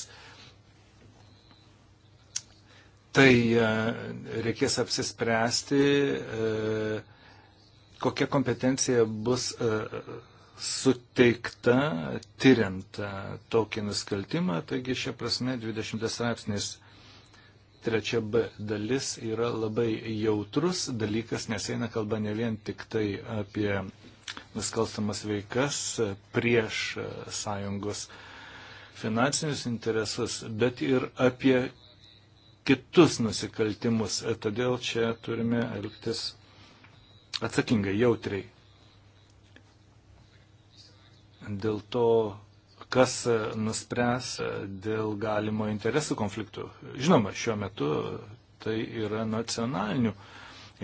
tai reikės apsispręsti, kokia kompetencija bus suteikta tyriant e, tokį nusikaltimą, taigi šia prasme 20 straipsnis trečia B dalis yra labai jautrus dalykas, nes eina kalba ne vien tik tai apie nusikalstamas veikas prieš e, sąjungos finansinius interesus, bet ir apie kitus nusikaltimus. Todėl čia turime elgtis atsakingai, jautriai dėl to, kas nuspręs dėl galimo interesų konfliktų. Žinoma, šiuo metu tai yra nacionalinių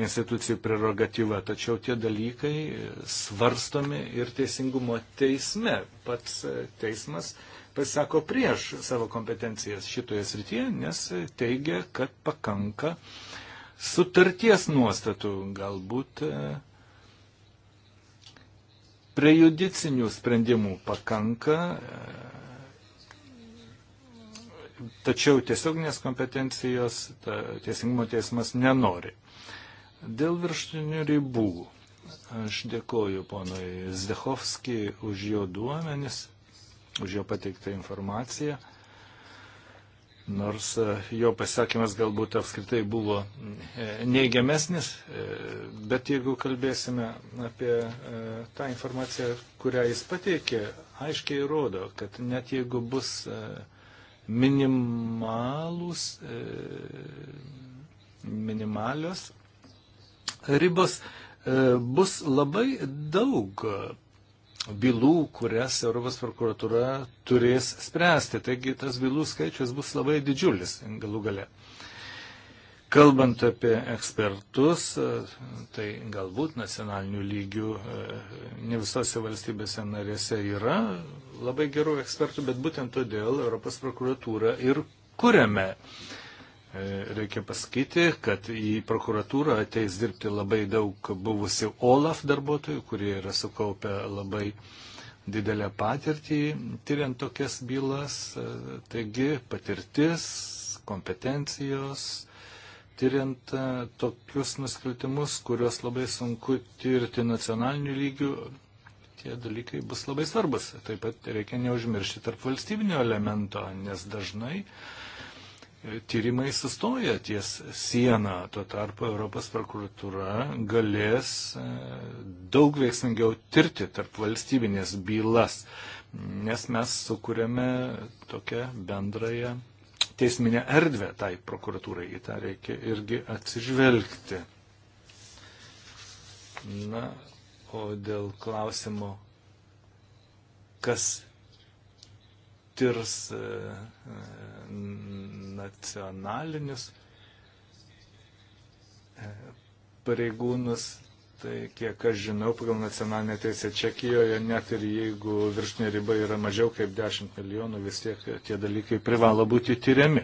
institucijų prerogatyva, tačiau tie dalykai svarstomi ir teisingumo teisme. Pats teismas pasisako prieš savo kompetencijas šitoje srityje, nes teigia, kad pakanka sutarties nuostatų. Galbūt prejudicinių sprendimų pakanka, tačiau tiesioginės kompetencijos ta, teisingumo teismas nenori. Dėl virštinių ribų aš dėkoju ponui Zdechovskijai už jo duomenis, už jo pateiktą informaciją nors e, jo pasakymas galbūt apskritai buvo e, neigiamesnis, e, bet jeigu kalbėsime apie tą informaciją, kurią jis pateikė, aiškiai rodo, kad net jeigu bus minimalus, minimalios ribos, bus labai daug bylų, kurias Europos prokuratura turės spręsti. Taigi tas bylų skaičius bus labai didžiulis galų gale. Kalbant apie ekspertus, tai galbūt nacionalinių lygių ne visose valstybėse narėse yra labai gerų ekspertų, bet būtent todėl Europos prokuratūrą ir kuriame. Uh, E, reikia pasakyti, kad į prokuratūrą ateis dirbti labai daug buvusių OLAF darbuotojų, kurie yra sukaupę labai didelę patirtį tyriant tokias bylas. E, taigi patirtis, kompetencijos, tyriant e, tokius nusikaltimus, kuriuos labai sunku tirti nacionaliniu lygiu, tie dalykai bus labai svarbus. Taip pat reikia neužmiršti tarp valstybinio elemento, nes dažnai uh, tyrimai sustoja ties sieną, tuo tarpu Europos prokuratūra galės e, daug veiksmingiau tirti tarp valstybinės bylas, nes mes sukūrėme tokią bendrąją teisminę erdvę tai prokuratūrai, į tą reikia irgi atsižvelgti. Na, o dėl klausimo, kas tirs. E, e, nacionalinius e, pareigūnus. Tai kiek aš žinau, pagal nacionalinę teisę Čekijoje, net ir jeigu viršinė riba yra mažiau kaip 10 milijonų, vis tiek tie dalykai privalo būti tyriami.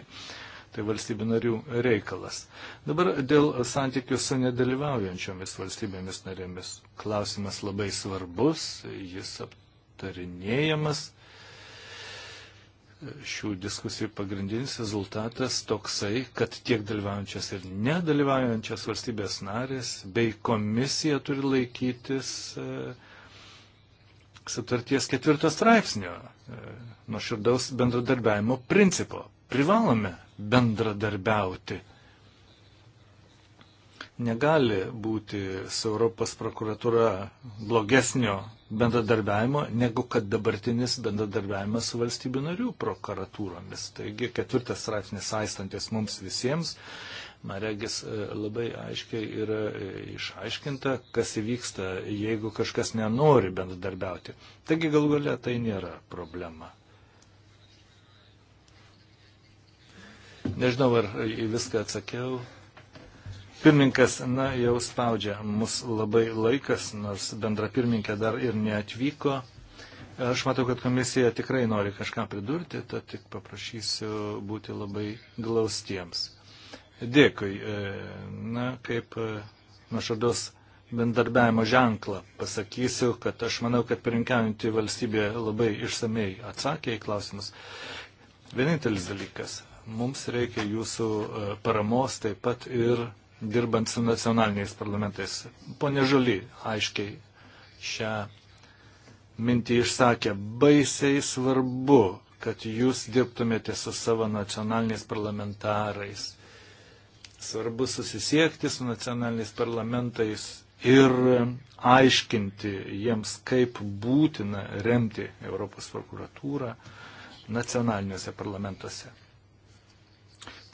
Tai valstybių narių reikalas. Dabar dėl santykių su nedalyvaujančiomis valstybėmis narėmis. Klausimas labai svarbus, jis aptarinėjamas šių diskusijų pagrindinis rezultatas toksai, kad tiek dalyvaujančias ir nedalyvaujančias valstybės narės bei komisija turi laikytis e, sutarties ketvirtos straipsnio e, nuo širdaus bendradarbiavimo principo. Privalome bendradarbiauti negali būti su Europos prokuratūra blogesnio bendradarbiavimo, negu kad dabartinis bendradarbiavimas su valstybių narių prokuratūromis. Taigi ketvirtas straipsnis aistantis mums visiems, man regis, e, labai aiškiai yra e, išaiškinta, kas įvyksta, jeigu kažkas nenori bendradarbiauti. Taigi gal galia tai nėra problema. Nežinau, ar į viską atsakiau. Pirmininkas, na, jau spaudžia mus labai laikas, nors bendra pirmininkė dar ir neatvyko. Aš matau, kad komisija tikrai nori kažką pridurti, tad tik paprašysiu būti labai glaustiems. Dėkui. E, na, kaip e, nuoširdos bendarbiavimo ženklą pasakysiu, kad aš manau, kad pirinkiaujantį valstybė labai išsamei atsakė į klausimus. Vienintelis dalykas, mums reikia jūsų e, paramos taip pat ir dirbant su nacionaliniais parlamentais. Pone Žuli aiškiai šią mintį išsakė. Baisiai svarbu, kad jūs dirbtumėte su savo nacionaliniais parlamentarais. Svarbu susisiekti su nacionaliniais parlamentais ir aiškinti jiems, kaip būtina remti Europos prokuratūrą nacionaliniuose parlamentuose.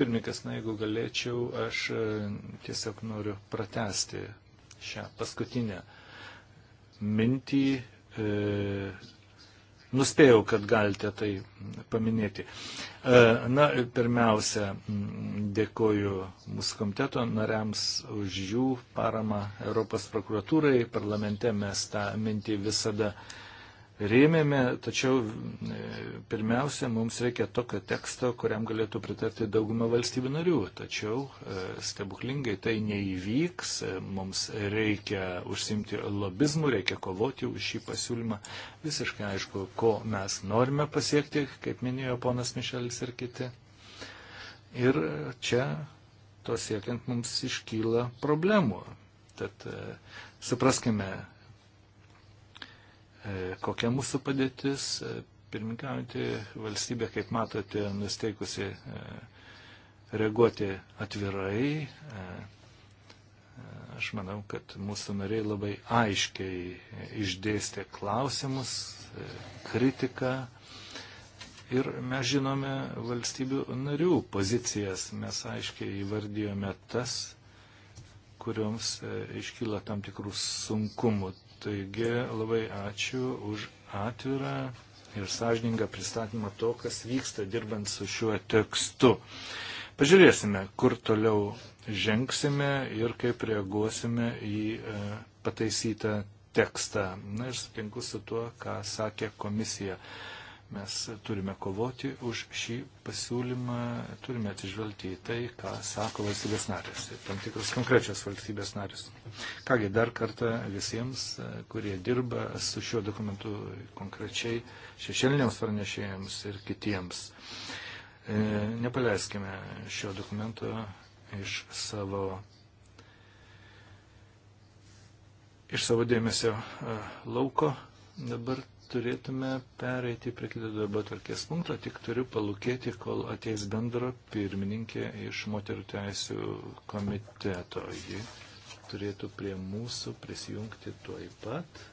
Pirmininkas, na jeigu galėčiau, aš e, tiesiog noriu pratesti šią paskutinę mintį. E, Nuspėjau, kad galite tai paminėti. E, na, pirmiausia, dėkoju mūsų komiteto nariams už jų paramą Europos prokuratūrai. Parlamente mes tą mintį visada uh, rėmėme, tačiau e, pirmiausia, mums reikia tokio teksto, kuriam galėtų pritarti dauguma valstybių narių. Tačiau e, stebuklingai tai neįvyks, e, mums reikia užsimti lobizmų, reikia kovoti už šį pasiūlymą. Visiškai aišku, ko mes norime pasiekti, kaip minėjo ponas Mišelis ir kiti. Ir čia to siekiant mums iškyla problemų. Tad supraskime E, kokia mūsų padėtis. E, Pirminkaujantį valstybę, kaip matote, nusteikusi e, reaguoti atvirai. Aš manau, kad mūsų nariai labai aiškiai išdėstė klausimus, kritiką. Ir mes žinome valstybių narių pozicijas, mes aiškiai įvardijome tas, kurioms iškyla tam tikrų sunkumų. Taigi labai ačiū už atvirą ir sąžiningą pristatymą to, kas vyksta dirbant su šiuo tekstu. Pažiūrėsime, kur toliau žengsime ir kaip reaguosime į e, pataisytą tekstą. Na ir sutinku su tuo, ką sakė komisija. Mes turime kovoti už šį pasiūlymą, turime atsižvelgti į tai, ką sako valstybės narės, tam tikros konkrečios valstybės narės. Kągi, dar kartą visiems, e, kurie dirba su šiuo dokumentu konkrečiai, šešėliniams pranešėjams ir kitiems. E, nepaleiskime šio dokumento iš savo iš savo dėmesio e, lauko. Dabar turėtume pereiti prie kito darbo tvarkės punkto, tik turiu palūkėti, kol ateis bendro pirmininkė iš moterų teisų komiteto. Ji turėtų prie mūsų prisijungti tuoj pat.